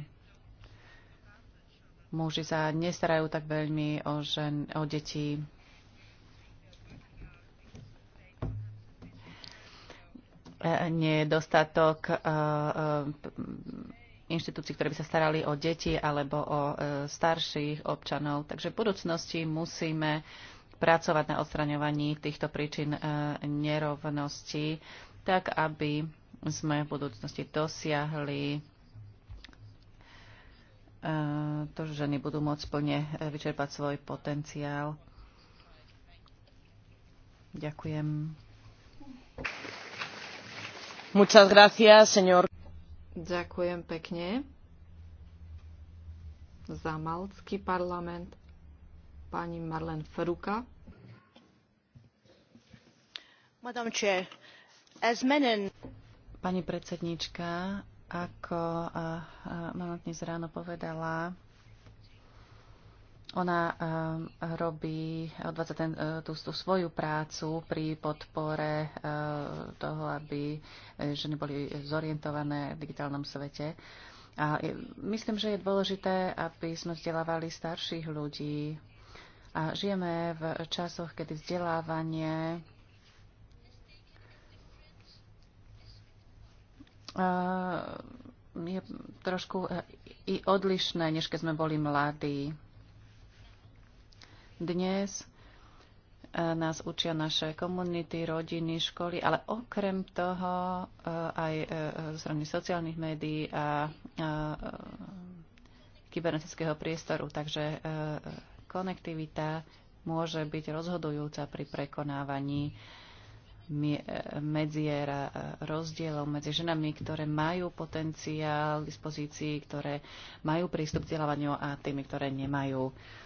Muži sa nestarajú tak veľmi o, žen, o deti. Nie je dostatok eh, eh, inštitúcií, ktoré by sa starali o deti alebo o e, starších občanov. Takže v budúcnosti musíme pracovať na odstraňovaní týchto príčin e, nerovnosti, tak aby sme v budúcnosti dosiahli e, to, že ženy budú môcť plne vyčerpať svoj potenciál. Ďakujem. Muchas gracias, señor. Ďakujem pekne za Malcký parlament pani Marlen Feruka. Madam Chair, as in... Pani predsednička, ako uh, uh, dnes ráno povedala, ona eh, robí, eh, odvádza ten, eh, tú, tú svoju prácu pri podpore toho, aby ženy boli zorientované v digitálnom svete. A myslím, že je dôležité, aby sme vzdelávali starších ľudí. A žijeme v časoch, kedy vzdelávanie je trošku i odlišné, než keď sme boli mladí dnes e, nás učia naše komunity, rodiny, školy, ale okrem toho e, aj e, strany sociálnych médií a kybernetického priestoru. Takže konektivita môže byť rozhodujúca pri prekonávaní medzier rozdielov medzi ženami, ktoré majú potenciál v dispozícii, ktoré majú prístup k vzdelávaniu a tými, ktoré nemajú. Uh,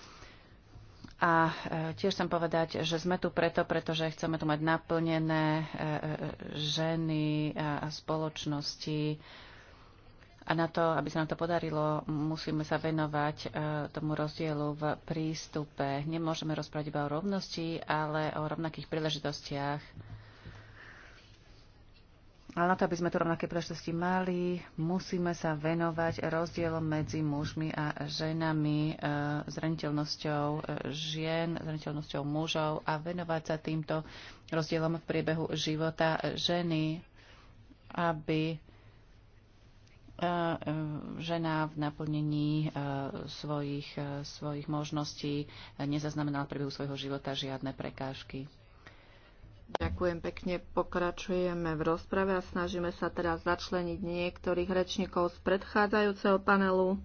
a e, tiež chcem povedať, že sme tu preto, pretože chceme tu mať naplnené e, e, ženy a spoločnosti. A na to, aby sa nám to podarilo, musíme sa venovať tomu rozdielu v prístupe. Nemôžeme rozprávať iba o rovnosti, ale o rovnakých príležitostiach ale na to, aby sme tu rovnaké príležitosti mali, musíme sa venovať rozdielom medzi mužmi a ženami, e, zraniteľnosťou e, žien, zraniteľnosťou mužov a venovať sa týmto rozdielom v priebehu života ženy, aby e, žena v naplnení svojich, svojich možností nezaznamenala v priebehu svojho života žiadne prekážky. Ďakujem pekne. Pokračujeme v rozprave a snažíme sa teraz začleniť niektorých rečníkov z predchádzajúceho panelu,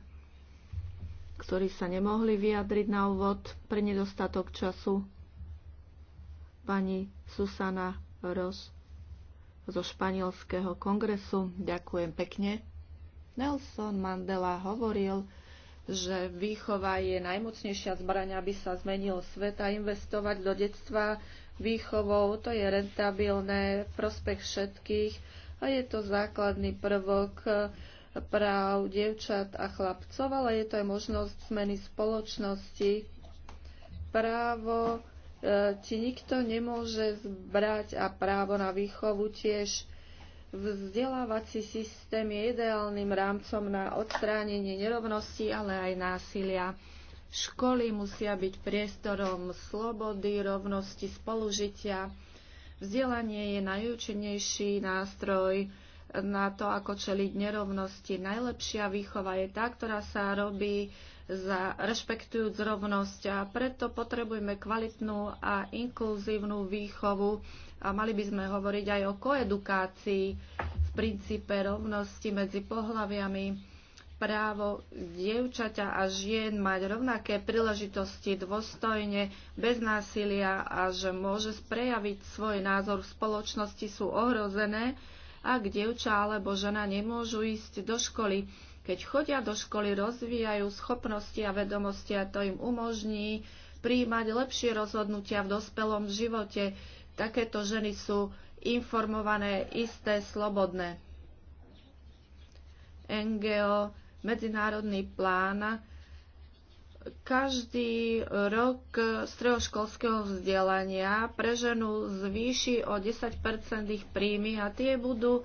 ktorí sa nemohli vyjadriť na úvod pre nedostatok času. Pani Susana Ros zo Španielského kongresu. Ďakujem pekne. Nelson Mandela hovoril, že výchova je najmocnejšia zbraň, aby sa zmenil svet a investovať do detstva výchovou. To je rentabilné, prospech všetkých a je to základný prvok eh, práv dievčat a chlapcov, ale je to aj možnosť zmeny spoločnosti. Právo eh, ti nikto nemôže zbrať a právo na výchovu tiež. Vzdelávací systém je ideálnym rámcom na odstránenie nerovnosti, ale aj násilia. Školy musia byť priestorom slobody, rovnosti, spolužitia. Vzdelanie je najúčinnejší nástroj na to, ako čeliť nerovnosti. Najlepšia výchova je tá, ktorá sa robí za rešpektujúc rovnosť a preto potrebujeme kvalitnú a inkluzívnu výchovu a mali by sme hovoriť aj o koedukácii v princípe rovnosti medzi pohlaviami právo dievčaťa a žien mať rovnaké príležitosti dôstojne, bez násilia a že môže sprejaviť svoj názor v spoločnosti sú ohrozené, ak dievča alebo žena nemôžu ísť do školy. Keď chodia do školy, rozvíjajú schopnosti a vedomosti a to im umožní príjmať lepšie rozhodnutia v dospelom živote. Takéto ženy sú informované, isté, slobodné. NGO medzinárodný plán. Každý rok stredoškolského vzdelania pre ženu zvýši o 10 ich príjmy a tie budú e,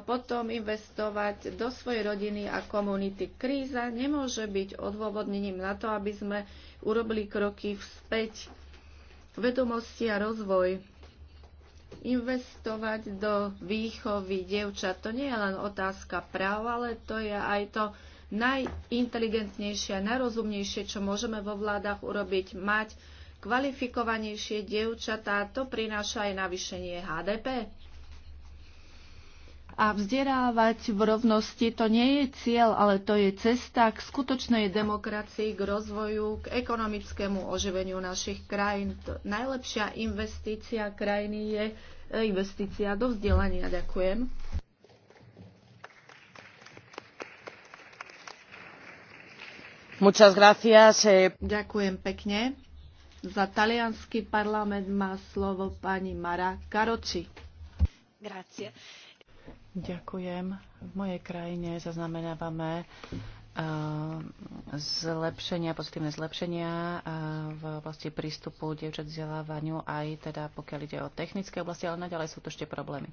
potom investovať do svojej rodiny a komunity. Kríza nemôže byť odôvodnením na to, aby sme urobili kroky vzpäť vedomosti a rozvoj. Investovať do výchovy dievčat, to nie je len otázka práv, ale to je aj to najinteligentnejšie a najrozumnejšie, čo môžeme vo vládach urobiť, mať kvalifikovanejšie dievčatá, to prináša aj navýšenie HDP. A vzdelávať v rovnosti to nie je cieľ, ale to je cesta k skutočnej demokracii, k rozvoju, k ekonomickému oživeniu našich krajín. Najlepšia investícia krajiny je e, investícia do vzdelania. Ďakujem. Eh. Ďakujem pekne. Za talianský parlament má slovo pani Mara Karoči. Grazie. Ďakujem. V mojej krajine zaznamenávame eh, zlepšenia, pozitívne zlepšenia eh, v oblasti prístupu dievčat vzdelávaniu aj teda pokiaľ ide o technické oblasti, ale naďalej sú to ešte problémy.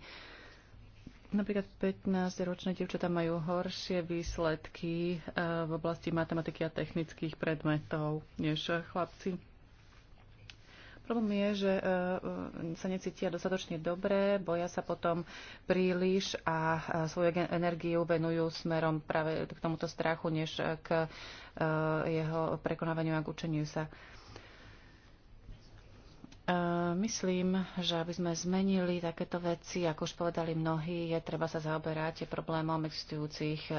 Napríklad 15-ročné dievčatá majú horšie výsledky eh, v oblasti matematiky a technických predmetov než chlapci. Problém je, že eh, eh, sa necítia dostatočne dobre, boja sa potom príliš a svoju energiu venujú smerom práve k tomuto strachu, než k jeho prekonávaniu a k učeniu sa. E, myslím, že aby sme zmenili takéto veci, ako už povedali mnohí, je treba sa zaoberať problémom existujúcich e,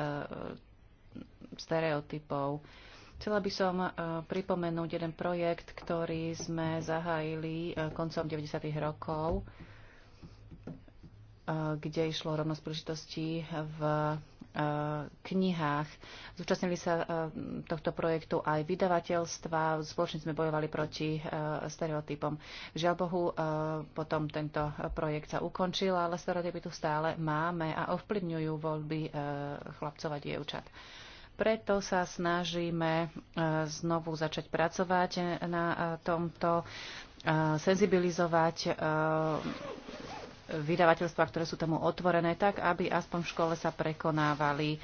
stereotypov. Chcela by som e, pripomenúť jeden projekt, ktorý sme zahájili koncom 90. rokov, kde išlo rovnosť príležitostí v Eh, knihách. Zúčastnili sa eh, tohto projektu aj vydavateľstva, spoločne sme bojovali proti eh, stereotypom. Žiaľ Bohu, potom tento projekt sa ukončil, ale stereotypy tu stále máme a ovplyvňujú voľby chlapcov a dievčat. Preto sa snažíme znovu začať pracovať na tomto, senzibilizovať vydavateľstva, ktoré sú tomu otvorené, tak aby aspoň v škole sa prekonávali e,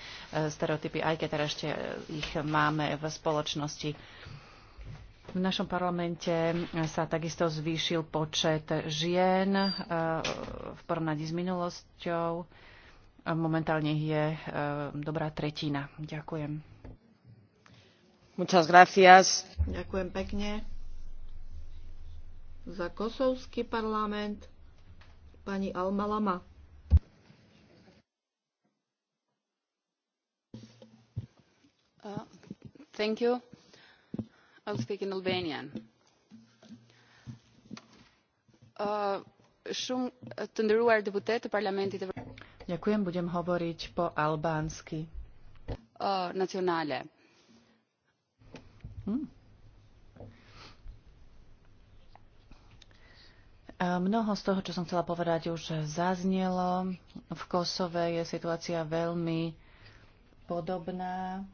stereotypy, aj keď teraz ešte e, ich máme v spoločnosti. V našom parlamente e, sa takisto zvýšil počet žien v porovnaní s minulosťou. Momentálne je dobrá tretina. Ďakujem. Muchas gracias. Ďakujem pekne. Za Kosovský parlament pani Almalama. Uh, thank you. I'll speak in Albanian. Uh, shumë të nderuar deputet të Parlamentit e Ďakujem, budem hovoriť po albánsky. Nacionále. Uh, nacionale. Hm? Mnoho z toho, čo som chcela povedať, už zaznelo. V Kosove je situácia veľmi podobná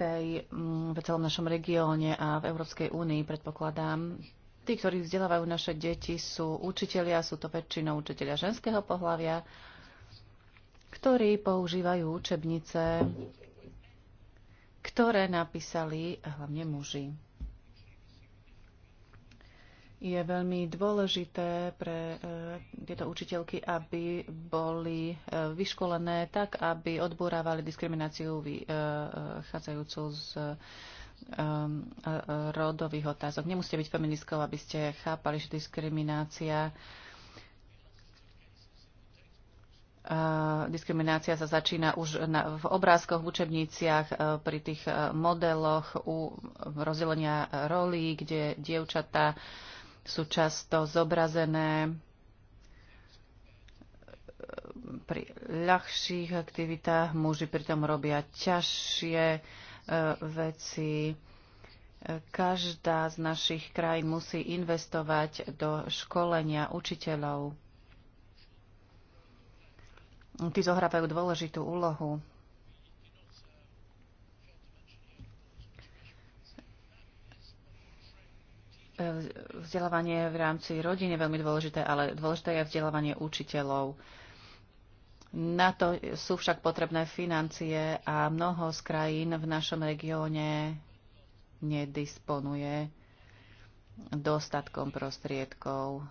tej, mm, v celom našom regióne a v Európskej únii, predpokladám. Tí, ktorí vzdelávajú naše deti, sú učitelia, sú to väčšinou učitelia ženského pohľavia, ktorí používajú učebnice, ktoré napísali hlavne muži je veľmi dôležité pre e, tieto učiteľky, aby boli e, vyškolené tak, aby odborávali diskrimináciu vychádzajúcu e, z rodových otázok. Nemusíte byť feministkou, aby ste chápali, že diskriminácia diskriminácia sa začína už na, v obrázkoch, v učebniciach, pri tých modeloch u rozdelenia rolí, kde dievčatá sú často zobrazené eh, pri ľahších aktivitách, muži pritom robia ťažšie eh, veci. Každá z našich krajín musí investovať do školenia učiteľov. Tí zohrávajú dôležitú úlohu Vzdelávanie v rámci rodiny je veľmi dôležité, ale dôležité je vzdelávanie učiteľov. Na to sú však potrebné financie a mnoho z krajín v našom regióne nedisponuje dostatkom prostriedkov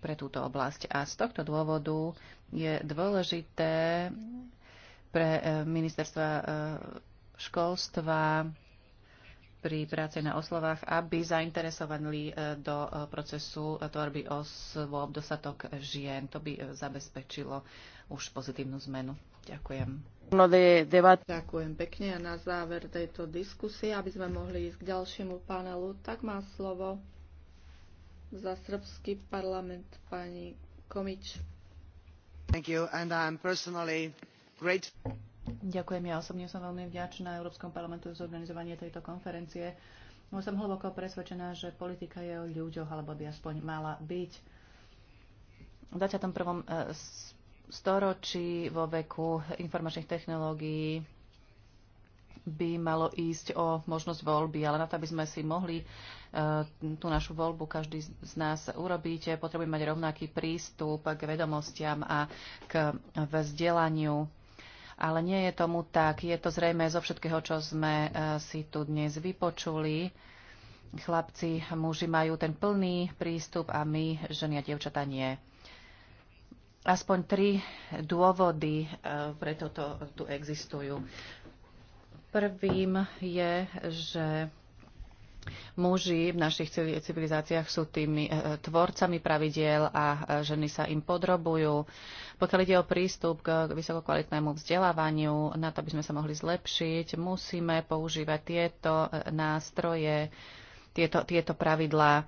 pre túto oblasť. A z tohto dôvodu je dôležité pre eh, ministerstva eh, školstva pri práci na oslovách, aby zainteresovali e, do e, procesu tvorby osôb dostatok žien. To by e, zabezpečilo už pozitívnu zmenu. Ďakujem. No de, Ďakujem pekne a na záver tejto diskusie, aby sme mohli ísť k ďalšiemu panelu, tak má slovo za Srbský parlament pani Komič. Thank you and I'm personally grateful. Ďakujem. Ja osobne som veľmi vďačná Európskom parlamentu za organizovanie tejto konferencie. No, som hlboko presvedčená, že politika je o ľuďoch, alebo by aspoň mala byť. V 21. E, storočí vo veku informačných technológií by malo ísť o možnosť voľby, ale na to, aby sme si mohli e, tú našu voľbu každý z nás urobiť, potrebujeme mať rovnaký prístup k vedomostiam a k vzdelaniu ale nie je tomu tak. Je to zrejme zo všetkého, čo sme e, si tu dnes vypočuli. Chlapci, muži majú ten plný prístup a my, ženy a dievčatá, nie. Aspoň tri dôvody e, pre toto tu existujú. Prvým je, že Muži v našich civilizáciách sú tými e, e, tvorcami pravidiel a e, ženy sa im podrobujú. Pokiaľ ide o prístup k vysokokvalitnému vzdelávaniu, na to, aby sme sa mohli zlepšiť, musíme používať tieto nástroje, tieto, tieto pravidlá.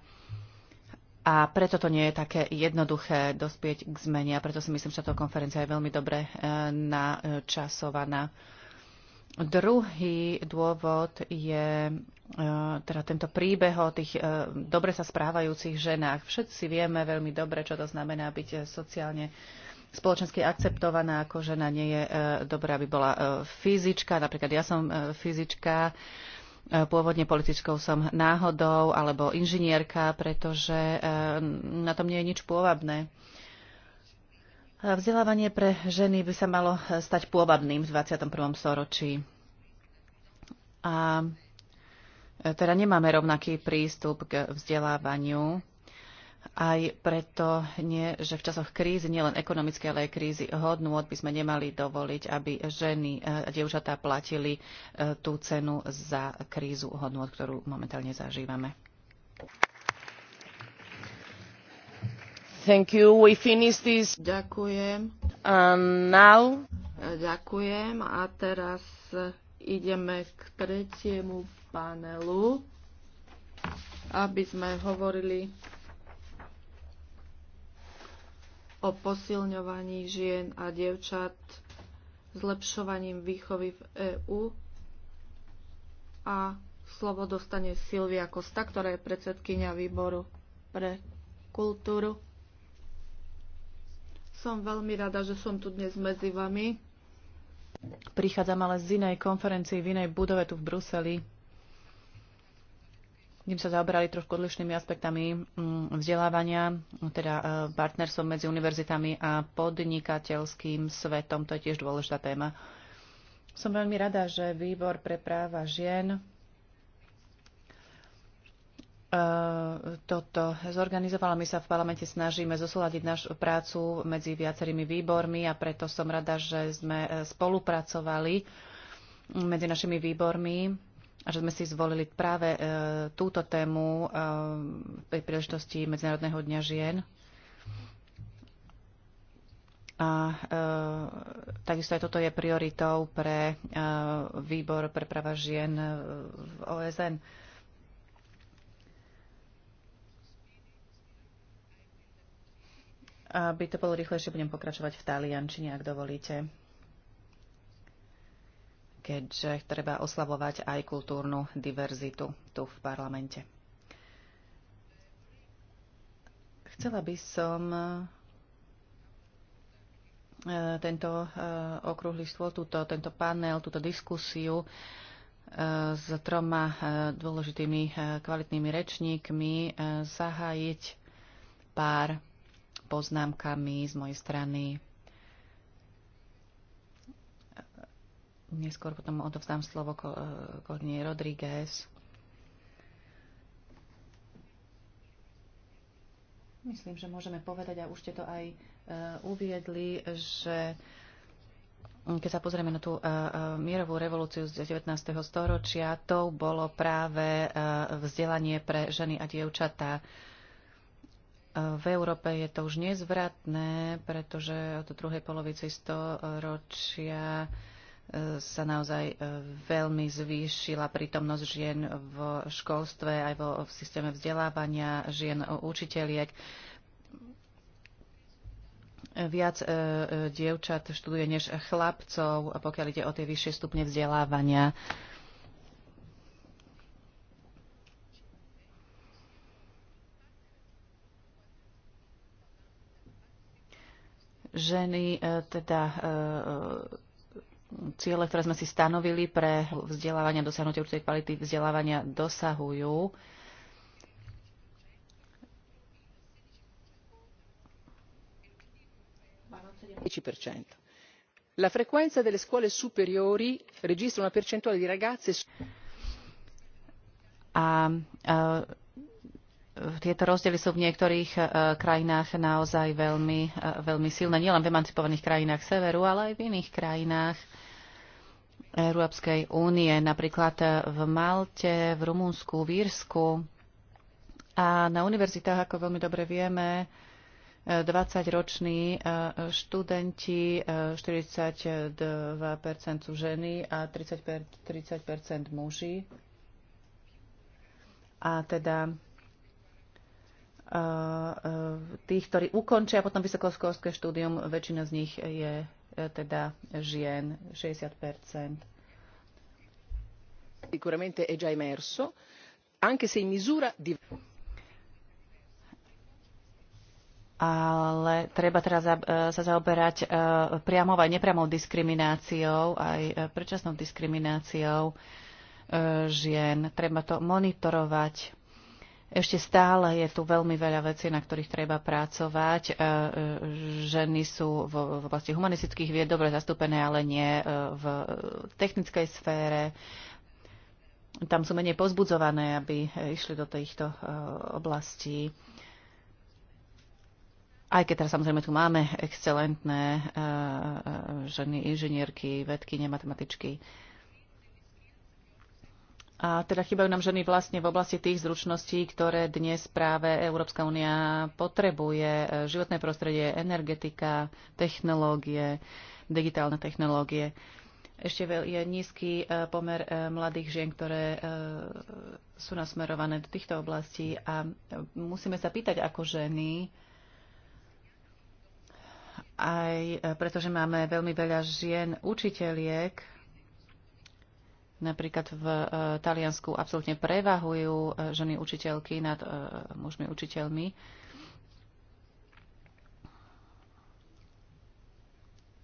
A preto to nie je také jednoduché dospieť k zmene a preto si myslím, že táto konferencia je veľmi dobre načasovaná. Druhý dôvod je e, teda tento príbeh o tých e, dobre sa správajúcich ženách. Všetci vieme veľmi dobre, čo to znamená byť sociálne spoločensky akceptovaná ako žena nie je e, dobrá, aby bola fyzička. Napríklad ja som fyzička, pôvodne političkou som náhodou, alebo inžinierka, pretože na tom nie je nič pôvabné. Vzdelávanie pre ženy by sa malo eh, stať pôvabným v 21. storočí. A eh, teda nemáme rovnaký prístup k vzdelávaniu. Aj preto nie, že v časoch krízy, nielen ekonomické, ale aj krízy hodnôt by sme nemali dovoliť, aby ženy eh, a dievčatá platili tú cenu za krízu hodnôt, ktorú momentálne zažívame. Thank you. We this. Ďakujem. And now. E, ďakujem. A teraz e, ideme k tretiemu panelu, aby sme hovorili o posilňovaní žien a dievčat zlepšovaním výchovy v EÚ a slovo dostane Silvia Kosta, ktorá je predsedkynia výboru pre kultúru. Som veľmi rada, že som tu dnes medzi vami. Prichádzam ale z inej konferencii v inej budove tu v Bruseli, kde sa zaoberali trošku odlišnými aspektami mm, vzdelávania, teda e, partnerstvom medzi univerzitami a podnikateľským svetom. To je tiež dôležitá téma. Som veľmi rada, že výbor pre práva žien E, toto zorganizovala. My sa v parlamente snažíme zosúľadiť našu prácu medzi viacerými výbormi a preto som rada, že sme e, spolupracovali medzi našimi výbormi a že sme si zvolili práve e, túto tému pri príležitosti Medzinárodného dňa žien. A e, takisto aj toto je prioritou pre e, výbor pre práva žien v OSN. E, Aby to bolo rýchlejšie, budem pokračovať v taliančine, ak dovolíte keďže treba oslavovať aj kultúrnu diverzitu tu v parlamente. Chcela by som eh, tento eh, okrúhly stôl, túto, tento panel, túto diskusiu eh, s troma dôležitými kvalitnými rečníkmi zahájiť pár poznámkami z mojej strany. Neskôr potom odovzdám slovo kolegyne Rodríguez. Myslím, že môžeme povedať, a už ste to aj e, uviedli, že keď sa pozrieme na tú e, e, mierovú revolúciu z 19. storočia, to bolo práve vzdelanie pre ženy a dievčatá. V Európe je to už nezvratné, pretože od druhej polovici 100 ročia e, sa naozaj e, veľmi zvýšila prítomnosť žien v školstve, aj vo, v systéme vzdelávania žien učiteľiek. Viac e, e, dievčat študuje než chlapcov, pokiaľ ide o tie vyššie stupne vzdelávania. E, ženy e, teda e, e, ciele, ktoré sme si stanovili pre vzdelávanie a dosiahnutie určitej kvality vzdelávania dosahujú. La frequenza delle scuole superiori registra una percentuale di ragazze a, a tieto rozdiely sú v niektorých e, krajinách naozaj veľmi, e, veľmi silné. Nielen v emancipovaných krajinách severu, ale aj v iných krajinách Európskej únie, napríklad v Malte, v Rumunsku, v Írsku. A na univerzitách, ako veľmi dobre vieme, 20-roční e, študenti, 42% sú ženy a 30%, 30 muži. A teda E, e, tých, ktorí ukončia potom vysokoškolské štúdium, väčšina z nich je e, teda žien, 60 Sicuramente è già emerso, anche se in misura di... Ale treba teraz sa zaoberať priamou aj nepriamou diskrimináciou, aj predčasnou diskrimináciou žien. Treba to monitorovať ešte stále je tu veľmi veľa vecí, na ktorých treba pracovať. E, e, ženy sú v oblasti humanistických vied dobre zastúpené, ale nie e, v technickej sfére. Tam sú menej pozbudzované, aby išli do týchto oblastí. Aj keď teraz samozrejme tu máme excelentné ženy, inžinierky, vedkyne, matematičky. A teda chýbajú nám ženy vlastne v oblasti tých zručností, ktoré dnes práve Európska únia potrebuje. Životné prostredie, energetika, technológie, digitálne technológie. Ešte je nízky e, pomer e, mladých žien, ktoré e, sú nasmerované do týchto oblastí a musíme sa pýtať ako ženy, aj pretože máme veľmi veľa žien učiteľiek, Napríklad v e, Taliansku absolútne prevahujú e, ženy učiteľky nad e, mužmi učiteľmi.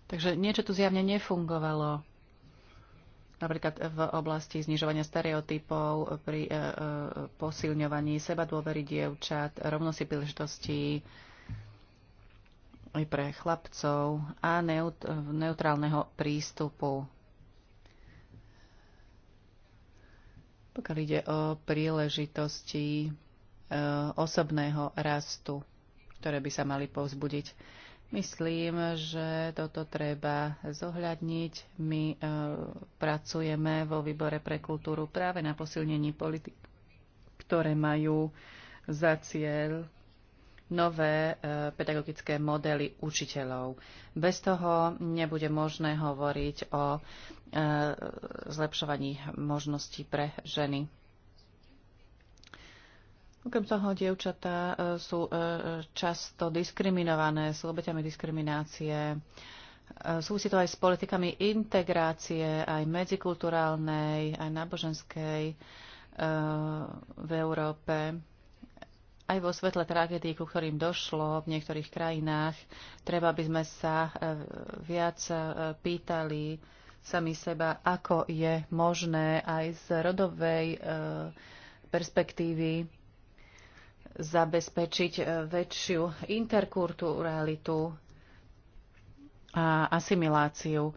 Takže niečo tu zjavne nefungovalo. Napríklad v oblasti znižovania stereotypov, pri posilňovaní seba dôvery dievčat, rovnosti príležitostí aj pre chlapcov a neutrálneho prístupu pokiaľ ide o príležitosti e, osobného rastu, ktoré by sa mali povzbudiť. Myslím, že toto treba zohľadniť. My e, pracujeme vo výbore pre kultúru práve na posilnení politik, ktoré majú za cieľ nové e, pedagogické modely učiteľov. Bez toho nebude možné hovoriť o e, zlepšovaní možností pre ženy. Okrem toho, dievčatá e, sú často diskriminované, sú obeťami diskriminácie. Súvisí to aj s politikami integrácie, aj medzikulturálnej, aj náboženskej v Európe. Aj vo svetle tragédií, ku ktorým došlo v niektorých krajinách, treba by sme sa e, viac e, pýtali sami seba, ako je možné aj z rodovej e, perspektívy zabezpečiť väčšiu interkulturalitu a asimiláciu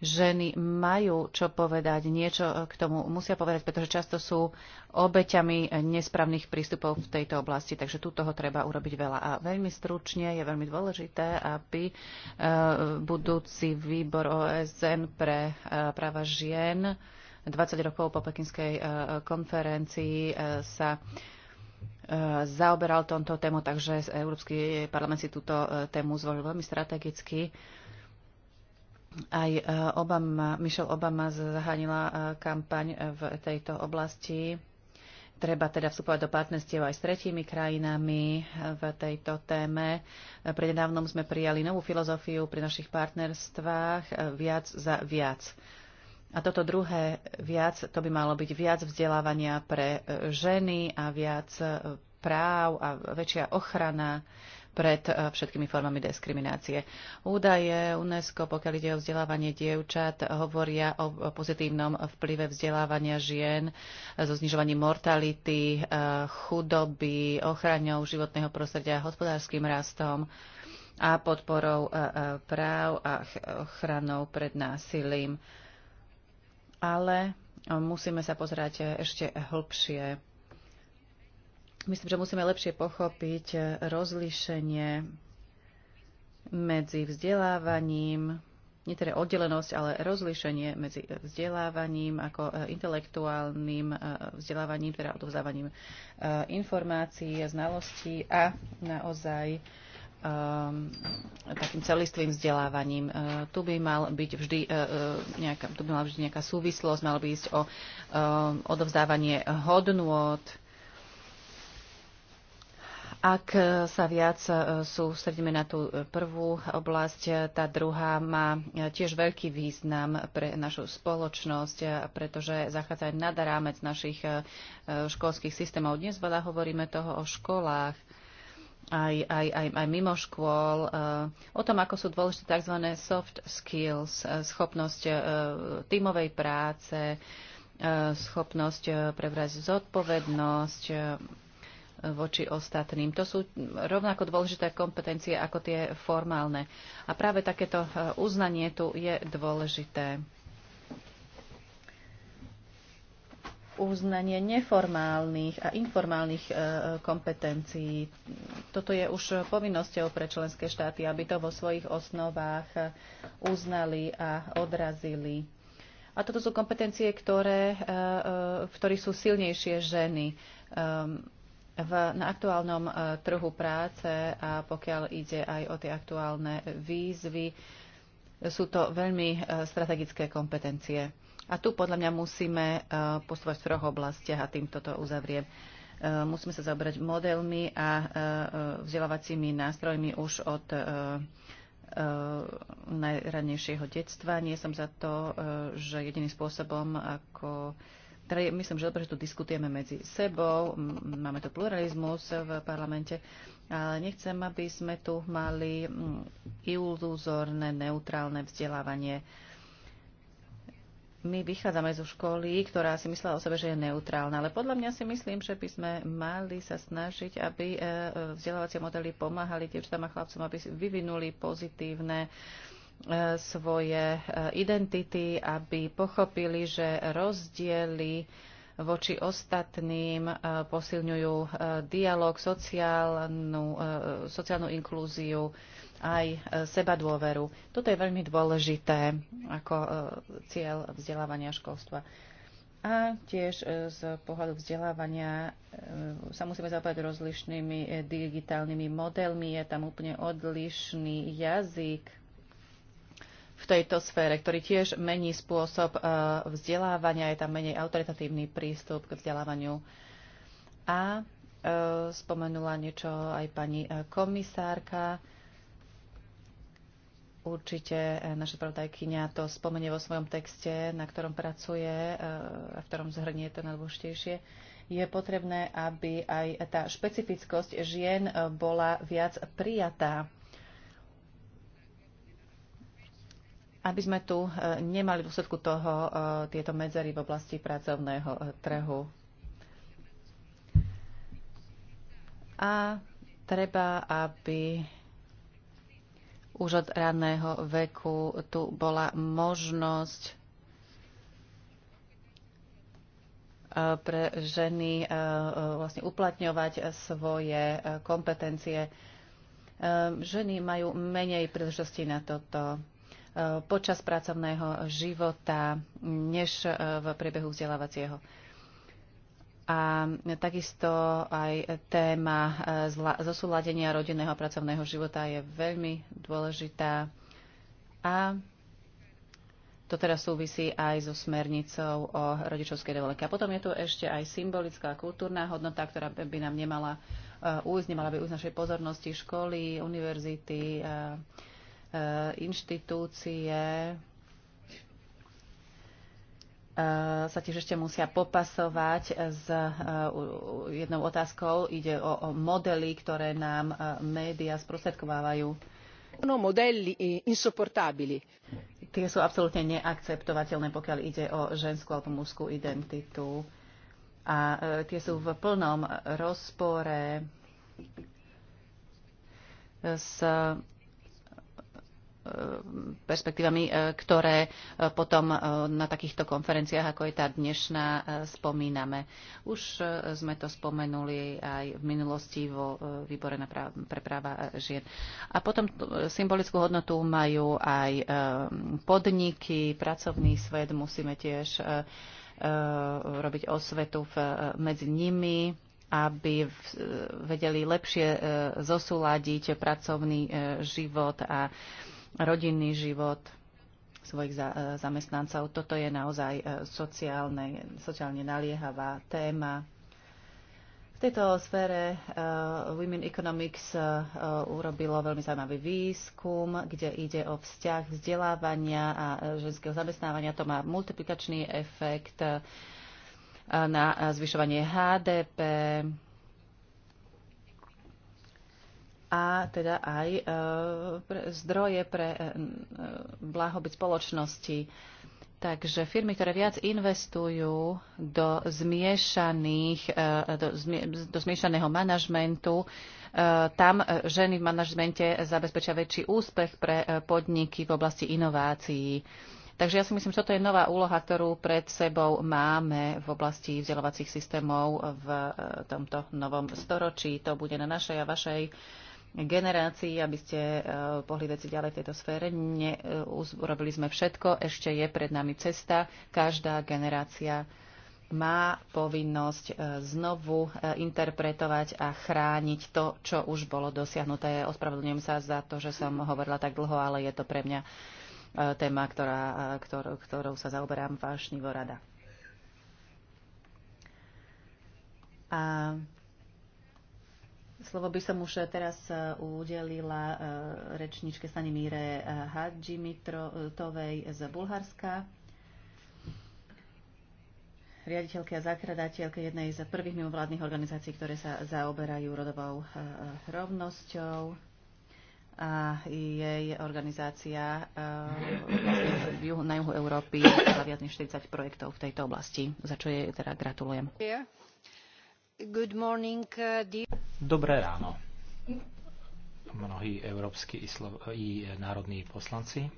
ženy majú čo povedať, niečo k tomu musia povedať, pretože často sú obeťami nesprávnych prístupov v tejto oblasti, takže tu toho treba urobiť veľa. A veľmi stručne je veľmi dôležité, aby e, budúci výbor OSN pre e, práva žien 20 rokov po pekinskej e, konferencii sa zaoberal tomto tému, takže Európsky parlament si túto tému zvolil veľmi strategicky aj e, Obama, Michelle Obama zahánila e, kampaň v tejto oblasti. Treba teda vstupovať do partnerstiev aj s tretími krajinami e, v tejto téme. Prednedávnom sme prijali novú filozofiu pri našich partnerstvách viac za viac. A toto druhé viac, to by malo byť viac vzdelávania pre ženy a viac práv a väčšia ochrana pred e, všetkými formami diskriminácie. Údaje UNESCO, pokiaľ ide o vzdelávanie dievčat, hovoria o pozitívnom vplyve vzdelávania žien e, so znižovaním mortality, e, chudoby, ochraňou životného prostredia, hospodárským rastom a podporou práv a ochranou pred násilím. Ale musíme sa pozerať ešte hlbšie Myslím, že musíme lepšie pochopiť eh, rozlíšenie medzi vzdelávaním, nie teda oddelenosť, ale rozlíšenie medzi eh, vzdelávaním ako eh, intelektuálnym vzdelávaním, teda odovzdávaním informácií a znalostí a naozaj um, takým celistvým vzdelávaním. Uh, tu by mal byť vždy, uh, nejaká, tu by mala vždy nejaká súvislosť, mal by ísť o odovzdávanie hodnôt, ak e, sa viac e, sústredíme na tú e, prvú oblasť, tá druhá má tiež veľký význam pre našu spoločnosť, pretože zachádza aj nad rámec našich školských systémov. Dnes veľa hovoríme toho o školách, aj, aj, aj, aj mimo škôl, o tom, ako sú dôležité tzv. soft skills, schopnosť tímovej práce, schopnosť prebrať zodpovednosť, voči ostatným. To sú rovnako dôležité kompetencie ako tie formálne. A práve takéto e, uznanie tu je dôležité. uznanie neformálnych a informálnych e, kompetencií. Toto je už povinnosťou pre členské štáty, aby to vo svojich osnovách e, uznali a odrazili. A toto sú kompetencie, ktoré, v ktorých sú silnejšie ženy. Ehm, v, na aktuálnom e, trhu práce a pokiaľ ide aj o tie aktuálne výzvy, sú to veľmi e, strategické kompetencie. A tu podľa mňa musíme e, postupovať v troch oblastiach a týmto to uzavriem. Musíme sa zaoberať modelmi a vzdelávacími nástrojmi už od najranejšieho detstva. Nie som za to, že jediným spôsobom, ako teda je, myslím, že dobre, že tu diskutujeme medzi sebou, máme tu pluralizmus v parlamente, ale nechcem, aby sme tu mali iluzórne, neutrálne vzdelávanie. My vychádzame zo školy, ktorá si myslela o sebe, že je neutrálna, ale podľa mňa si myslím, že by sme mali sa snažiť, aby e, e, vzdelávacie modely pomáhali dievčatám a chlapcom, aby vyvinuli pozitívne uh, E, svoje e, identity, aby pochopili, že rozdiely voči ostatným e, posilňujú dialog, sociálnu, sociálnu inklúziu, aj seba dôveru. Toto je veľmi dôležité ako cieľ vzdelávania školstva. A tiež z pohľadu vzdelávania sa musíme zaoberať rozlišnými digitálnymi modelmi. Je tam úplne odlišný jazyk, v tejto sfére, ktorý tiež mení spôsob e, vzdelávania, je tam menej autoritatívny prístup k vzdelávaniu. A e, spomenula niečo aj pani e, komisárka. Určite naša pravdajkynia to spomenie vo svojom texte, na ktorom pracuje, a v ktorom zhrnie to najdôležitejšie. Je potrebné, aby aj tá špecifickosť žien bola viac prijatá aby sme tu e, nemali v dôsledku toho e, tieto medzery v oblasti pracovného e, trhu. A treba, aby už od ranného veku tu bola možnosť pre ženy vlastne uplatňovať svoje kompetencie. Ženy majú menej príležitosti na toto. Eh, počas pracovného života, než eh, v priebehu vzdelávacieho. A takisto aj téma eh, zosúladenia rodinného a pracovného života je veľmi dôležitá. A to teraz súvisí aj so smernicou o rodičovskej dovolenke. A potom je tu ešte aj symbolická kultúrna hodnota, ktorá by nám nemala újsť, nemala by újsť našej pozornosti školy, univerzity, Eh, inštitúcie eh, sa tiež ešte musia popasovať s eh, jednou otázkou. Ide o, o modely, ktoré nám médiá sprostredkovávajú. No, modely insoportabili. Tie sú absolútne neakceptovateľné, pokiaľ ide o ženskú alebo mužskú identitu. A tie sú v plnom rozpore s E, perspektívami, e, ktoré e, potom na takýchto konferenciách, ako je tá dnešná, spomíname. Už sme to spomenuli aj v minulosti vo výbore na práv- pre práva žien. A potom symbolickú hodnotu majú aj podniky, pracovný svet, musíme tiež robiť osvetu medzi nimi, aby vedeli lepšie zosúľadiť pracovný život a rodinný život svojich e, zamestnancov. Toto je naozaj e, sociálne, sociálne naliehavá téma. V tejto sfére uh, Women Economics uh, urobilo veľmi zaujímavý výskum, kde ide o vzťah vzdelávania a ženského zamestnávania. To má multiplikačný efekt na zvyšovanie HDP, a teda aj e, zdroje pre e, e, blahobyt spoločnosti. Takže firmy, ktoré viac investujú do, zmiešaných, do, zmie, do zmiešaného manažmentu, tam ženy v manažmente zabezpečia väčší úspech pre podniky v oblasti inovácií. Takže ja si myslím, že toto je nová úloha, ktorú pred sebou máme v oblasti vzdelávacích systémov v tomto novom storočí. To bude na našej a vašej generácií, aby ste e, pohli veci ďalej v tejto sfére. Ne, e, urobili sme všetko, ešte je pred nami cesta. Každá generácia má povinnosť e, znovu interpretovať a chrániť to, čo už bolo dosiahnuté. Ospravedlňujem sa za to, že som hovorila tak dlho, ale je to pre mňa téma, ktorá, ktor, ktorou sa zaoberám vášnivo rada. A Slovo by som už teraz e, udelila e, rečničke Sanimíre e, Hadži Mitrotovej z Bulharska, riaditeľke a zakladateľke jednej z prvých mimovládnych organizácií, ktoré sa zaoberajú rodovou rovnosťou a jej organizácia vlastne na juhu Európy viac než 40 projektov v tejto oblasti, za čo jej teda gratulujem. Yeah. Uh, Dobré ráno. Mnohí európsky i, slo- i národní poslanci.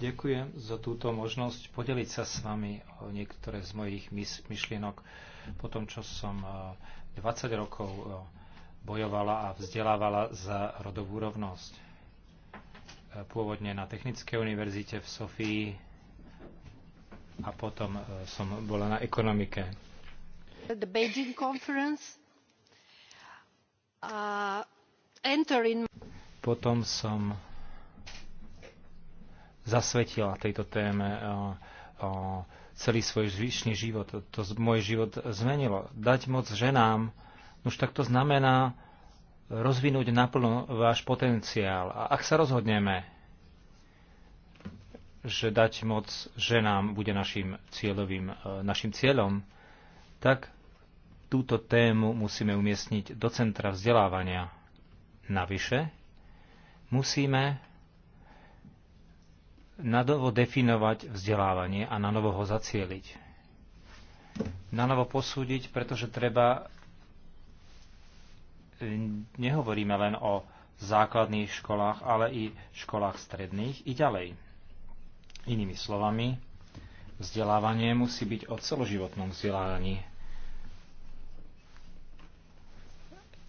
Ďakujem za túto možnosť podeliť sa s vami o niektoré z mojich myšlienok po tom, čo som 20 uh, rokov uh, bojovala a vzdelávala za rodovú rovnosť. Pôvodne na Technickej univerzite v Sofii a potom som bola na ekonomike the Beijing conference. Uh, enter in... Potom som zasvetila tejto téme uh, uh, celý svoj zvyšný život. To môj život zmenilo. Dať moc ženám, už tak to znamená rozvinúť naplno váš potenciál. A ak sa rozhodneme, že dať moc ženám bude našim, cieľovým, uh, našim cieľom, tak túto tému musíme umiestniť do centra vzdelávania. Navyše musíme novo definovať vzdelávanie a na novo ho zacieliť. Nanovo posúdiť, pretože treba e, nehovoríme len o základných školách, ale i školách stredných i ďalej. Inými slovami, vzdelávanie musí byť o celoživotnom vzdelávaní.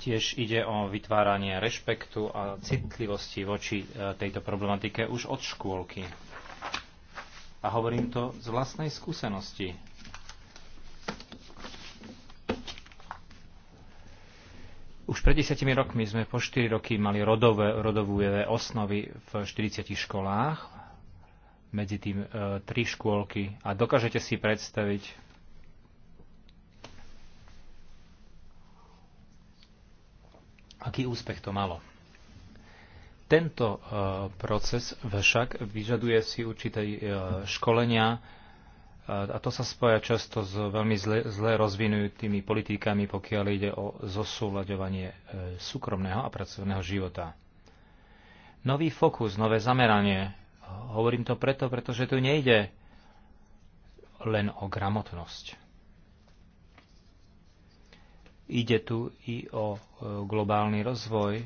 Tiež ide o vytváranie rešpektu a citlivosti voči e, tejto problematike už od škôlky. A hovorím to z vlastnej skúsenosti. Už pred desiatimi rokmi sme po 4 roky mali rodové, rodové e osnovy v 40 školách, medzi tým e, 3 škôlky a dokážete si predstaviť, Aký úspech to malo? Tento e, proces však vyžaduje si určité e, školenia e, a to sa spája často s veľmi zle, zle rozvinutými politikami, pokiaľ ide o zosúľaďovanie súkromného a pracovného života. Nový fokus, nové zameranie. Hovorím to preto, pretože tu nejde len o gramotnosť. Ide tu i o e, globálny rozvoj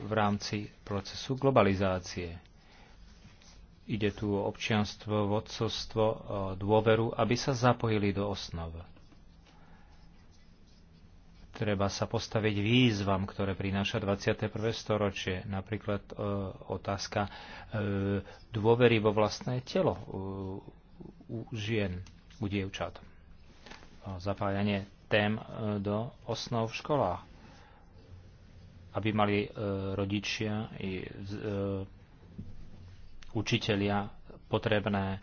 v rámci procesu globalizácie. Ide tu o občianstvo, vodcovstvo, e, dôveru, aby sa zapojili do osnov. Treba sa postaviť výzvam, ktoré prináša 21. storočie, napríklad e, otázka e, dôvery vo vlastné telo u, u žien, u dievčat. E, zapájanie tém e, do osnov v školách, aby mali e, rodičia i e, učitelia potrebné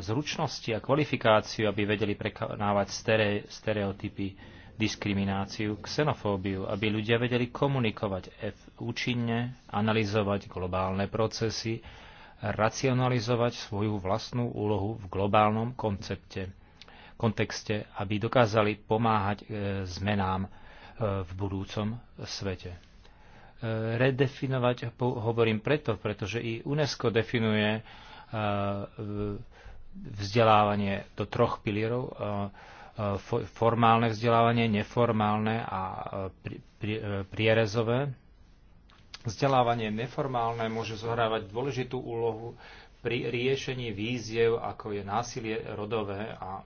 zručnosti a kvalifikáciu, aby vedeli prekonávať stereotypy, diskrimináciu, xenofóbiu, aby ľudia vedeli komunikovať účinne, analyzovať globálne procesy, racionalizovať svoju vlastnú úlohu v globálnom koncepte kontexte, aby dokázali pomáhať e, zmenám e, v budúcom svete. E, redefinovať hovorím preto, pretože i UNESCO definuje vzdelávanie do troch pilierov. Formálne vzdelávanie, neformálne a prierezové. Vzdelávanie neformálne môže zohrávať dôležitú úlohu pri riešení víziev, ako je násilie rodové a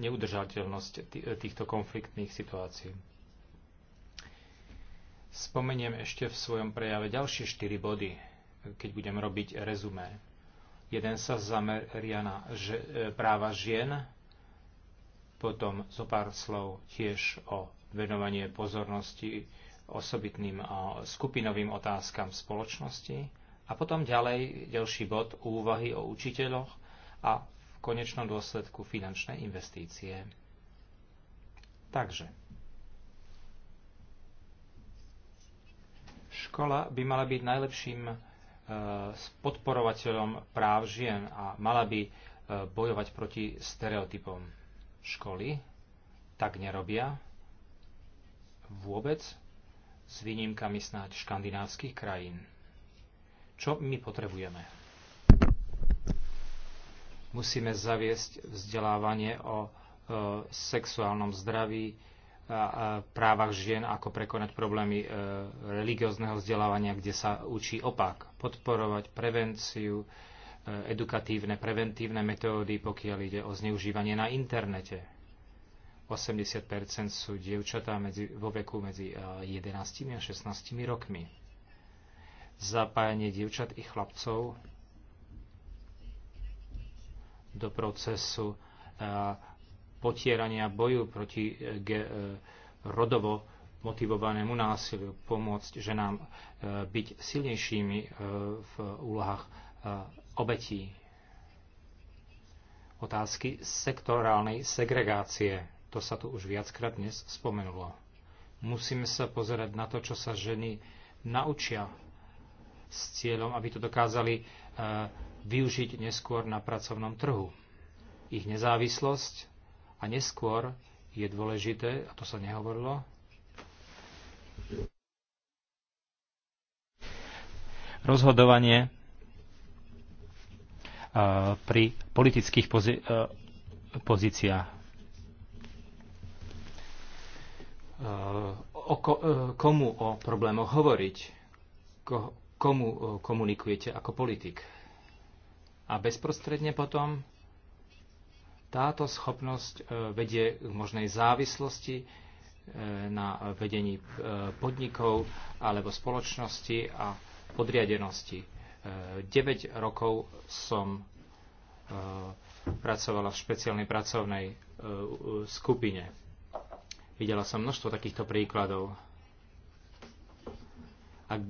neudržateľnosť týchto konfliktných situácií. Spomeniem ešte v svojom prejave ďalšie štyri body, keď budem robiť rezumé. Jeden sa zameria na práva žien, potom zo pár slov tiež o venovanie pozornosti osobitným skupinovým otázkam v spoločnosti a potom ďalej ďalší bod úvahy o učiteľoch a v konečnom dôsledku finančné investície. Takže škola by mala byť najlepším e, podporovateľom práv žien a mala by e, bojovať proti stereotypom. Školy tak nerobia vôbec s výnimkami snáď škandinávskych krajín. Čo my potrebujeme? Musíme zaviesť vzdelávanie o e, sexuálnom zdraví, a právach žien, ako prekonať problémy e, religiózneho vzdelávania, kde sa učí opak. Podporovať prevenciu, e, edukatívne, preventívne metódy, pokiaľ ide o zneužívanie na internete. 80% sú dievčatá medzi, vo veku medzi 11 a 16 rokmi. Zapájanie dievčat i chlapcov do procesu e, potierania boju proti e, e, rodovo motivovanému násiliu, pomôcť ženám byť silnejšími v úlohách obetí. Otázky sektorálnej segregácie. To sa tu už viackrát dnes spomenulo. Musíme sa pozerať na to, čo sa ženy naučia s cieľom, aby to dokázali využiť neskôr na pracovnom trhu. Ich nezávislosť a neskôr je dôležité, a to sa nehovorilo, rozhodovanie e, pri politických pozí- e, pozíciách. E, o ko- komu o problémoch hovoriť? Ko- komu komunikujete ako politik? a bezprostredne potom táto schopnosť e, vedie k možnej závislosti e, na vedení e, podnikov alebo spoločnosti a podriadenosti. 9 rokov som pracovala v špeciálnej pracovnej skupine. Videla som množstvo takýchto príkladov. Ak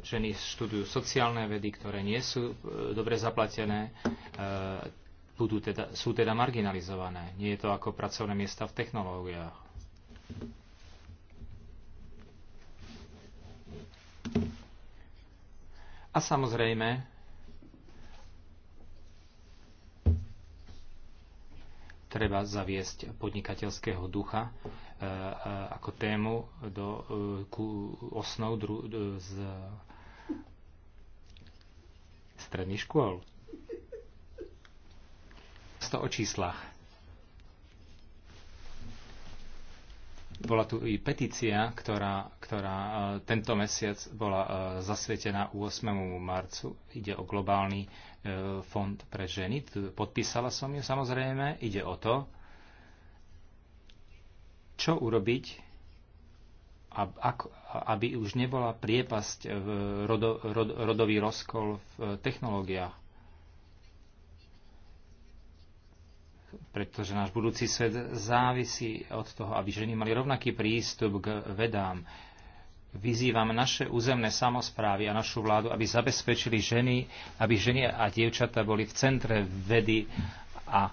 ženy študujú sociálne vedy, ktoré nie sú e, dobre zaplatené, e, budú teda, sú teda marginalizované. Nie je to ako pracovné miesta v technológiách. A samozrejme, treba zaviesť podnikateľského ducha ako tému do, e, ku osnov dru, e, z stredných škôl. Sto o číslach. Bola tu i petícia, ktorá, ktorá e, tento mesiac bola zasvietená 8. marcu. Ide o globálny fond pre ženy. Podpísala som ju samozrejme. Ide o to, čo urobiť, aby už nebola priepasť e, rodo, rod, rodový rozkol v e, technológiách. Pretože náš budúci svet závisí od toho, aby ženy mali rovnaký prístup k vedám. Vyzývam naše územné samozprávy a našu vládu, aby zabezpečili ženy, aby ženy a dievčata boli v centre vedy a e,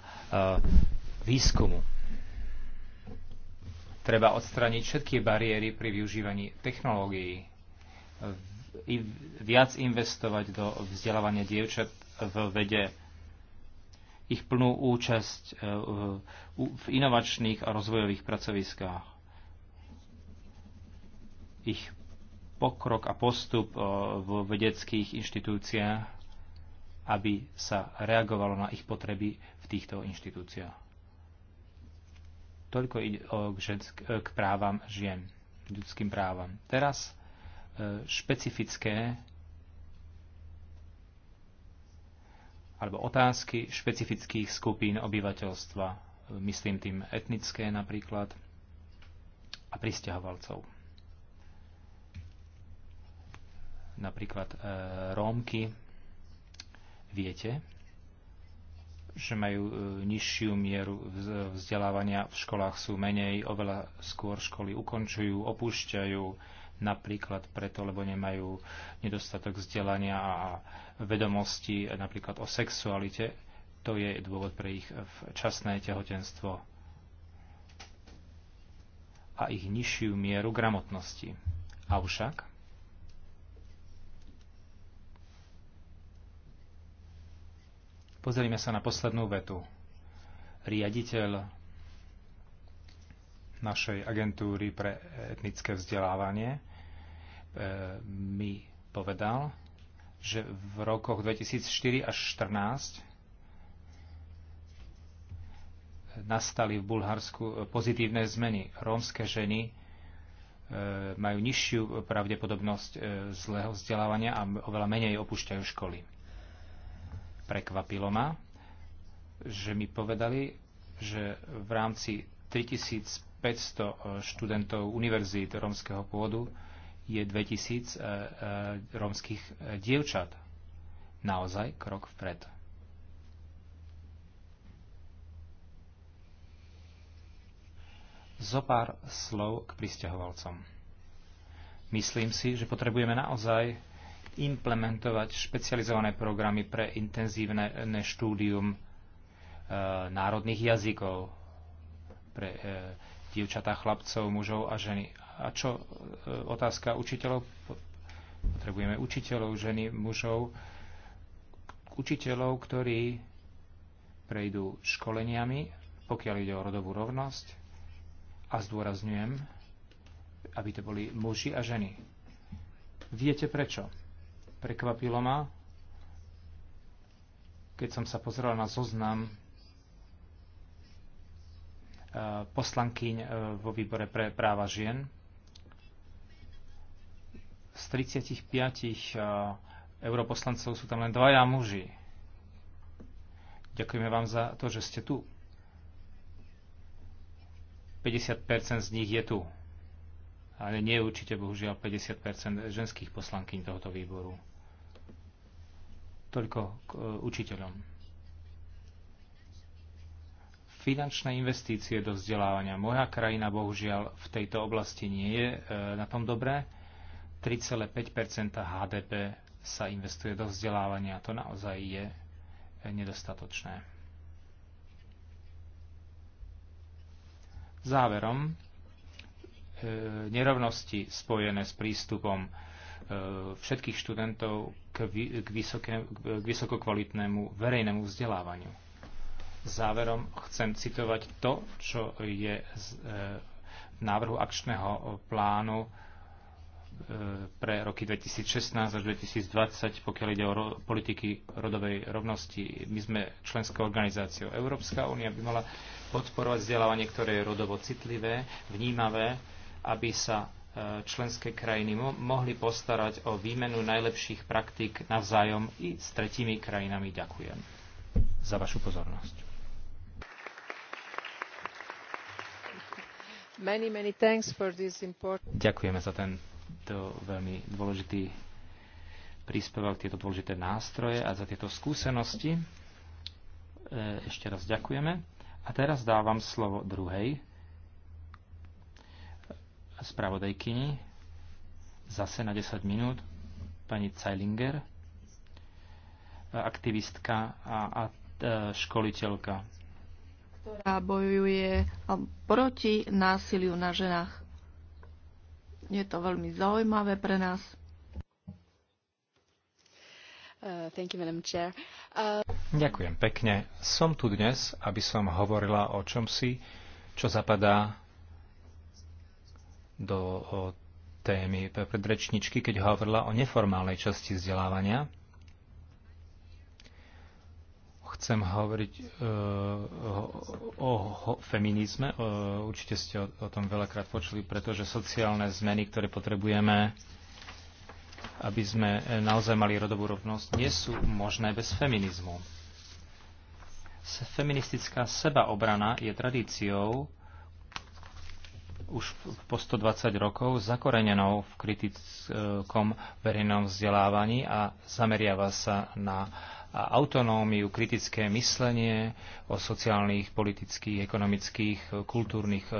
výskumu. Treba odstraniť všetky bariéry pri využívaní technológií. I viac investovať do vzdelávania dievčat v vede, ich plnú účasť e, v inovačných a rozvojových pracoviskách, ich pokrok a postup e, v vedeckých inštitúciách, aby sa reagovalo na ich potreby v týchto inštitúciách. Toľko ide o, žensk- k právam žien, ľudským právam. Teraz e, špecifické alebo otázky špecifických skupín obyvateľstva, e, myslím tým etnické napríklad, a pristahovalcov. Napríklad e, Rómky, viete, že majú e, nižšiu mieru vzdelávania v školách sú menej, oveľa skôr školy ukončujú, opúšťajú napríklad preto, lebo nemajú nedostatok vzdelania a vedomosti napríklad o sexualite. To je dôvod pre ich e, časné tehotenstvo a ich nižšiu mieru gramotnosti. Avšak Pozrime sa na poslednú vetu. Riaditeľ našej agentúry pre etnické vzdelávanie e, mi povedal, že v rokoch 2004 až 2014 nastali v Bulharsku pozitívne zmeny. Rómske ženy e, majú nižšiu pravdepodobnosť e, zlého vzdelávania a oveľa menej opúšťajú školy. Prekvapilo ma, že mi povedali, že v rámci 3500 e, študentov univerzít rómskeho pôvodu je 2000 e, e, rómskych dievčat. Naozaj krok vpred. Zopár slov k pristahovalcom. Myslím si, že potrebujeme naozaj implementovať špecializované programy pre intenzívne štúdium e, národných jazykov pre e, dievčatá, chlapcov, mužov a ženy. A čo e, otázka učiteľov? Potrebujeme učiteľov, ženy, mužov, učiteľov, ktorí prejdú školeniami, pokiaľ ide o rodovú rovnosť. A zdôrazňujem, aby to boli muži a ženy. Viete prečo? Prekvapilo ma, keď som sa pozrel na zoznam e, poslankyň e, vo výbore pre práva žien. Z 35 e, europoslancov sú tam len dvaja muži. Ďakujeme vám za to, že ste tu. 50% z nich je tu ale nie je určite bohužiaľ 50 ženských poslankyň tohoto výboru. Toľko k e, učiteľom. Finančné investície do vzdelávania. Moja krajina bohužiaľ v tejto oblasti nie je e, na tom dobré. 3,5 HDP sa investuje do vzdelávania. To naozaj je e, nedostatočné. Záverom E, nerovnosti spojené s prístupom e, všetkých študentov k, k, vysoké, k vysokokvalitnému verejnému vzdelávaniu. Záverom chcem citovať to, čo je e, v návrhu akčného plánu pre roky 2016 až 2020, pokiaľ ide o ro- politiky rodovej rovnosti. My sme členskou organizáciou. Európska únia by mala podporovať vzdelávanie, ktoré je rodovo citlivé, vnímavé, aby sa e, členské krajiny mohli postarať o výmenu najlepších praktík navzájom i s tretími krajinami. Ďakujem za vašu pozornosť. Many, many important... Ďakujeme za tento veľmi dôležitý príspevok, tieto dôležité nástroje a za tieto skúsenosti. E, ešte raz ďakujeme. A teraz dávam slovo druhej spravodajkyni zase na 10 minút pani Zeilinger, aktivistka a, a e, školiteľka. Ktorá bojuje proti násiliu na ženách. Je to veľmi zaujímavé pre nás. Uh, you, uh... Ďakujem pekne. Som tu dnes, aby som hovorila o čomsi, čo zapadá do témy predrečničky, keď hovorila o neformálnej časti vzdelávania. Chcem hovoriť e, o, o feminizme. E, určite ste o, o tom veľakrát počuli, pretože sociálne zmeny, ktoré potrebujeme, aby sme e, naozaj mali rodovú rovnosť, nie sú možné bez feminizmu. Feministická sebaobrana je tradíciou, už po 120 rokov zakorenenou v kritickom verejnom vzdelávaní a zameriava sa na autonómiu, kritické myslenie o sociálnych, politických, ekonomických, kultúrnych e,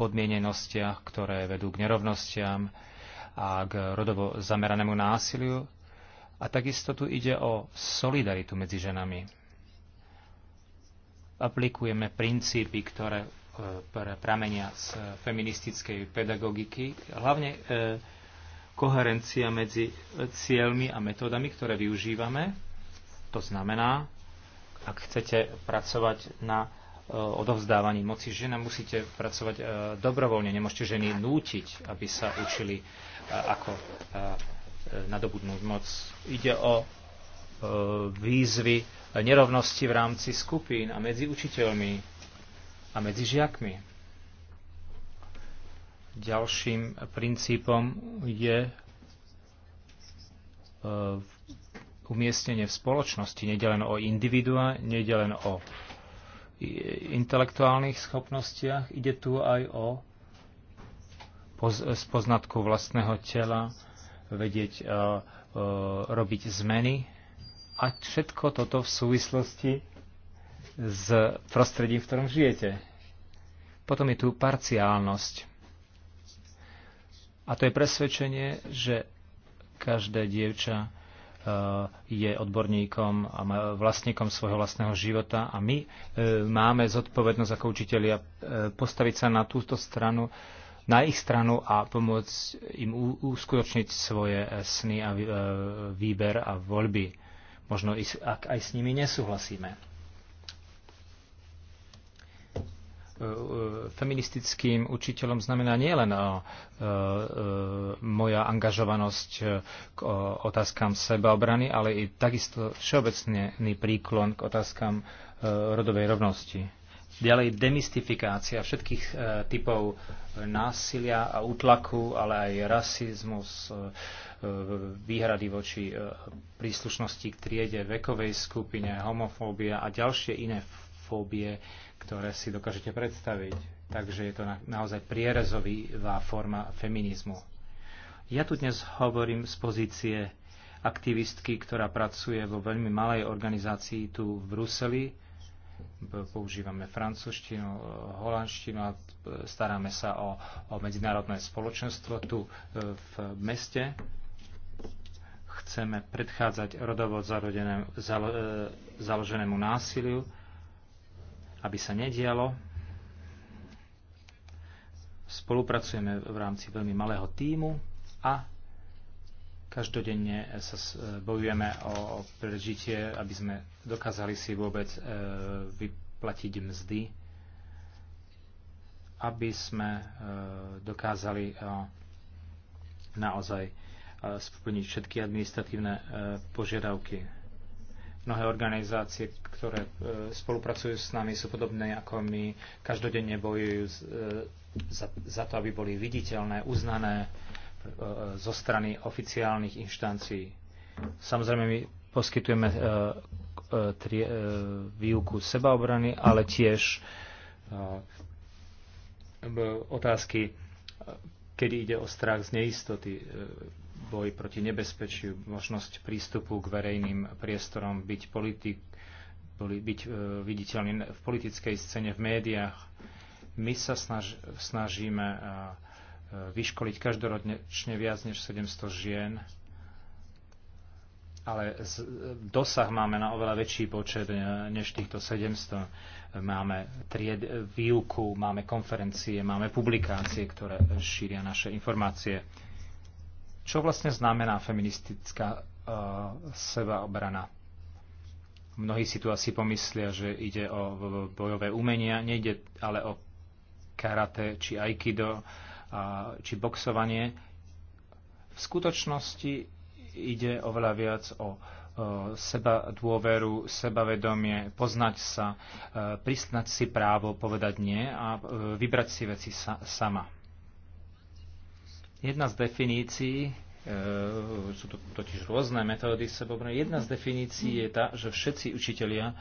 podmienenostiach, ktoré vedú k nerovnostiam a k rodovo zameranému násiliu. A takisto tu ide o solidaritu medzi ženami. Aplikujeme princípy, ktoré pramenia z feministickej pedagogiky. Hlavne e, koherencia medzi cieľmi a metódami, ktoré využívame. To znamená, ak chcete pracovať na e, odovzdávaní moci žena, musíte pracovať e, dobrovoľne. Nemôžete ženy nútiť, aby sa učili, ako nadobudnúť moc. Ide o výzvy nerovnosti v rámci skupín a medzi učiteľmi a medzi žiakmi. Ďalším princípom je e, umiestnenie v spoločnosti. Nede len o individua, nede len o intelektuálnych schopnostiach, ide tu aj o spoznatku vlastného tela, vedieť e, e, robiť zmeny. A všetko toto v súvislosti s prostredím, v ktorom žijete. Potom je tu parciálnosť. A to je presvedčenie, že každé dievča e, je odborníkom a vlastníkom svojho vlastného života a my e, máme zodpovednosť ako učitelia e, postaviť sa na túto stranu, na ich stranu a pomôcť im uskutočniť svoje sny a výber a voľby. Možno ak aj s nimi nesúhlasíme. E, feministickým učiteľom znamená nielen e, e, moja angažovanosť k otázkam sebaobrany, ale i takisto všeobecný príklon k otázkam rodovej rovnosti. Ďalej demystifikácia všetkých typov násilia a útlaku, ale aj rasizmus, výhrady voči príslušnosti k triede, vekovej skupine, homofóbia a ďalšie iné fóbie, ktoré si dokážete predstaviť. Takže je to na, naozaj prierezová forma feminizmu. Ja tu dnes hovorím z pozície aktivistky, ktorá pracuje vo veľmi malej organizácii tu v Bruseli. Používame francúzštinu, holandštinu a staráme sa o, o medzinárodné spoločenstvo tu e, v meste. Chceme predchádzať rodovo e, založenému násiliu aby sa nedialo. Spolupracujeme v rámci veľmi malého týmu a každodenne sa e, bojujeme o prežitie, aby sme dokázali si vôbec e, vyplatiť mzdy, aby sme e, dokázali naozaj splniť všetky administratívne požiadavky. Mnohé organizácie, ktoré e, spolupracujú s nami, sú podobné ako my. Každodenne bojujú e, za, za to, aby boli viditeľné, uznané e, zo strany oficiálnych inštancií. Samozrejme, my poskytujeme výuku sebaobrany, ale tiež otázky, kedy ide o strach z neistoty boj proti nebezpečiu, možnosť prístupu k verejným priestorom, byť, politik, byť e, viditeľný v politickej scéne, v médiách. My sa snaž, snažíme e, e, vyškoliť každoročne viac než 700 žien, ale z, dosah máme na oveľa väčší počet než týchto 700. Máme tried, výuku, máme konferencie, máme publikácie, ktoré šíria naše informácie čo vlastne znamená feministická uh, sebaobrana? Mnohí si tu asi pomyslia, že ide o bojové umenia, nejde ale o karate či aikido uh, či boxovanie. V skutočnosti ide oveľa viac o, o uh, seba dôveru, sebavedomie, poznať sa, e, uh, priznať si právo povedať nie a vybrať si veci sa, sama. Jedna z definícií, e, sú to totiž rôzne metódy sebobrany, jedna z definícií je tá, že všetci učitelia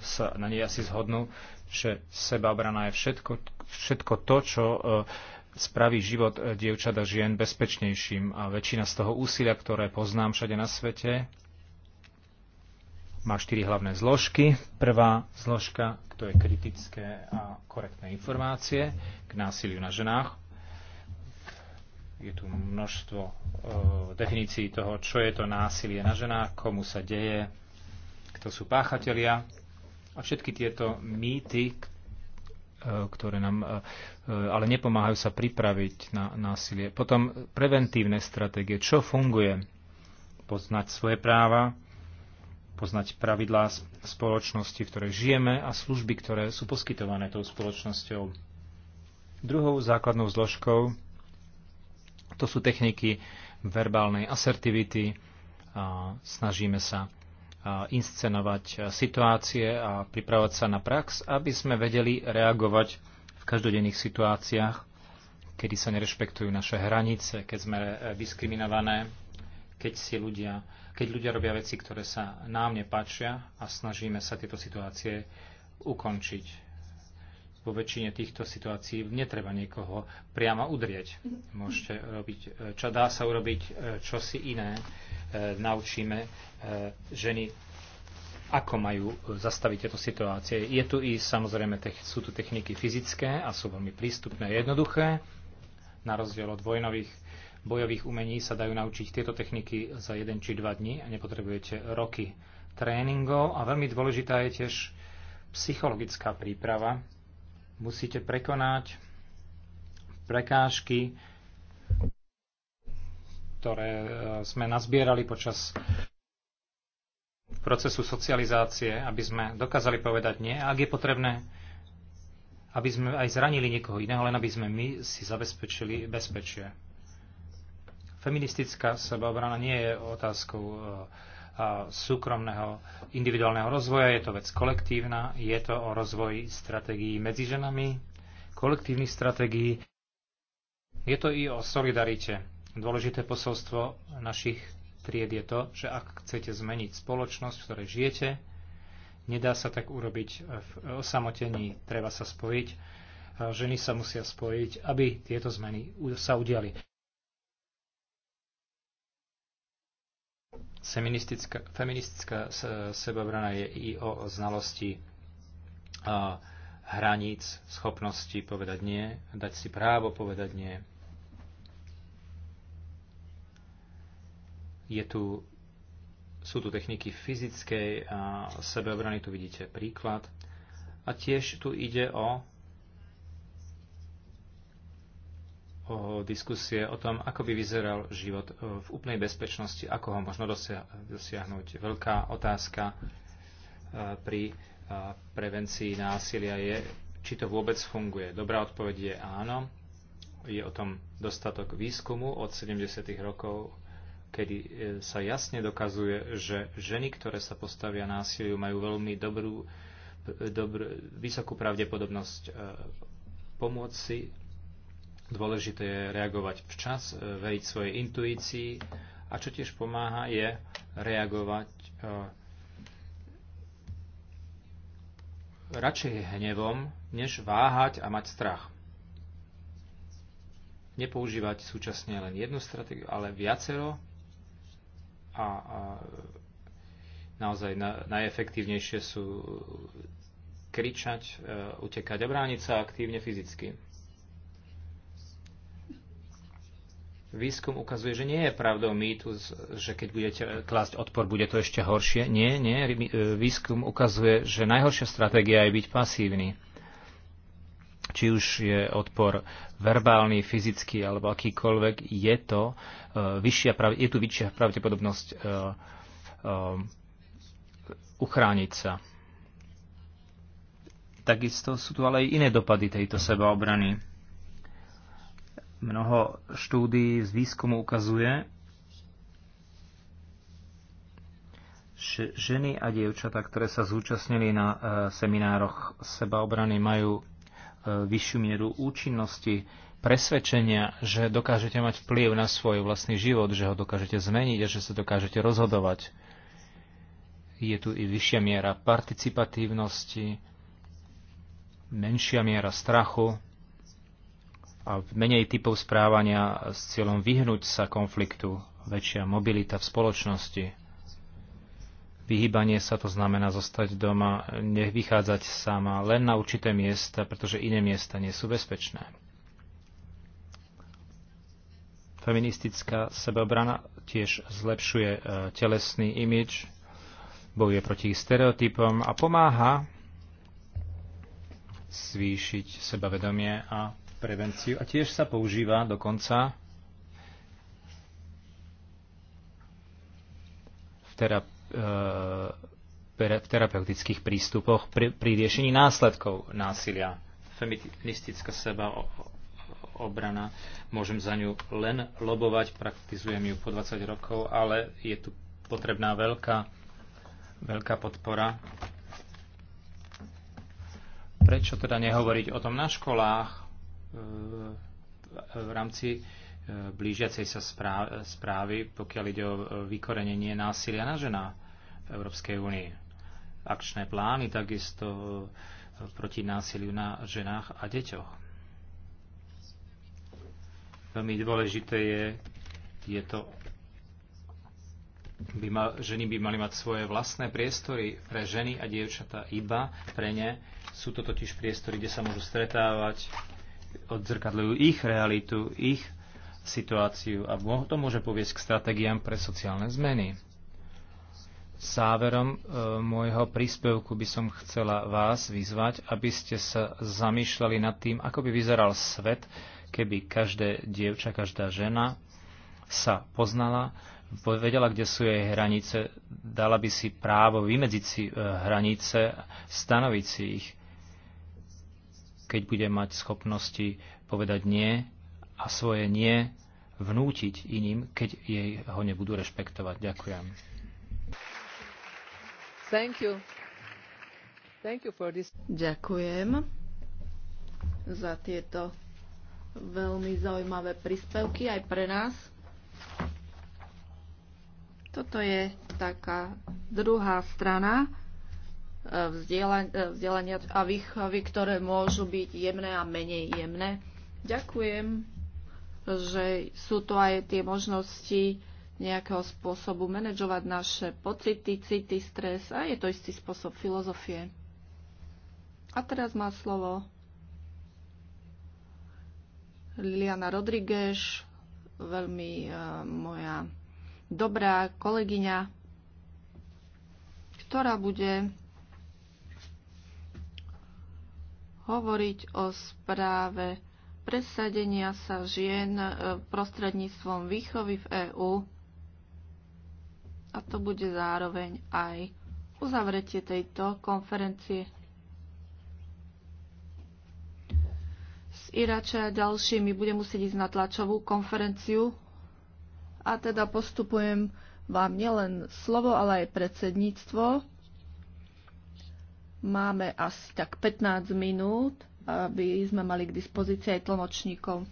sa na nej asi zhodnú, že sebaobrana je všetko, všetko to, čo e, spraví život e, dievčat a žien bezpečnejším. A väčšina z toho úsilia, ktoré poznám všade na svete, má štyri hlavné zložky. Prvá zložka, to je kritické a korektné informácie k násiliu na ženách. Je tu množstvo e, definícií toho, čo je to násilie na ženách, komu sa deje, kto sú páchatelia. A všetky tieto mýty, e, ktoré nám e, e, ale nepomáhajú sa pripraviť na násilie. Potom preventívne stratégie. Čo funguje? Poznať svoje práva, poznať pravidlá spoločnosti, v ktorej žijeme a služby, ktoré sú poskytované tou spoločnosťou. Druhou základnou zložkou to sú techniky verbálnej asertivity. A snažíme sa inscenovať situácie a pripravať sa na prax, aby sme vedeli reagovať v každodenných situáciách, kedy sa nerešpektujú naše hranice, keď sme e, diskriminované, keď, si ľudia, keď ľudia robia veci, ktoré sa nám nepáčia a snažíme sa tieto situácie ukončiť vo väčšine týchto situácií netreba niekoho priamo udrieť. Môžete robiť, e, čo dá sa urobiť, e, čo si iné. E, naučíme e, ženy, ako majú e, zastaviť tieto situácie. Je tu i samozrejme, te, sú tu techniky fyzické a sú veľmi prístupné, a jednoduché. Na rozdiel od vojnových bojových umení sa dajú naučiť tieto techniky za jeden či dva dní a nepotrebujete roky tréningov. A veľmi dôležitá je tiež psychologická príprava, Musíte prekonať prekážky, ktoré e, sme nazbierali počas procesu socializácie, aby sme dokázali povedať nie. A ak je potrebné, aby sme aj zranili niekoho iného, len aby sme my si zabezpečili bezpečie. Feministická sebaobrana nie je otázkou uh, súkromného individuálneho rozvoja, je to vec kolektívna, je to o rozvoji stratégií medzi ženami, kolektívnych stratégií, je to i o solidarite. Dôležité posolstvo našich tried je to, že ak chcete zmeniť spoločnosť, v ktorej žijete, nedá sa tak urobiť v osamotení, treba sa spojiť. Ženy sa musia spojiť, aby tieto zmeny sa udiali. Feministická, feministická sebabrana je i o znalosti a hraníc, schopnosti povedať nie, dať si právo povedať nie. Je tu, sú tu techniky fyzickej a sebeobrany, tu vidíte príklad. A tiež tu ide o diskusie o tom, ako by vyzeral život e, v úplnej bezpečnosti, ako ho možno dosiahnuť. Veľká otázka e, pri e, prevencii násilia je, či to vôbec funguje. Dobrá odpoveď je áno. Je o tom dostatok výskumu od 70. rokov, kedy sa jasne dokazuje, že ženy, ktoré sa postavia násiliu, majú veľmi dobrú, dobrú vysokú pravdepodobnosť pomôcť si Dôležité je reagovať včas, e, veriť svojej intuícii a čo tiež pomáha je reagovať e, radšej hnevom, než váhať a mať strach. Nepoužívať súčasne len jednu stratégiu, ale viacero a, a naozaj na, najefektívnejšie sú kričať, e, utekať a brániť sa aktívne fyzicky. Výskum ukazuje, že nie je pravdou mýtus, že keď budete klásť odpor, bude to ešte horšie. Nie, nie. E, výskum ukazuje, že najhoršia stratégia je byť pasívny. Či už je odpor verbálny, fyzický alebo akýkoľvek, je, to, e, vyššia, je tu vyššia pravdepodobnosť e, uchrániť sa. Takisto sú tu ale aj iné dopady tejto sebaobrany Mnoho štúdií z výskumu ukazuje, že ženy a dievčatá, ktoré sa zúčastnili na e, seminároch sebaobrany, majú e, vyššiu mieru účinnosti, presvedčenia, že dokážete mať vplyv na svoj vlastný život, že ho dokážete zmeniť a že sa dokážete rozhodovať. Je tu i vyššia miera participatívnosti, menšia miera strachu, a menej typov správania s cieľom vyhnúť sa konfliktu, väčšia mobilita v spoločnosti. Vyhýbanie sa to znamená zostať doma, nevychádzať sama len na určité miesta, pretože iné miesta nie sú bezpečné. Feministická sebeobrana tiež zlepšuje e, telesný imič, bojuje proti stereotypom a pomáha zvýšiť sebavedomie a prevenciu a tiež sa používa dokonca v, terape- v terapeutických prístupoch pri, pri riešení následkov násilia. Feministická seba obrana, môžem za ňu len lobovať, praktizujem ju po 20 rokov, ale je tu potrebná veľká, veľká podpora. Prečo teda nehovoriť o tom na školách, v rámci e, blížiacej sa správy, pokiaľ ide o e, vykorenenie násilia na žena v Európskej únii. Akčné plány takisto e, proti násiliu na ženách a deťoch. Veľmi dôležité je, je to, by ma, ženy by mali mať svoje vlastné priestory pre ženy a dievčatá iba pre ne. Sú to totiž priestory, kde sa môžu stretávať, odzrkadľujú ich realitu, ich situáciu a to môže poviesť k stratégiám pre sociálne zmeny. Záverom e, môjho príspevku by som chcela vás vyzvať, aby ste sa zamýšľali nad tým, ako by vyzeral svet, keby každé dievča, každá žena sa poznala, vedela, kde sú jej hranice, dala by si právo vymedziť si e, hranice, stanoviť si ich keď bude mať schopnosti povedať nie a svoje nie vnútiť iným, keď jej ho nebudú rešpektovať. Ďakujem. Thank you. Thank you for this. Ďakujem za tieto veľmi zaujímavé príspevky aj pre nás. Toto je taká druhá strana vzdelania eh, a výchovy, ktoré môžu byť jemné a menej jemné. Ďakujem, že sú tu aj tie možnosti nejakého spôsobu manažovať naše pocity, city, stres a je to istý spôsob filozofie. A teraz má slovo Liliana Rodriguez, veľmi uh, moja dobrá kolegyňa, ktorá bude hovoriť o správe presadenia sa žien e, prostredníctvom výchovy v EÚ a to bude zároveň aj uzavretie tejto konferencie. S Irače a ďalšími budem musieť ísť na tlačovú konferenciu a teda postupujem vám nielen slovo, ale aj predsedníctvo. Máme asi tak 15 minút, aby sme mali k dispozícii aj tlmočníkov.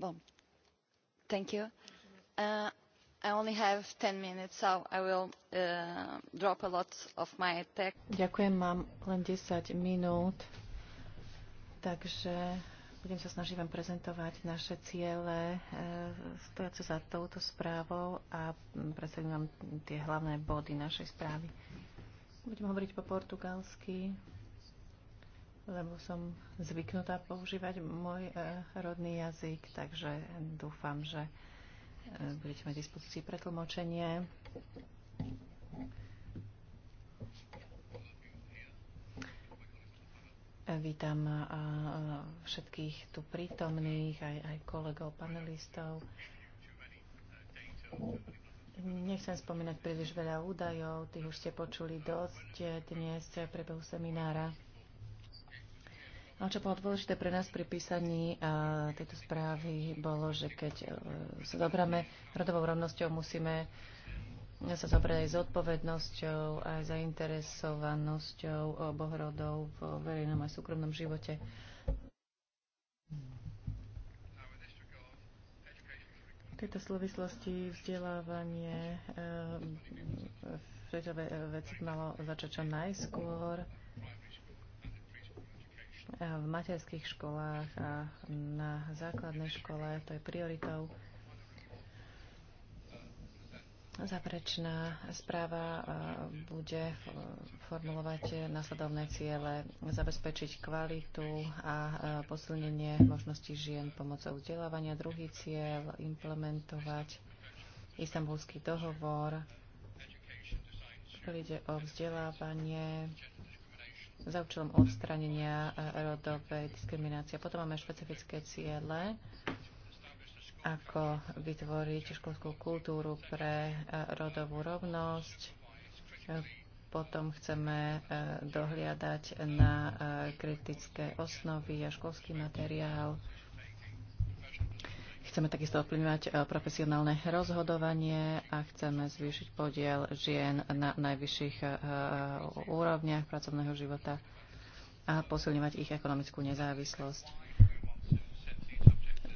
Well. Thank you. Uh, i only have 10 minutes, so I will uh, drop a lot of my tech. Ďakujem, mám len 10 minút, takže budem sa snažiť vám prezentovať naše ciele e, uh, stojace za touto správou a predstavím vám tie hlavné body našej správy. Budem hovoriť po portugalsky lebo som zvyknutá používať môj e, rodný jazyk, takže dúfam, že e, budete mať dispozícii tlmočenie. Vítam e, všetkých tu prítomných, aj, aj kolegov, panelistov. Nechcem spomínať príliš veľa údajov, tých už ste počuli dosť dnes v priebehu seminára. A no, čo bolo dôležité pre nás pri písaní tejto správy, bolo, že keď e, sa zobráme rodovou rovnosťou, musíme sa zobrať aj zodpovednosťou, aj zainteresovanosťou oboch rodov v verejnom aj súkromnom živote. V tejto súvislosti vzdelávanie e, v tejto veci malo začať čo najskôr v materských školách a na základnej škole. To je prioritou. Záverečná správa e, bude formulovať následovné ciele, zabezpečiť kvalitu a e, posilnenie možností žien pomocou vzdelávania. Druhý cieľ implementovať istambulský dohovor, ktorý ide o vzdelávanie, za účelom odstranenia e, rodovej diskriminácie. Potom máme špecifické ciele, ako vytvoriť školskú kultúru pre e, rodovú rovnosť. E, potom chceme dohliadať na kritické osnovy a školský materiál Chceme takisto ovplyvňovať e, profesionálne rozhodovanie a chceme zvýšiť podiel žien na najvyšších e, e, úrovniach pracovného života a posilňovať ich ekonomickú nezávislosť.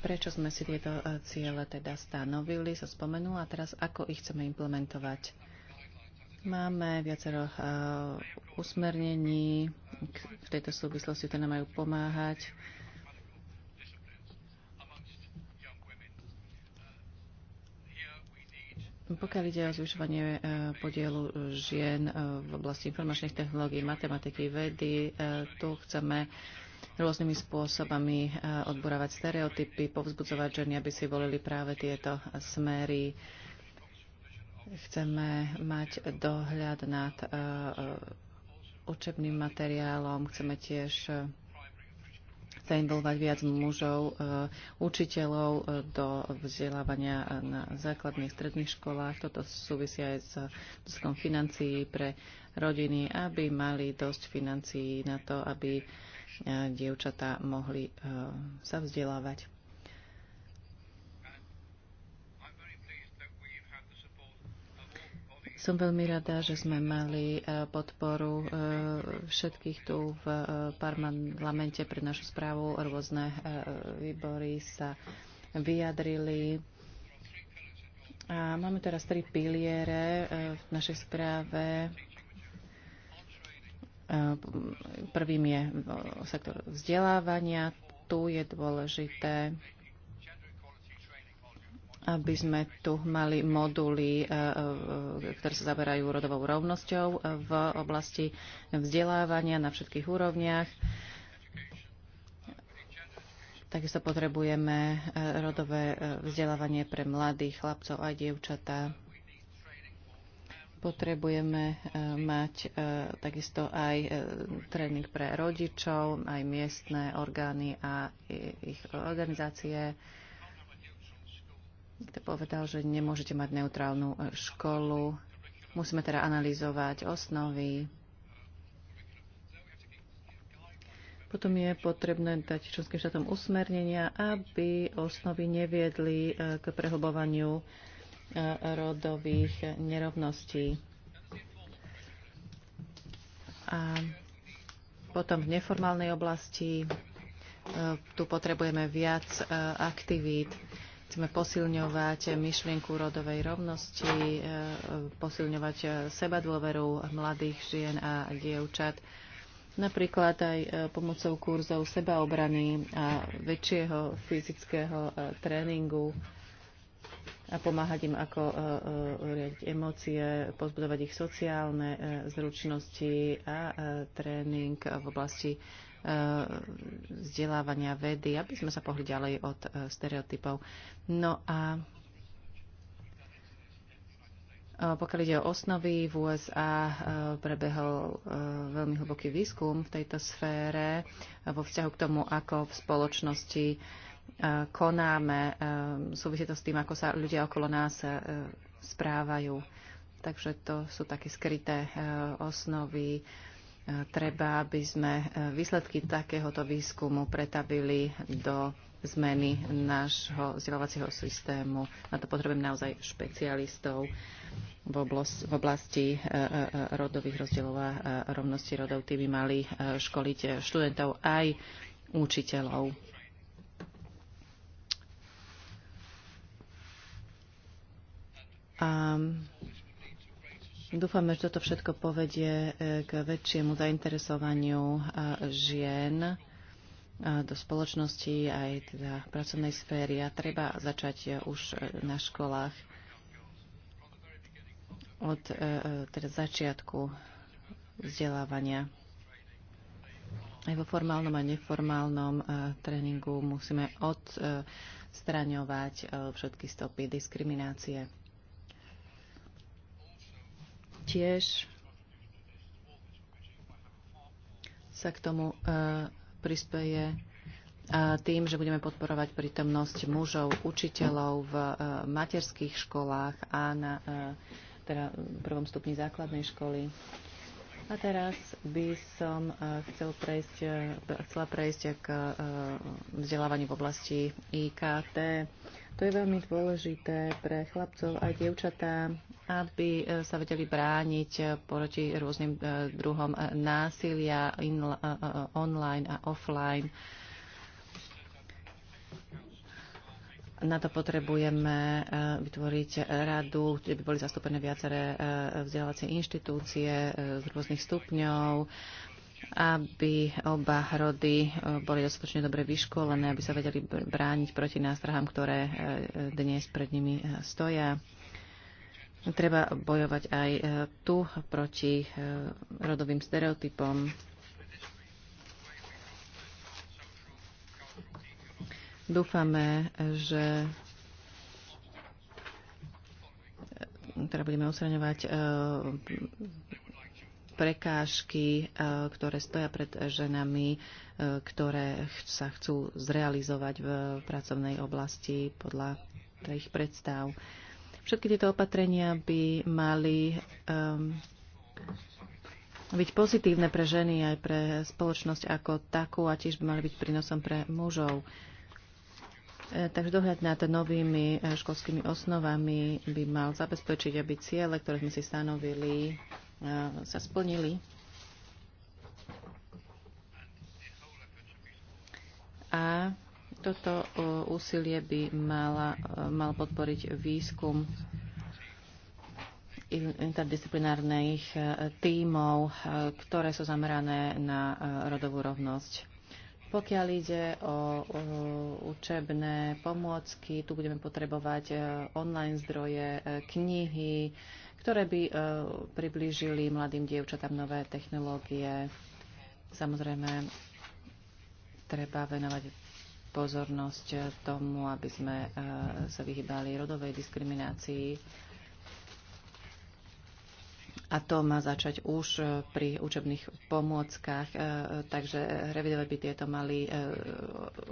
Prečo sme si tieto ciele teda stanovili, sa spomenul, a teraz ako ich chceme implementovať. Máme viacero usmernení, v tejto súvislosti ktoré nám majú pomáhať Pokiaľ ide o zvyšovanie e, podielu e, žien e, v oblasti informačných technológií, matematiky, vedy, tu chceme rôznymi spôsobami odborovať stereotypy, povzbudzovať ženy, aby si volili práve tieto smery. Chceme mať dohľad nad učebným materiálom, chceme tiež chce involvovať viac mužov, e, učiteľov e, do vzdelávania na základných stredných školách. Toto súvisia aj s doskom financií pre rodiny, aby mali dosť financií na to, aby e, dievčatá mohli sa vzdelávať. Som veľmi rada, že sme mali e, podporu e, všetkých tu v e, parlamente pre našu správu. Rôzne výbory sa vyjadrili. A máme teraz tri piliere v našej správe. Prvým je sektor vzdelávania. Tu je dôležité aby sme tu mali moduly, e, e, ktoré sa zaberajú rodovou rovnosťou v oblasti vzdelávania na všetkých úrovniach. Takisto potrebujeme e, rodové vzdelávanie pre mladých chlapcov a dievčatá. Potrebujeme mať takisto aj tréning pre rodičov, aj miestne orgány a ich organizácie Niekto povedal, že nemôžete mať neutrálnu e, školu. Musíme teda analyzovať osnovy. Potom je potrebné dať členským štátom usmernenia, aby osnovy neviedli e, k prehlbovaniu e, rodových nerovností. A potom v neformálnej oblasti tu potrebujeme viac aktivít Chceme posilňovať myšlienku rodovej rovnosti, eh, posilňovať dôveru mladých žien a dievčat, napríklad aj eh, pomocou kurzov sebaobrany a väčšieho fyzického eh, tréningu a pomáhať im, ako riadiť emócie, pozbudovať ich sociálne zručnosti a tréning v oblasti Eh, vzdelávania vedy, aby sme sa pohli ďalej od eh, stereotypov. No a eh, pokiaľ ide o osnovy, v USA prebehol veľmi hlboký výskum v tejto sfére vo vzťahu k tomu, ako v spoločnosti konáme. Súvisí to s tým, ako sa ľudia okolo nás správajú. Takže to sú také skryté osnovy treba, aby sme e, výsledky takéhoto výskumu pretavili do zmeny nášho vzdelávacieho systému. Na to potrebujem naozaj špecialistov v oblasti e, e, rodových rozdielov a rovnosti rodov. Tí by mali školiť študentov aj učiteľov. Um, Dúfame, že toto všetko povedie e, k väčšiemu zainteresovaniu e, žien e, do spoločnosti aj teda pracovnej sféry a treba začať už na školách od teda začiatku vzdelávania. Aj vo formálnom a neformálnom tréningu musíme odstraňovať všetky stopy diskriminácie. Tiež sa k tomu e, prispieje e, tým, že budeme podporovať prítomnosť mužov, učiteľov v e, materských školách a na teda prvom stupni základnej školy. A teraz by som chcel prejsť, chcela prejsť k vzdelávaniu v oblasti IKT. To je veľmi dôležité pre chlapcov a dievčatá aby e, sa vedeli brániť e, proti rôznym e, druhom násilia online a offline. Na to potrebujeme vytvoriť radu, kde by boli zastúpené viaceré vzdelávacie inštitúcie z rôznych stupňov, aby oba hrody boli dostatočne dobre vyškolené, aby sa vedeli brániť proti nástrahám, ktoré dnes pred nimi stoja. Treba bojovať aj e, tu proti e, rodovým stereotypom. Dúfame, že e, teda budeme osraňovať prekážky, ktoré stoja pred ženami, ktoré sa chcú zrealizovať v pracovnej oblasti podľa ich predstav. Všetky tieto opatrenia by mali um, byť pozitívne pre ženy aj pre spoločnosť ako takú a tiež by mali byť prínosom pre mužov. E, takže dohľad nad novými e, školskými osnovami by mal zabezpečiť, aby ciele, ktoré sme si stanovili, e, sa splnili. A toto e, úsilie by mala, e, mal podporiť výskum interdisciplinárnych e, tímov, ktoré sú zamerané na rodovú rovnosť. Pokiaľ ide o učebné pomôcky, tu budeme potrebovať online zdroje, knihy, ktoré by priblížili mladým dievčatám nové technológie. Samozrejme, treba venovať pozornosť tomu, aby sme eh, sa vyhýbali rodovej diskriminácii. A to má začať už eh, pri učebných pomôckach, eh, takže revidele by tieto mali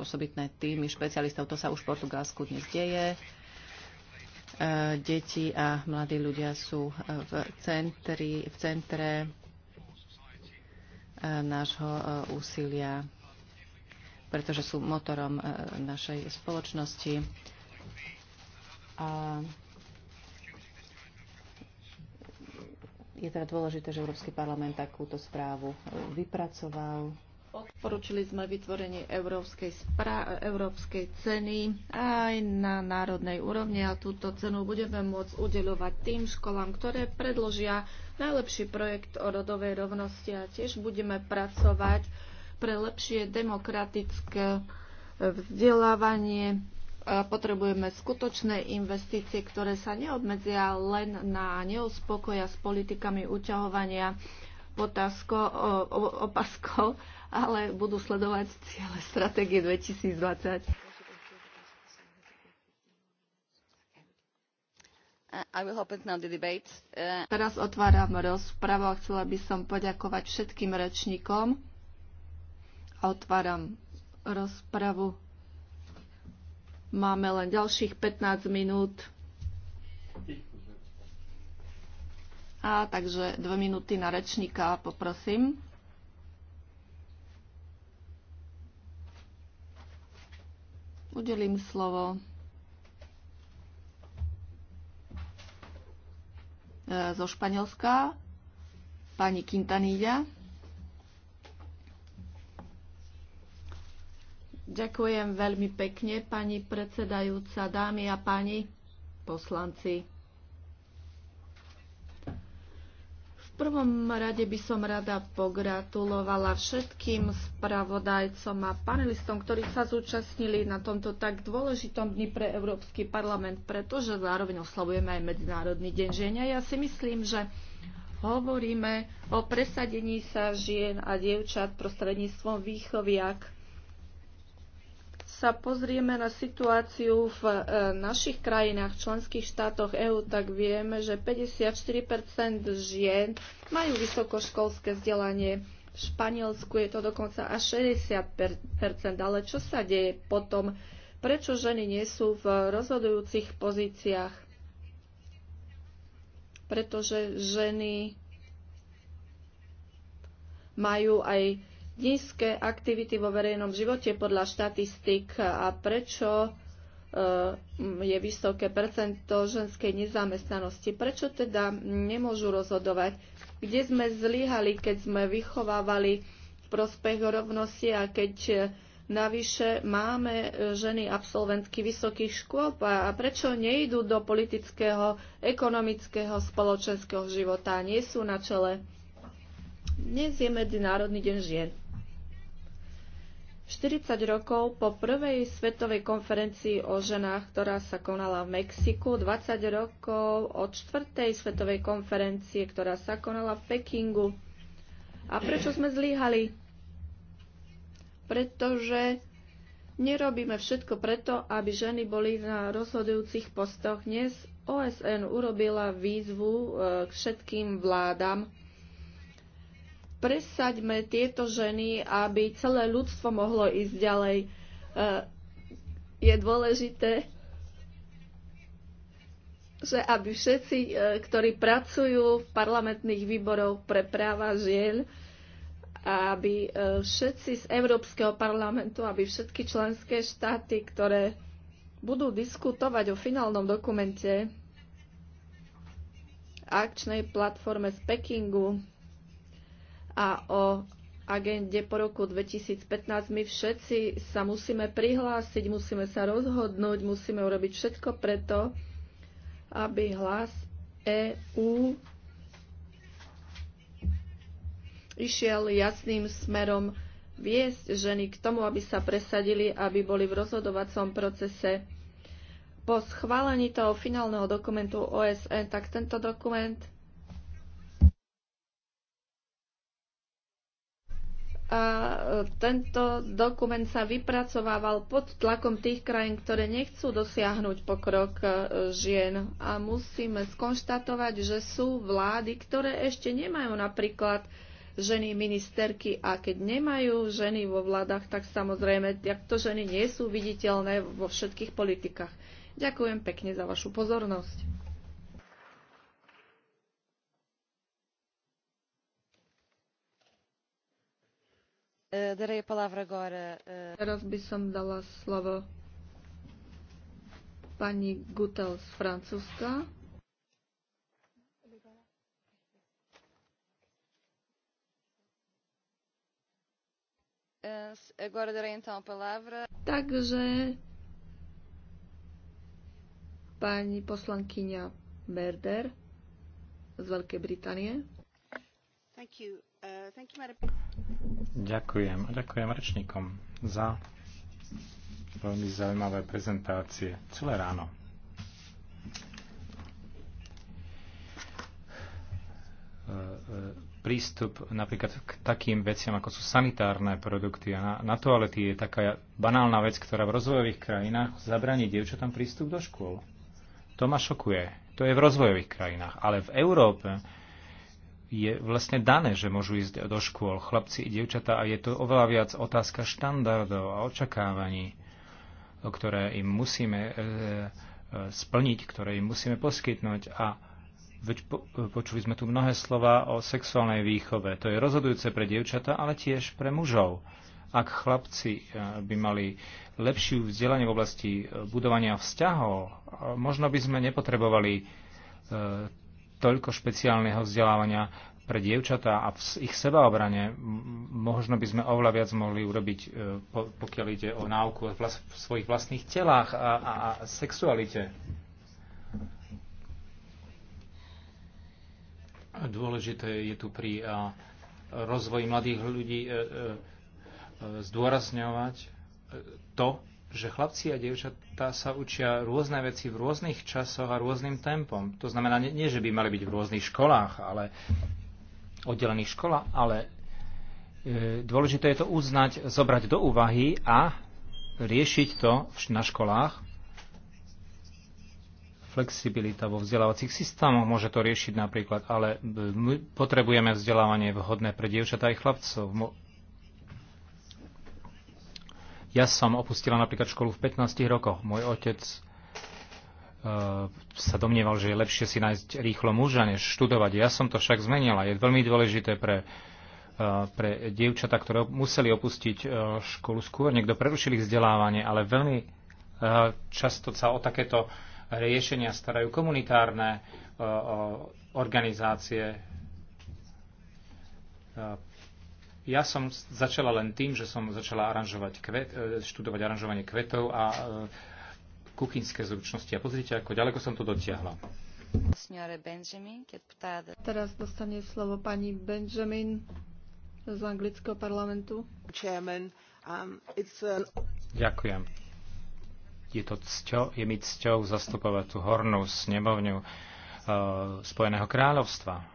osobitné týmy špecialistov. To sa už v Portugalsku dnes deje deti a mladí ľudia sú v, centri, v centre nášho úsilia pretože sú motorom e, našej spoločnosti. A je teda dôležité, že Európsky parlament takúto správu e, vypracoval. Odporúčili sme vytvorenie európskej, spra- európskej ceny aj na národnej úrovni a túto cenu budeme môcť udeľovať tým školám, ktoré predložia najlepší projekt o rodovej rovnosti a tiež budeme pracovať pre lepšie demokratické vzdelávanie potrebujeme skutočné investície, ktoré sa neobmedzia len na neuspokoja s politikami uťahovania opaskov, ale budú sledovať ciele stratégie 2020. Teraz otváram rozpravu a chcela by som poďakovať všetkým rečníkom. Otváram rozpravu. Máme len ďalších 15 minút. A takže dve minúty na rečníka poprosím. Udelím slovo e, zo Španielska pani Quintanilla. Ďakujem veľmi pekne, pani predsedajúca, dámy a páni poslanci. V prvom rade by som rada pogratulovala všetkým spravodajcom a panelistom, ktorí sa zúčastnili na tomto tak dôležitom dni pre Európsky parlament, pretože zároveň oslavujeme aj Medzinárodný deň žien. Ja si myslím, že hovoríme o presadení sa žien a dievčat prostredníctvom výchoviak sa pozrieme na situáciu v e, našich krajinách, členských štátoch EÚ, tak vieme, že 54 žien majú vysokoškolské vzdelanie. V Španielsku je to dokonca až 60 ale čo sa deje potom? Prečo ženy nie sú v rozhodujúcich pozíciách? Pretože ženy majú aj nízke aktivity vo verejnom živote podľa štatistik a prečo eh, je vysoké percento ženskej nezamestnanosti. Prečo teda nemôžu rozhodovať? Kde sme zlyhali, keď sme vychovávali prospech rovnosti a keď eh, navyše máme eh, ženy absolventky vysokých škôl a prečo nejdú do politického, ekonomického, spoločenského života, nie sú na čele. Dnes je Medzinárodný deň žien 40 rokov po prvej svetovej konferencii o ženách, ktorá sa konala v Mexiku, 20 rokov od čtvrtej svetovej konferencie, ktorá sa konala v Pekingu. A prečo sme zlíhali? Pretože nerobíme všetko preto, aby ženy boli na rozhodujúcich postoch. Dnes OSN urobila výzvu e, k všetkým vládam, presaďme tieto ženy, aby celé ľudstvo mohlo ísť ďalej. Eh, je dôležité, že aby všetci, eh, ktorí pracujú v parlamentných výboroch pre práva žien, aby eh, všetci z Európskeho parlamentu, aby všetky členské štáty, ktoré budú diskutovať o finálnom dokumente akčnej platforme z Pekingu, a o agende po roku 2015 my všetci sa musíme prihlásiť, musíme sa rozhodnúť, musíme urobiť všetko preto, aby hlas EÚ išiel jasným smerom viesť ženy k tomu, aby sa presadili, aby boli v rozhodovacom procese. Po schválení toho finálneho dokumentu OSN, tak tento dokument a e, tento dokument sa vypracovával pod tlakom tých krajín, ktoré nechcú dosiahnuť pokrok e, žien. A musíme skonštatovať, že sú vlády, ktoré ešte nemajú napríklad ženy ministerky a keď nemajú ženy vo vládach, tak samozrejme, to ženy nie sú viditeľné vo všetkých politikách. Ďakujem pekne za vašu pozornosť. Eh, eh, Teraz by som dala slovo pani Gutel z Francúzska. Eh, Takže pani poslankyňa Merder z Veľkej Británie. Thank you. Ďakujem. A ďakujem rečníkom za veľmi zaujímavé prezentácie celé ráno. E, e, prístup napríklad k takým veciam, ako sú sanitárne produkty a na, na toalety je taká banálna vec, ktorá v rozvojových krajinách zabraní dievčatám prístup do škôl. To ma šokuje. To je v rozvojových krajinách. Ale v Európe je vlastne dané, že môžu ísť do škôl chlapci i dievčatá a je to oveľa viac otázka štandardov a očakávaní, ktoré im musíme e, e, splniť, ktoré im musíme poskytnúť. A veď počuli sme tu mnohé slova o sexuálnej výchove. To je rozhodujúce pre dievčatá, ale tiež pre mužov. Ak chlapci e, by mali lepšiu vzdelanie v oblasti budovania vzťahov, možno by sme nepotrebovali toľko špeciálneho vzdelávania pre dievčatá a v ich sebaobrane možno by sme oveľa viac mohli urobiť, e, pokiaľ ide o náuku v svojich vlastných telách a, a, a sexualite. Dôležité je tu pri rozvoji mladých ľudí e, e, zdôrazňovať to, že chlapci a dievčatá sa učia rôzne veci v rôznych časoch a rôznym tempom. To znamená, nie, nie že by mali byť v rôznych školách, ale oddelených škola, ale e, dôležité je to uznať, zobrať do úvahy a riešiť to na školách. Flexibilita vo vzdelávacích systémoch môže to riešiť napríklad, ale potrebujeme vzdelávanie vhodné pre dievčatá i chlapcov ja som opustila napríklad školu v 15 rokoch. Môj otec e, sa domnieval, že je lepšie si nájsť rýchlo muža, než študovať. Ja som to však zmenila. Je veľmi dôležité pre, e, pre dievčata, ktoré museli opustiť e, školu skôr. Niekto prerušil ich vzdelávanie, ale veľmi často sa o takéto riešenia starajú komunitárne organizácie ja som začala len tým, že som začala aranžovať kvet, e, študovať aranžovanie kvetov a e, kuchynské zručnosti. A pozrite, ako ďaleko som to dotiahla. Teraz dostane slovo pani Benjamin z anglického parlamentu. Um, Ďakujem. Je, to cťo, je mi cťou zastupovať tú hornú snemovňu uh, Spojeného kráľovstva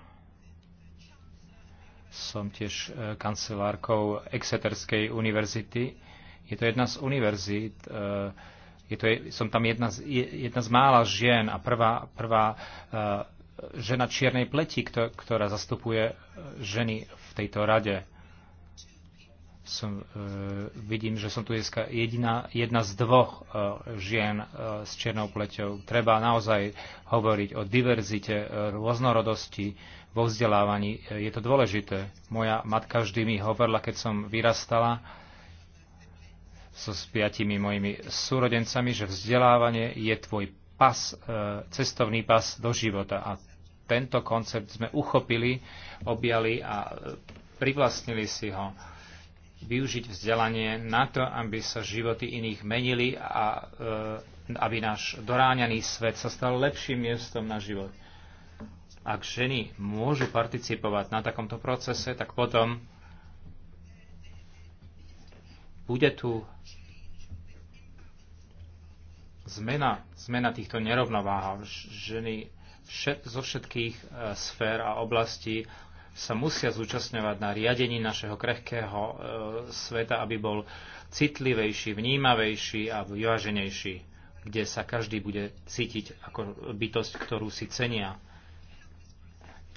som tiež e, kancelárkou Exeterskej univerzity. Je to jedna z univerzít, e, je to, som tam jedna z, jedna z mála žien a prvá, prvá e, žena čiernej pleti, ktorá zastupuje ženy v tejto rade. Som, vidím, že som tu dneska jedna z dvoch žien s čiernou pleťou. Treba naozaj hovoriť o diverzite, rôznorodosti, vo vzdelávaní je to dôležité. Moja matka vždy mi hovorila, keď som vyrastala so s mojimi súrodencami, že vzdelávanie je tvoj pas, e, cestovný pas do života. A tento koncept sme uchopili, objali a e, privlastnili si ho. Využiť vzdelanie na to, aby sa životy iných menili a e, aby náš doráňaný svet sa stal lepším miestom na život ak ženy môžu participovať na takomto procese, tak potom bude tu zmena, zmena týchto nerovnováh. Ženy všet, zo všetkých e, sfér a oblastí sa musia zúčastňovať na riadení našeho krehkého e, sveta, aby bol citlivejší, vnímavejší a vyváženejší, kde sa každý bude cítiť ako bytosť, ktorú si cenia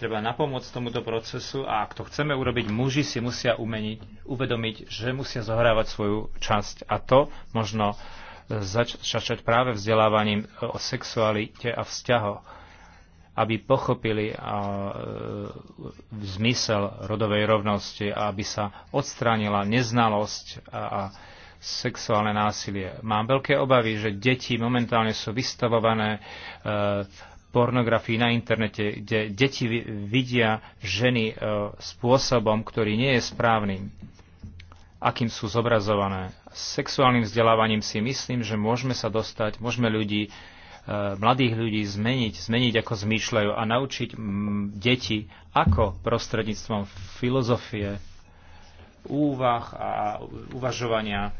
treba napomôcť tomuto procesu a ak to chceme urobiť, muži si musia umeniť, uvedomiť, že musia zohrávať svoju časť a to možno e, začať práve vzdelávaním e, o sexualite a vzťahoch, aby pochopili a, e, e, zmysel rodovej rovnosti a aby sa odstránila neznalosť a, a sexuálne násilie. Mám veľké obavy, že deti momentálne sú vystavované e, pornografii na internete, kde deti vidia ženy e, spôsobom, ktorý nie je správnym, akým sú zobrazované. S sexuálnym vzdelávaním si myslím, že môžeme sa dostať, môžeme ľudí, e, mladých ľudí zmeniť, zmeniť ako zmýšľajú a naučiť deti, ako prostredníctvom filozofie, úvah a uvažovania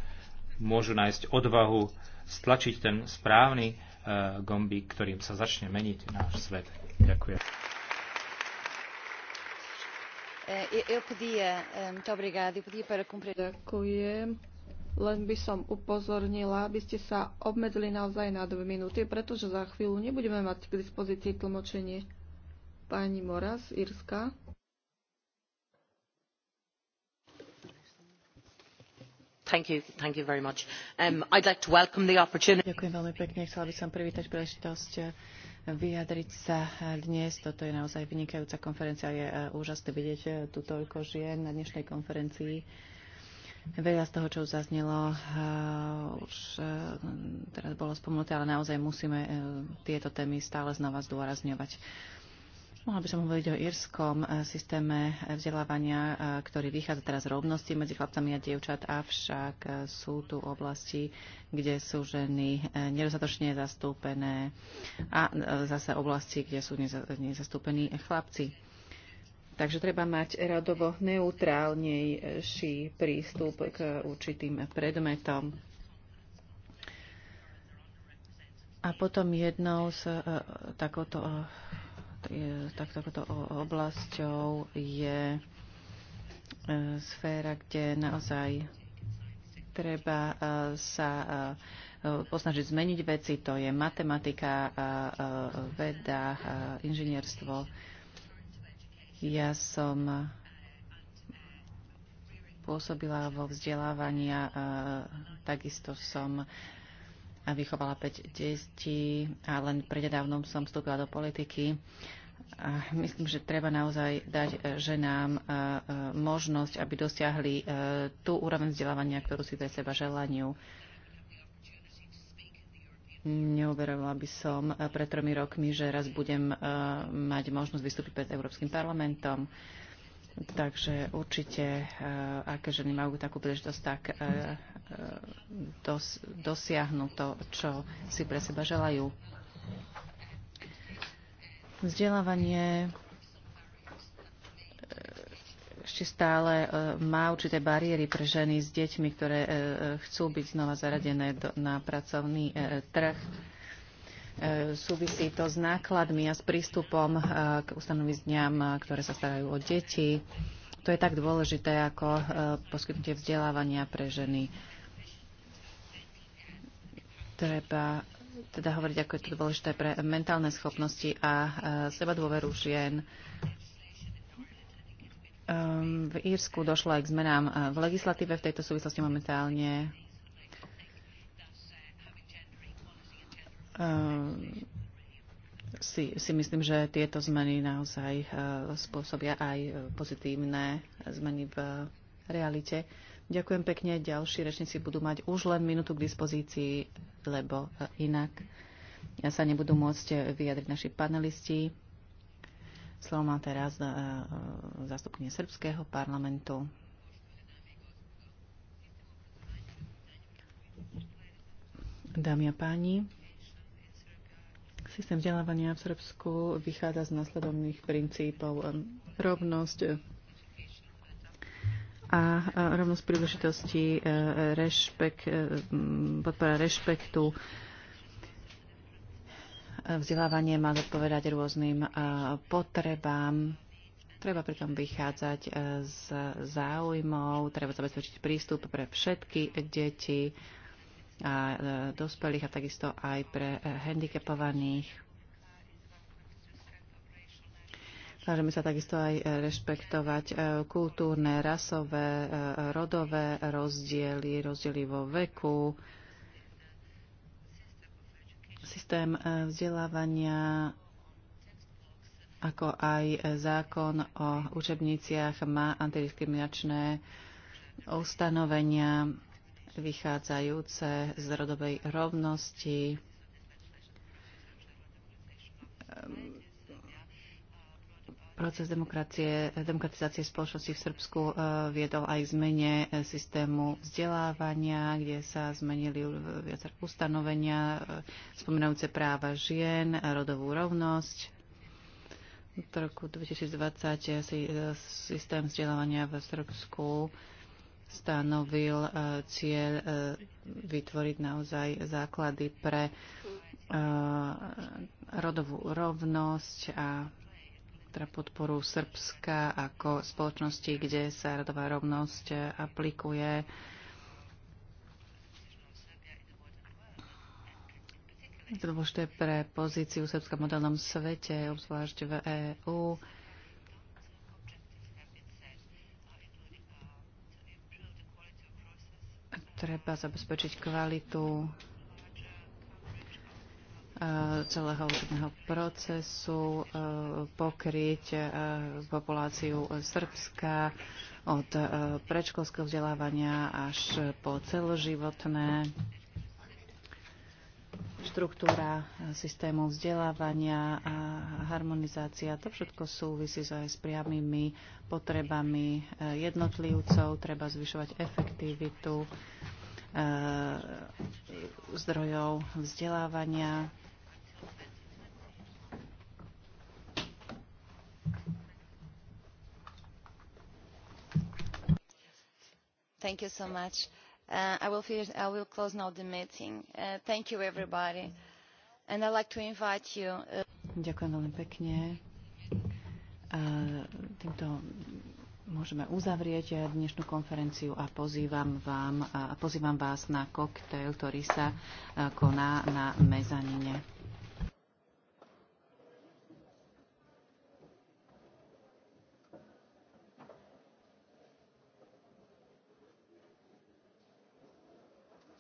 môžu nájsť odvahu stlačiť ten správny Eh, gomby, ktorým sa začne meniť náš svet. Ďakujem. Eh, e- e- eh, Ďakujem. Len by som upozornila, aby ste sa obmedzili naozaj na dve minúty, pretože za chvíľu nebudeme mať k dispozícii tlmočenie pani Moraz, Irska. Um, Ďakujem veľmi pekne. Chcela by som privítať príležitosť uh, vyjadriť sa uh, dnes. Toto je naozaj vynikajúca konferencia. Je uh, úžasné vidieť tu toľko žien na dnešnej konferencii. Veľa z toho, čo už zaznelo, už teraz bolo spomenuté, ale naozaj musíme tieto témy stále znova zdôrazňovať. Mohla by som hovoriť o írskom eh, systéme eh, vzdelávania, eh, ktorý vychádza teraz z rovnosti medzi chlapcami a dievčat, avšak sú tu oblasti, kde sú ženy nedostatočne zastúpené a zase oblasti, kde sú nezastúpení chlapci. Takže treba mať radovo neutrálnejší prístup k určitým predmetom. A potom jednou z takouto takouto oblasťou je e, sféra, kde naozaj treba e, sa e, posnažiť zmeniť veci. To je matematika, veda, inžinierstvo. Ja som pôsobila vo vzdelávania, takisto som a vychovala 5 detí a len prededávnom som vstúpila do politiky. A myslím, že treba naozaj dať e, ženám e, e, možnosť, aby dosiahli tú úroveň vzdelávania, ktorú si pre seba želaniu. Neuverovala by som pred tromi rokmi, že raz budem mať možnosť vystúpiť pred Európskym parlamentom. Takže určite, aké ženy majú takú príležitosť, tak E, dos, dosiahnu to, čo si pre seba želajú. Vzdelávanie e, ešte stále e, má určité bariéry pre ženy s deťmi, ktoré chcú byť znova zaradené na pracovný trh. Súvisí to s nákladmi a s prístupom k ustanovizňam, ktoré sa starajú o deti. To je tak dôležité ako poskytnutie vzdelávania pre ženy. Treba teda hovoriť, ako je to dôležité pre mentálne schopnosti a seba dôveru žien. Um, v Írsku došlo aj k zmenám v legislatíve v tejto súvislosti momentálne. Um, si, si myslím, že tieto zmeny naozaj uh, spôsobia aj pozitívne zmeny v realite. Ďakujem pekne. Ďalší rečníci budú mať už len minútu k dispozícii, lebo e, inak Ja sa nebudú môcť e, vyjadriť naši panelisti. Slovo má teraz e, zástupkynie Srbského parlamentu. Dámy a páni, systém vzdelávania v Srbsku vychádza z nasledovných princípov. Rovnosť, a rovnosť príležitosti, e, rešpekt, e, podpora rešpektu, e, vzdelávanie má zodpovedať rôznym potrebám. Treba pritom vychádzať z záujmov, treba zabezpečiť prístup pre všetky deti a dospelých a takisto aj pre handicapovaných. Snažíme sa takisto aj e, rešpektovať e, kultúrne, rasové, e, rodové rozdiely, rozdiely vo veku. Systém vzdelávania ako aj zákon o učebniciach má antidiskriminačné ustanovenia vychádzajúce z rodovej rovnosti Proces demokracie, demokratizácie spoločnosti v Srbsku e, viedol aj k zmene e, systému vzdelávania, kde sa zmenili e, viacer ustanovenia, spomínajúce práva žien, rodovú rovnosť. V roku 2020 systém vzdelávania v Srbsku stanovil cieľ vytvoriť naozaj základy pre rodovú rovnosť a teda podporu Srbska ako spoločnosti, kde sa radová rovnosť aplikuje. Je to dôležité pre pozíciu Srbska v modelnom svete, obzvlášť v EÚ. Treba zabezpečiť kvalitu celého učebného procesu, e, pokryť e, populáciu Srbska od e, predškolského vzdelávania až po celoživotné. Štruktúra systému vzdelávania a harmonizácia, to všetko súvisí aj s priamými potrebami jednotlivcov, treba zvyšovať efektivitu zdrojov vzdelávania Thank you so much. Uh, I, will finish, I will close now the meeting. Uh, thank you everybody. And I'd like to invite you. Uh... Ďakujem veľmi pekne. A týmto môžeme uzavrieť dnešnú konferenciu a pozývam, vám, a pozývam vás na koktejl, ktorý sa uh, koná na mezanine.